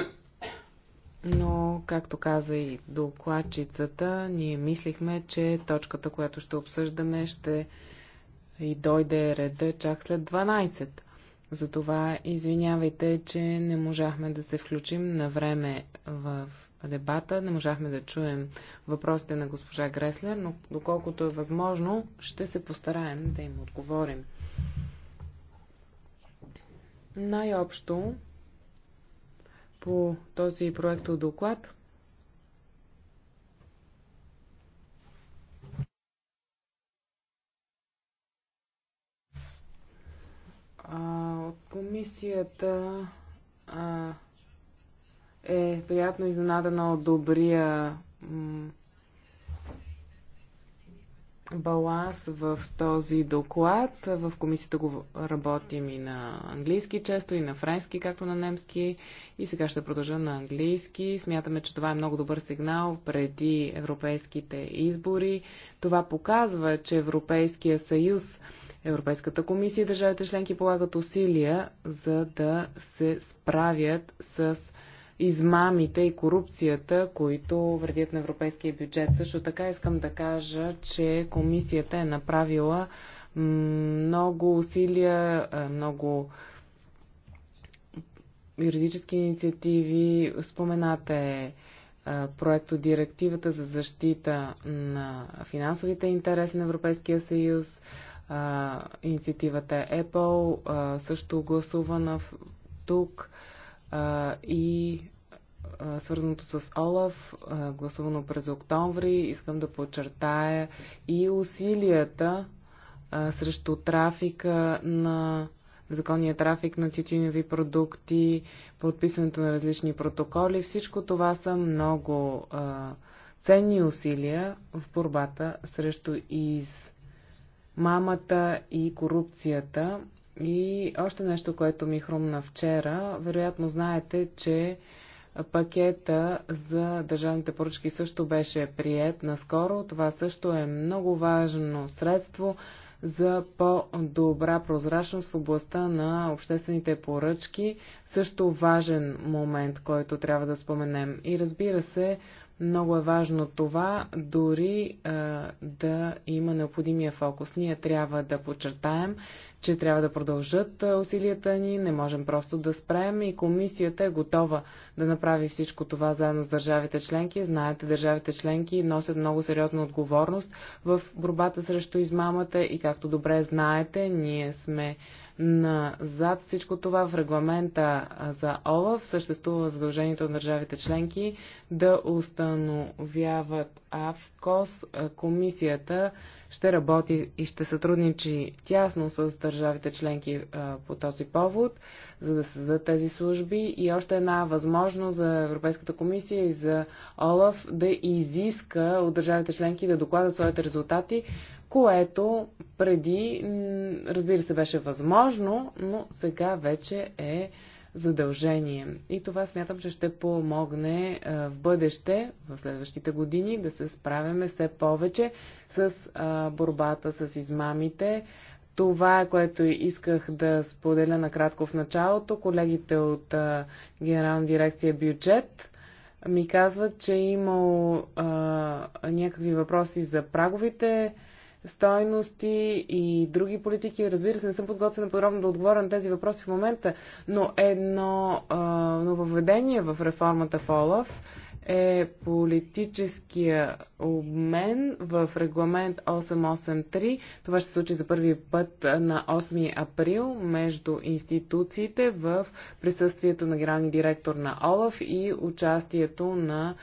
D: Но, както каза и докладчицата, ние мислихме, че точката, която ще обсъждаме, ще и дойде реда чак след 12. Затова извинявайте, че не можахме да се включим на време в дебата. Не можахме да чуем въпросите на госпожа Греслер, но доколкото е възможно, ще се постараем да им отговорим. Най-общо по този проект от доклад от комисията е приятно изненадана от добрия баланс в този доклад. В комисията го работим и на английски често, и на френски, както на немски. И сега ще продължа на английски. Смятаме, че това е много добър сигнал преди европейските избори. Това показва, че Европейския съюз, Европейската комисия и държавите членки полагат усилия, за да се справят с измамите и корупцията, които вредят на европейския бюджет. Също така искам да кажа, че комисията е направила много усилия, е, много юридически инициативи. Споменате е, проекто Директивата за защита на финансовите интереси на Европейския съюз, е, инициативата Apple, също гласувана тук а, и а, свързаното с Олаф, а, гласувано през октомври. Искам да подчертая и усилията а, срещу трафика на незаконния трафик на тютюневи продукти, подписването на различни протоколи. Всичко това са много а, ценни усилия в борбата срещу из мамата и корупцията и още нещо, което ми хрумна вчера. Вероятно знаете, че пакета за държавните поръчки също беше прият наскоро. Това също е много важно средство за по-добра прозрачност в областта на обществените поръчки. Също важен момент, който трябва да споменем. И разбира се, много е важно това, дори а, да има необходимия фокус. Ние трябва да подчертаем, че трябва да продължат усилията ни, не можем просто да спрем и комисията е готова да направи всичко това заедно с държавите членки. Знаете, държавите членки носят много сериозна отговорност в борбата срещу измамата и както добре знаете, ние сме назад всичко това в регламента за ОЛАФ съществува задължението на държавите членки да установяват АВКОС. Комисията ще работи и ще сътрудничи тясно с държавите членки по този повод, за да създадат тези служби и още една възможност за Европейската комисия и за ОЛАФ да изиска от държавите членки да докладат своите резултати което преди, разбира се, беше възможно, но сега вече е задължение. И това смятам, че ще помогне е, в бъдеще, в следващите години, да се справяме все повече с е, борбата с измамите. Това е което исках да споделя накратко в началото. Колегите от е, Генерална дирекция бюджет ми казват, че е имало някакви въпроси за праговите стойности и други политики. Разбира се, не съм подготвена подробно да отговоря на тези въпроси в момента, но едно а, нововведение в реформата в ОЛАФ е политическия обмен в регламент 883. Това ще се случи за първи път на 8 април между институциите в присъствието на генералния директор на ОЛАФ и участието на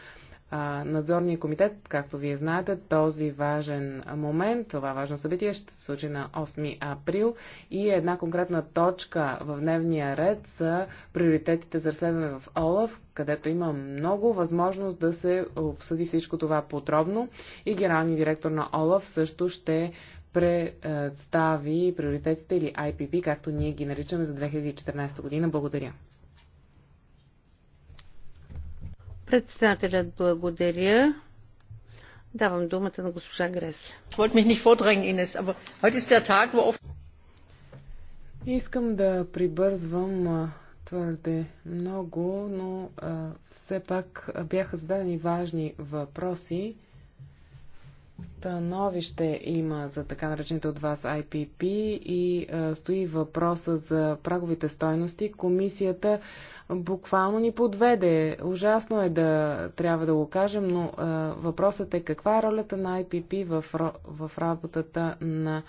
D: надзорния комитет, както вие знаете, този важен момент, това важно събитие ще се случи на 8 април и една конкретна точка в дневния ред са приоритетите за разследване в ОЛАФ, където има много възможност да се обсъди всичко това подробно и генералният директор на ОЛАФ също ще представи приоритетите или IPP, както ние ги наричаме
B: за 2014 година. Благодаря. Председателят благодаря. Давам думата на госпожа Гресле.
D: Искам да прибързвам твърде много, но а, все пак бяха зададени важни въпроси Становище има за така наречените от вас IPP и а, стои въпроса за праговите стойности. Комисията буквално ни подведе. Ужасно е да трябва да го кажем, но а, въпросът е каква е ролята на IPP в, в работата на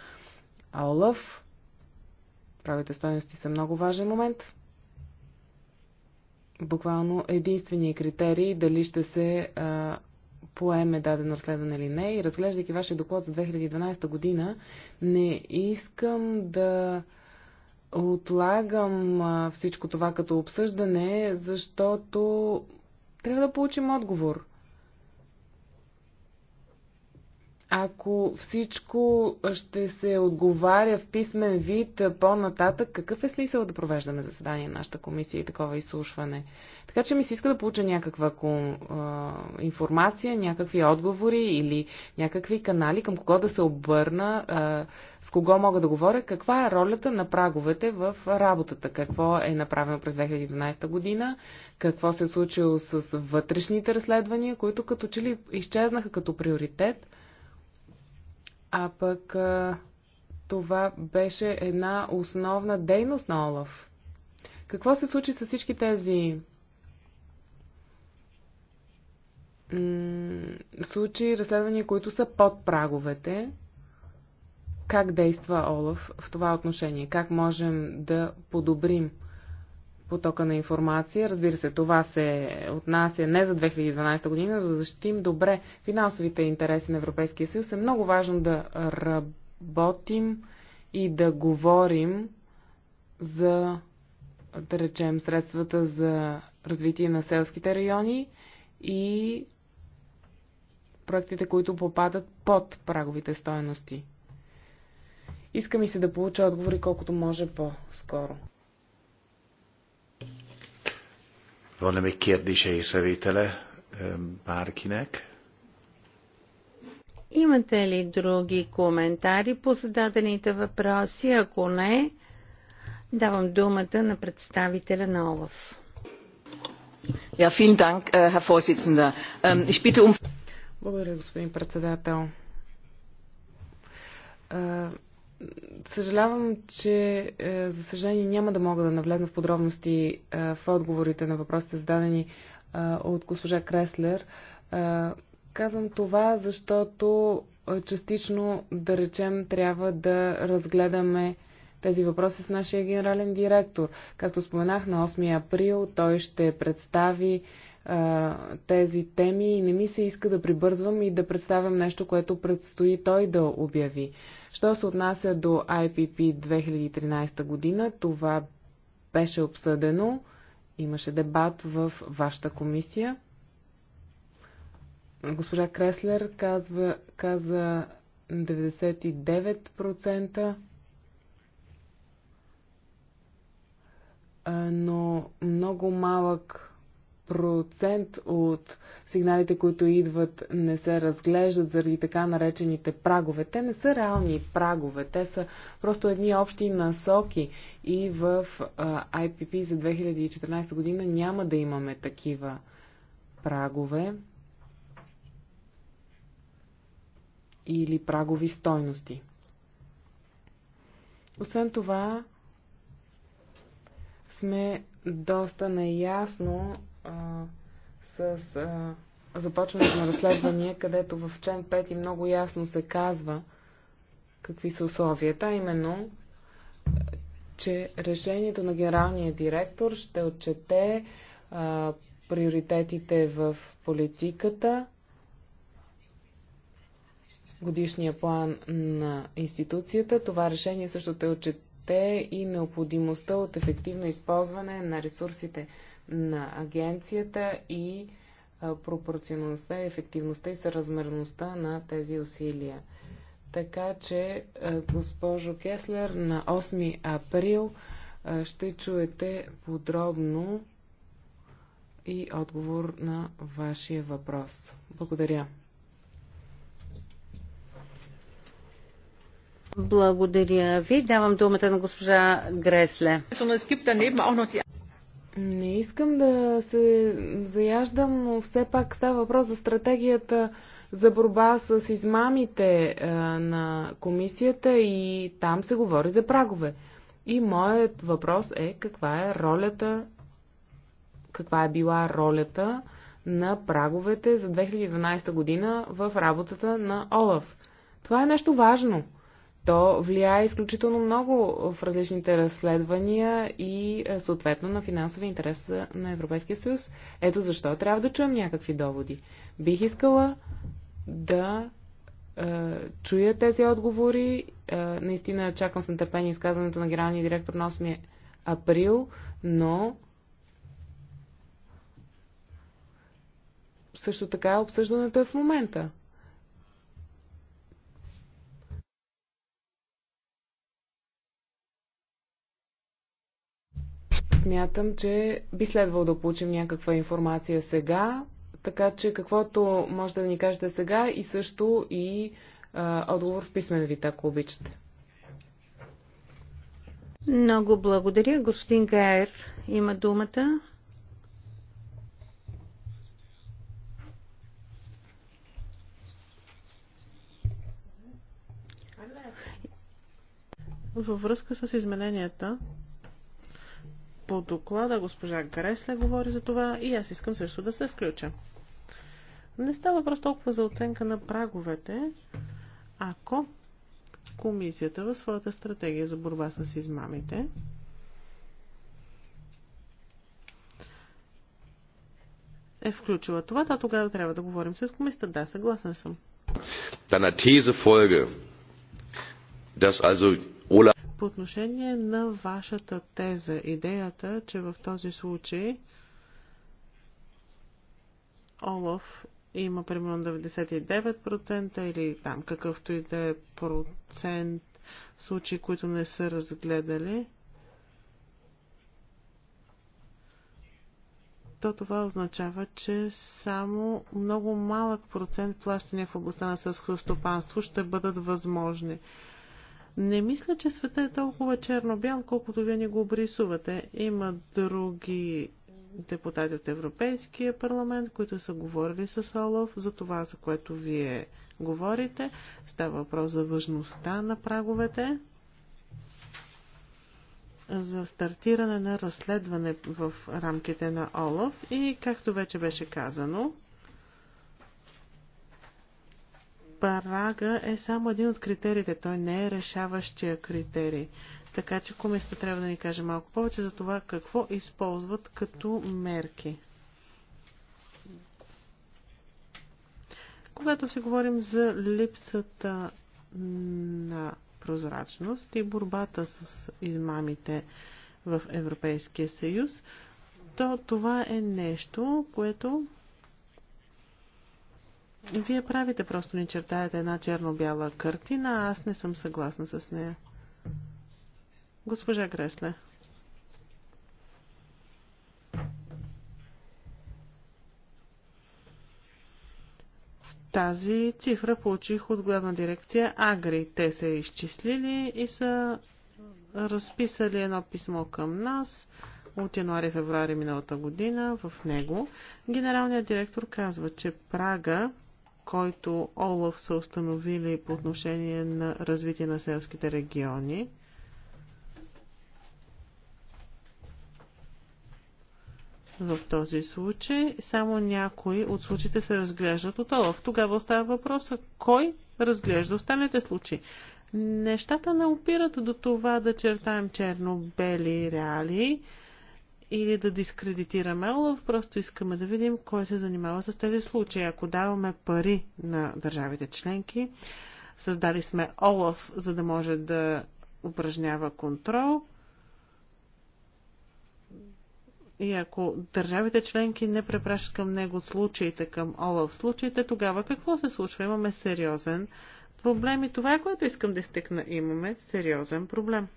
D: ОЛАВ. Правите стойности са много важен момент. Буквално единствения критерий дали ще се а, поеме дадено разследване или не. И разглеждайки вашия доклад за 2012 година, не искам да отлагам всичко това като обсъждане, защото трябва да получим отговор. Ако всичко ще се отговаря в писмен вид по-нататък, какъв е смисъл да провеждаме заседание на нашата комисия и такова изслушване? Така че ми се иска да получа някаква информация, някакви отговори или някакви канали, към кого да се обърна, с кого мога да говоря, каква е ролята на праговете в работата, какво е направено през 2012 година, какво се е случило с вътрешните разследвания, които като че ли изчезнаха като приоритет – а пък а, това беше една основна дейност на Олаф. Какво се случи с всички тези случаи, разследвания, които са под праговете? Как действа Олаф в това отношение? Как можем да подобрим? потока на информация. Разбира се, това се отнася не за 2012 година, но да защитим добре финансовите интереси на Европейския съюз. Е много важно да работим и да говорим за, да речем, средствата за развитие на селските райони и проектите, които попадат под праговите стоености. Иска ми се да получа отговори колкото може по-скоро.
A: Van-e még kérdése észrevétele bárkinek?
B: Имате ли други коментари по зададените въпроси? Ако не, давам думата на представителя на ОЛАФ. Ja, vielen Dank, äh, Herr Vorsitzender. Ähm, ich bitte um... Благодаря, господин председател.
D: Э, Съжалявам, че е, за съжаление няма да мога да навлезна в подробности е, в отговорите на въпросите зададени е, от госпожа Креслер. Казвам това, защото частично, да речем, трябва да разгледаме тези въпроси с нашия генерален директор. Както споменах, на 8 април той ще представи а, тези теми и не ми се иска да прибързвам и да представям нещо, което предстои той да обяви. Що се отнася до IPP 2013 година, това беше обсъдено, имаше дебат в вашата комисия. Госпожа Креслер казва, каза 99%, но много малък процент от сигналите, които идват, не се разглеждат заради така наречените прагове. Те не са реални прагове, те са просто едни общи насоки и в IPP за 2014 година няма да имаме такива прагове или прагови стойности. Освен това, сме доста наясно а, с а, започването на разследвания, където в член 5 много ясно се казва какви са условията, именно, че решението на генералния директор ще отчете а, приоритетите в политиката, годишния план на институцията. Това решение също те отчете и необходимостта от ефективно използване на ресурсите на агенцията и пропорционалността, ефективността и съразмерността на тези усилия. Така че, госпожо Кеслер, на 8 април ще чуете подробно и отговор
B: на вашия въпрос. Благодаря. Благодаря ви. Давам думата на госпожа Гресле.
D: Не искам да се заяждам, но все пак става въпрос за стратегията за борба с измамите на комисията и там се говори за прагове. И моят въпрос е каква е ролята, каква е била ролята на праговете за 2012 година в работата на Олаф. Това е нещо важно – то влияе изключително много в различните разследвания и е, съответно на финансови интерес на Европейския съюз. Ето защо трябва да чуем някакви доводи. Бих искала да е, чуя тези отговори. Е, наистина чакам с нетърпение изказването на генералния директор на 8 април, но също така обсъждането е в момента. смятам, че би следвало да получим някаква информация сега, така че каквото може да ни кажете сега и също и а, отговор в писмен вид, ако обичате.
B: Много благодаря. Господин Гайер има думата.
C: Във връзка с измененията, по доклада госпожа Гресле говори за това и аз искам също да се включа. Не става въпрос толкова за оценка на праговете, ако комисията в своята стратегия за борба с измамите е включила това, да, тогава трябва да говорим с комисията. Да, съгласен съм.
A: Deiner These folge, dass also
C: по отношение на вашата теза, идеята, че в този случай Олаф има примерно 99% или там какъвто и да е процент случаи, които не са разгледали, то това означава, че само много малък процент плащания в областта на сълското стопанство ще бъдат възможни. Не мисля, че света е толкова черно-бял, колкото вие ни го обрисувате. Има други депутати от Европейския парламент, които са говорили с Олов за това, за което вие говорите. Става въпрос за важността на праговете, за стартиране на разследване в рамките на Олаф и, както вече беше казано, Парага е само един от критериите. Той не е решаващия критерий. Така че комисията трябва да ни каже малко повече за това какво използват като мерки. Когато си говорим за липсата на прозрачност и борбата с измамите в Европейския съюз, то това е нещо, което вие правите, просто ни чертаете една черно-бяла картина, аз не съм съгласна с нея. Госпожа Гресле. Тази цифра получих от главна дирекция Агри. Те са изчислили и са разписали едно писмо към нас от януари февруари миналата година. В него генералният директор казва, че прага който Олаф са установили по отношение на развитие на селските региони. в този случай. Само някои от случаите се разглеждат от ОЛАФ. Тогава остава въпроса кой разглежда останалите случаи. Нещата не опират до това да чертаем черно-бели реалии или да дискредитираме Олаф, просто искаме да видим кой се занимава с тези случаи. Ако даваме пари на държавите членки, създали сме Олаф, за да може да упражнява контрол. И ако държавите членки не препращат към него случаите, към Олаф случаите, тогава какво се случва? Имаме сериозен проблем и това е което искам да стекна. Имаме сериозен проблем.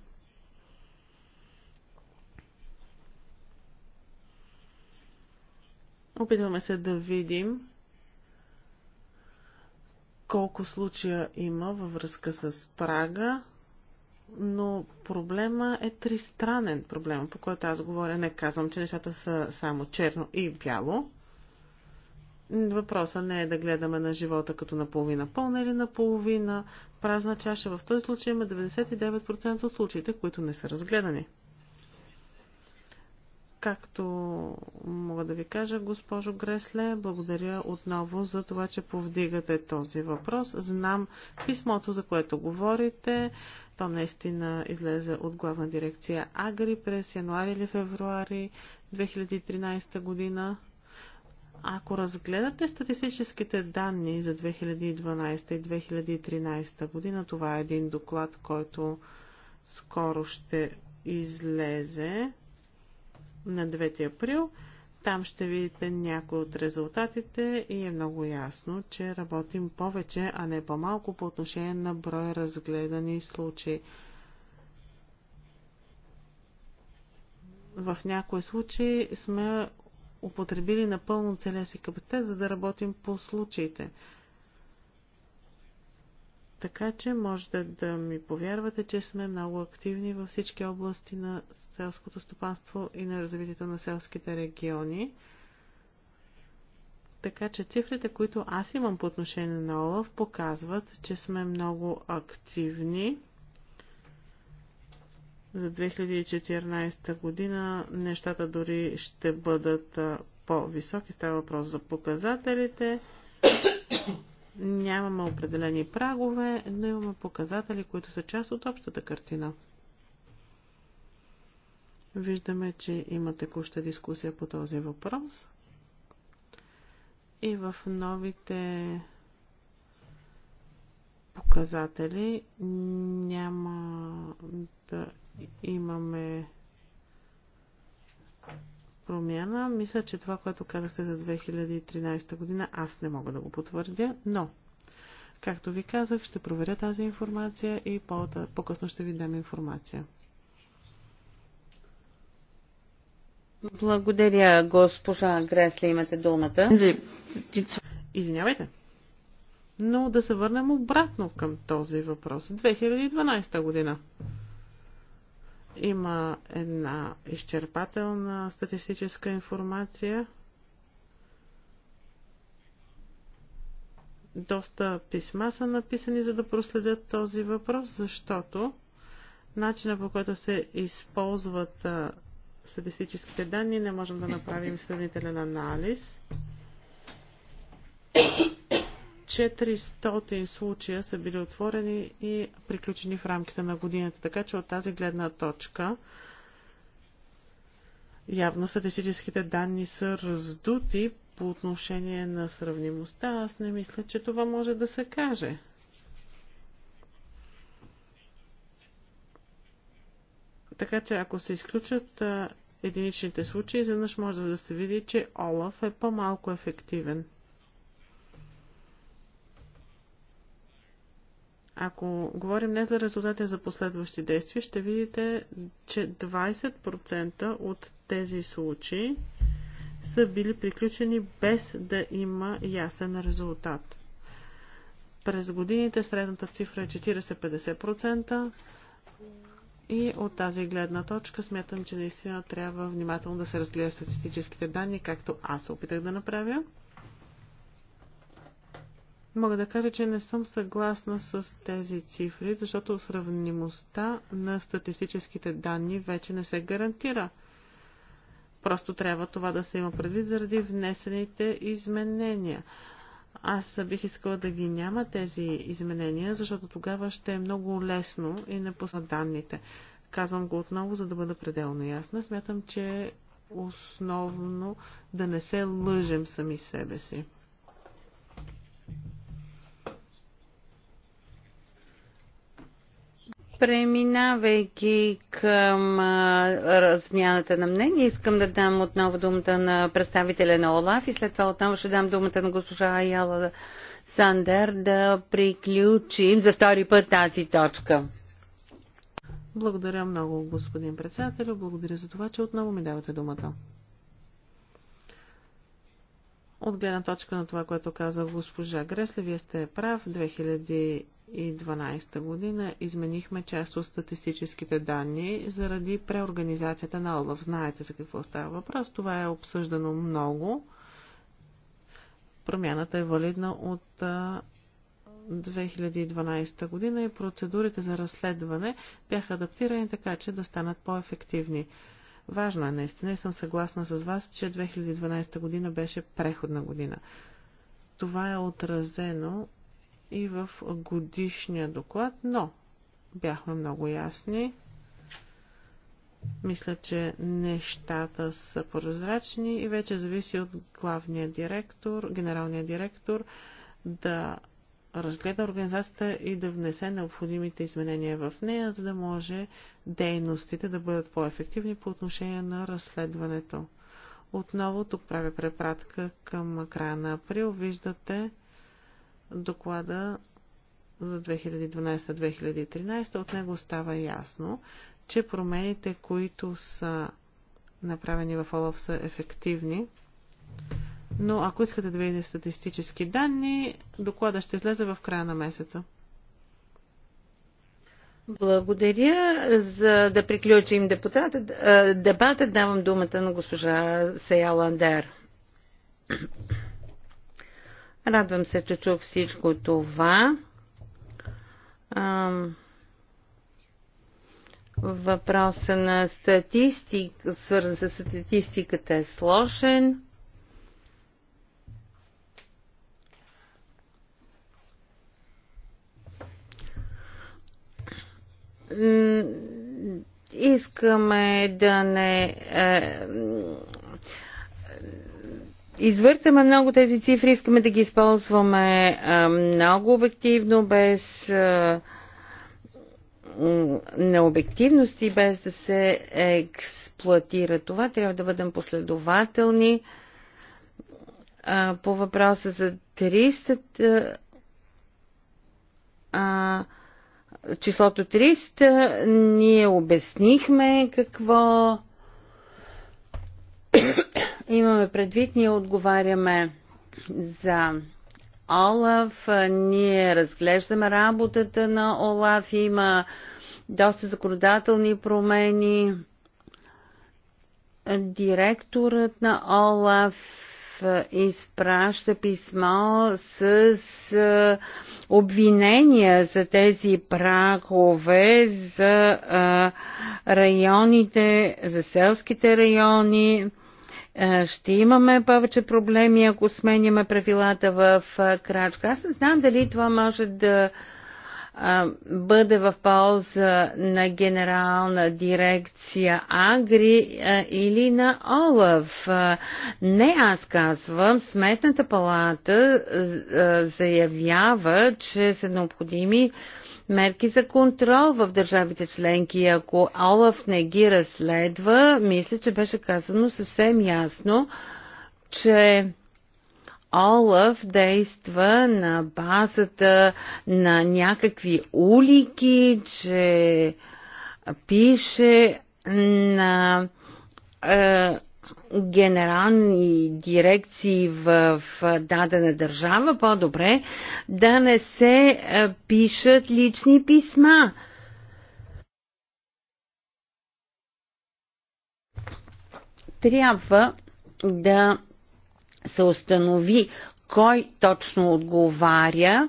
C: Опитваме се да видим колко случая има във връзка с Прага, но проблема е тристранен проблем, по който аз говоря. Не казвам, че нещата са само черно и бяло. Въпросът не е да гледаме на живота като наполовина пълна или наполовина празна чаша. В този случай има 99% от случаите, които не са разгледани. Както мога да ви кажа, госпожо Гресле, благодаря отново за това, че повдигате този въпрос. Знам писмото, за което говорите. То наистина излезе от главна дирекция Агри през януари или февруари 2013 година. Ако разгледате статистическите данни за 2012 и 2013 година, това е един доклад, който скоро ще излезе на 9 април. Там ще видите някои от резултатите и е много ясно, че работим повече, а не по-малко по отношение на броя разгледани случаи. В някои случаи сме употребили напълно целия си капацитет, за да работим по случаите. Така че можете да ми повярвате, че сме много активни във всички области на селското стопанство и на развитието на селските региони. Така че цифрите, които аз имам по отношение на ОЛАВ, показват, че сме много активни. За 2014 година нещата дори ще бъдат по-високи. Става въпрос за показателите. Нямаме определени прагове, но имаме показатели, които са част от общата картина. Виждаме, че има текуща дискусия по този въпрос. И в новите показатели няма да имаме промяна. Мисля, че това, което казахте за 2013 година, аз не мога да го потвърдя, но, както ви казах, ще проверя тази информация и по-късно ще ви дам информация.
B: Благодаря, госпожа Гресли, имате думата. Извинявайте.
C: Но да се върнем обратно към този въпрос. 2012 година. Има една изчерпателна статистическа информация. Доста писма са написани, за да проследят този въпрос, защото начина по който се използват статистическите данни не можем да направим сравнителен анализ. 400 случая са били отворени и приключени в рамките на годината. Така че от тази гледна точка явно статистическите данни са раздути по отношение на сравнимостта. Аз не мисля, че това може да се каже. Така че ако се изключат единичните случаи, изведнъж може да се види, че Олаф е по-малко ефективен. Ако говорим не за резултати, а за последващи действия, ще видите, че 20% от тези случаи са били приключени без да има ясен резултат. През годините средната цифра е 40-50% и от тази гледна точка смятам, че наистина трябва внимателно да се разгледа статистическите данни, както аз се опитах да направя. Мога да кажа, че не съм съгласна с тези цифри, защото сравнимостта на статистическите данни вече не се гарантира. Просто трябва това да се има предвид заради внесените изменения. Аз бих искала да ги няма тези изменения, защото тогава ще е много лесно и не пуснат данните. Казвам го отново, за да бъда пределно ясна. Смятам, че е основно да не се лъжем сами себе
B: си. Преминавайки към а, размяната на мнение, искам да дам отново думата на представителя на ОЛАФ и след това отново ще дам думата на госпожа Аяла Сандер да приключим за втори път тази точка.
C: Благодаря много, господин председател. Благодаря за това, че отново ми давате думата. От гледна точка на това, което каза госпожа Гресле, вие сте прав, 2012 година изменихме част от статистическите данни заради преорганизацията на ОЛАВ. Знаете за какво става въпрос. Това е обсъждано много. Промяната е валидна от 2012 година и процедурите за разследване бяха адаптирани така, че да станат по-ефективни. Важно е наистина и съм съгласна с вас, че 2012 година беше преходна година. Това е отразено и в годишния доклад, но бяхме много ясни. Мисля, че нещата са прозрачни и вече зависи от главния директор, генералния директор да разгледа организацията и да внесе необходимите изменения в нея, за да може дейностите да бъдат по-ефективни по отношение на разследването. Отново тук правя препратка към края на април. Виждате доклада за 2012-2013. От него става ясно, че промените, които са направени в ОЛАВ са ефективни. Но ако искате да видите статистически данни, доклада ще излезе в края на месеца.
B: Благодаря. За да приключим депутата, дебата, давам думата на госпожа Сеяландер. Радвам се, че чух всичко това. Въпроса на статистик, свързан с статистиката е сложен. искаме да не е, извъртаме много тези цифри, искаме да ги използваме е, много обективно, без е, необективност и без да се експлуатира това. Трябва да бъдем последователни е, по въпроса за 300 а, числото 300 ние обяснихме какво имаме предвид. Ние отговаряме за Олаф. Ние разглеждаме работата на Олаф. Има доста законодателни промени. Директорът на Олаф е, изпраща писмо с е, обвинения за тези прагове за е, районите, за селските райони. Ще имаме повече проблеми, ако сменяме правилата в крачка. Аз не знам дали това може да бъде в полза на генерална дирекция Агри или на Олаф. Не аз казвам, Сметната палата заявява, че са необходими мерки за контрол в държавите членки. Ако Олаф не ги разследва, мисля, че беше казано съвсем ясно, че Олаф действа на базата на някакви улики, че пише на е, генерални дирекции в, в дадена държава, по-добре да не се е, пишат лични писма. Трябва да се установи кой точно отговаря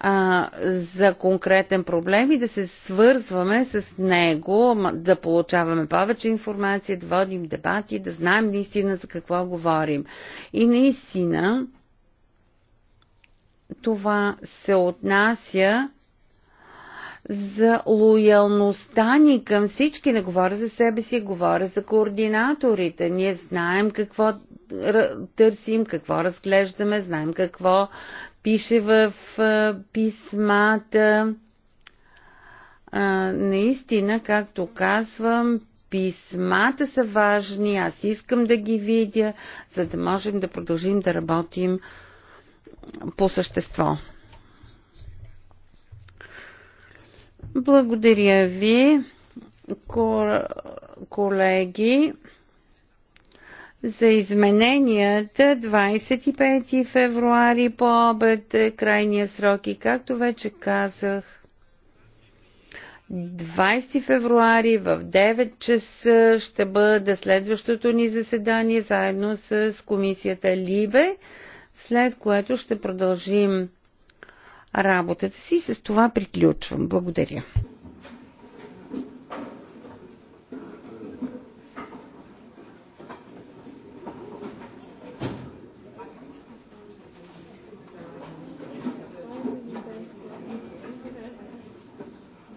B: а, за конкретен проблем и да се свързваме с него, да получаваме повече информация, да водим дебати, да знаем наистина за какво говорим. И наистина това се отнася за лоялността ни към всички. Не говоря за себе си, говоря за координаторите. Ние знаем какво търсим, какво разглеждаме, знаем какво пише в писмата. А, наистина, както казвам, писмата са важни, аз искам да ги видя, за да можем да продължим да работим по същество. Благодаря ви, колеги, за измененията. 25 февруари по обед е крайния срок и както вече казах, 20 февруари в 9 часа ще бъде следващото ни заседание заедно с комисията Либе, след което ще продължим работата си. и С това приключвам. Благодаря.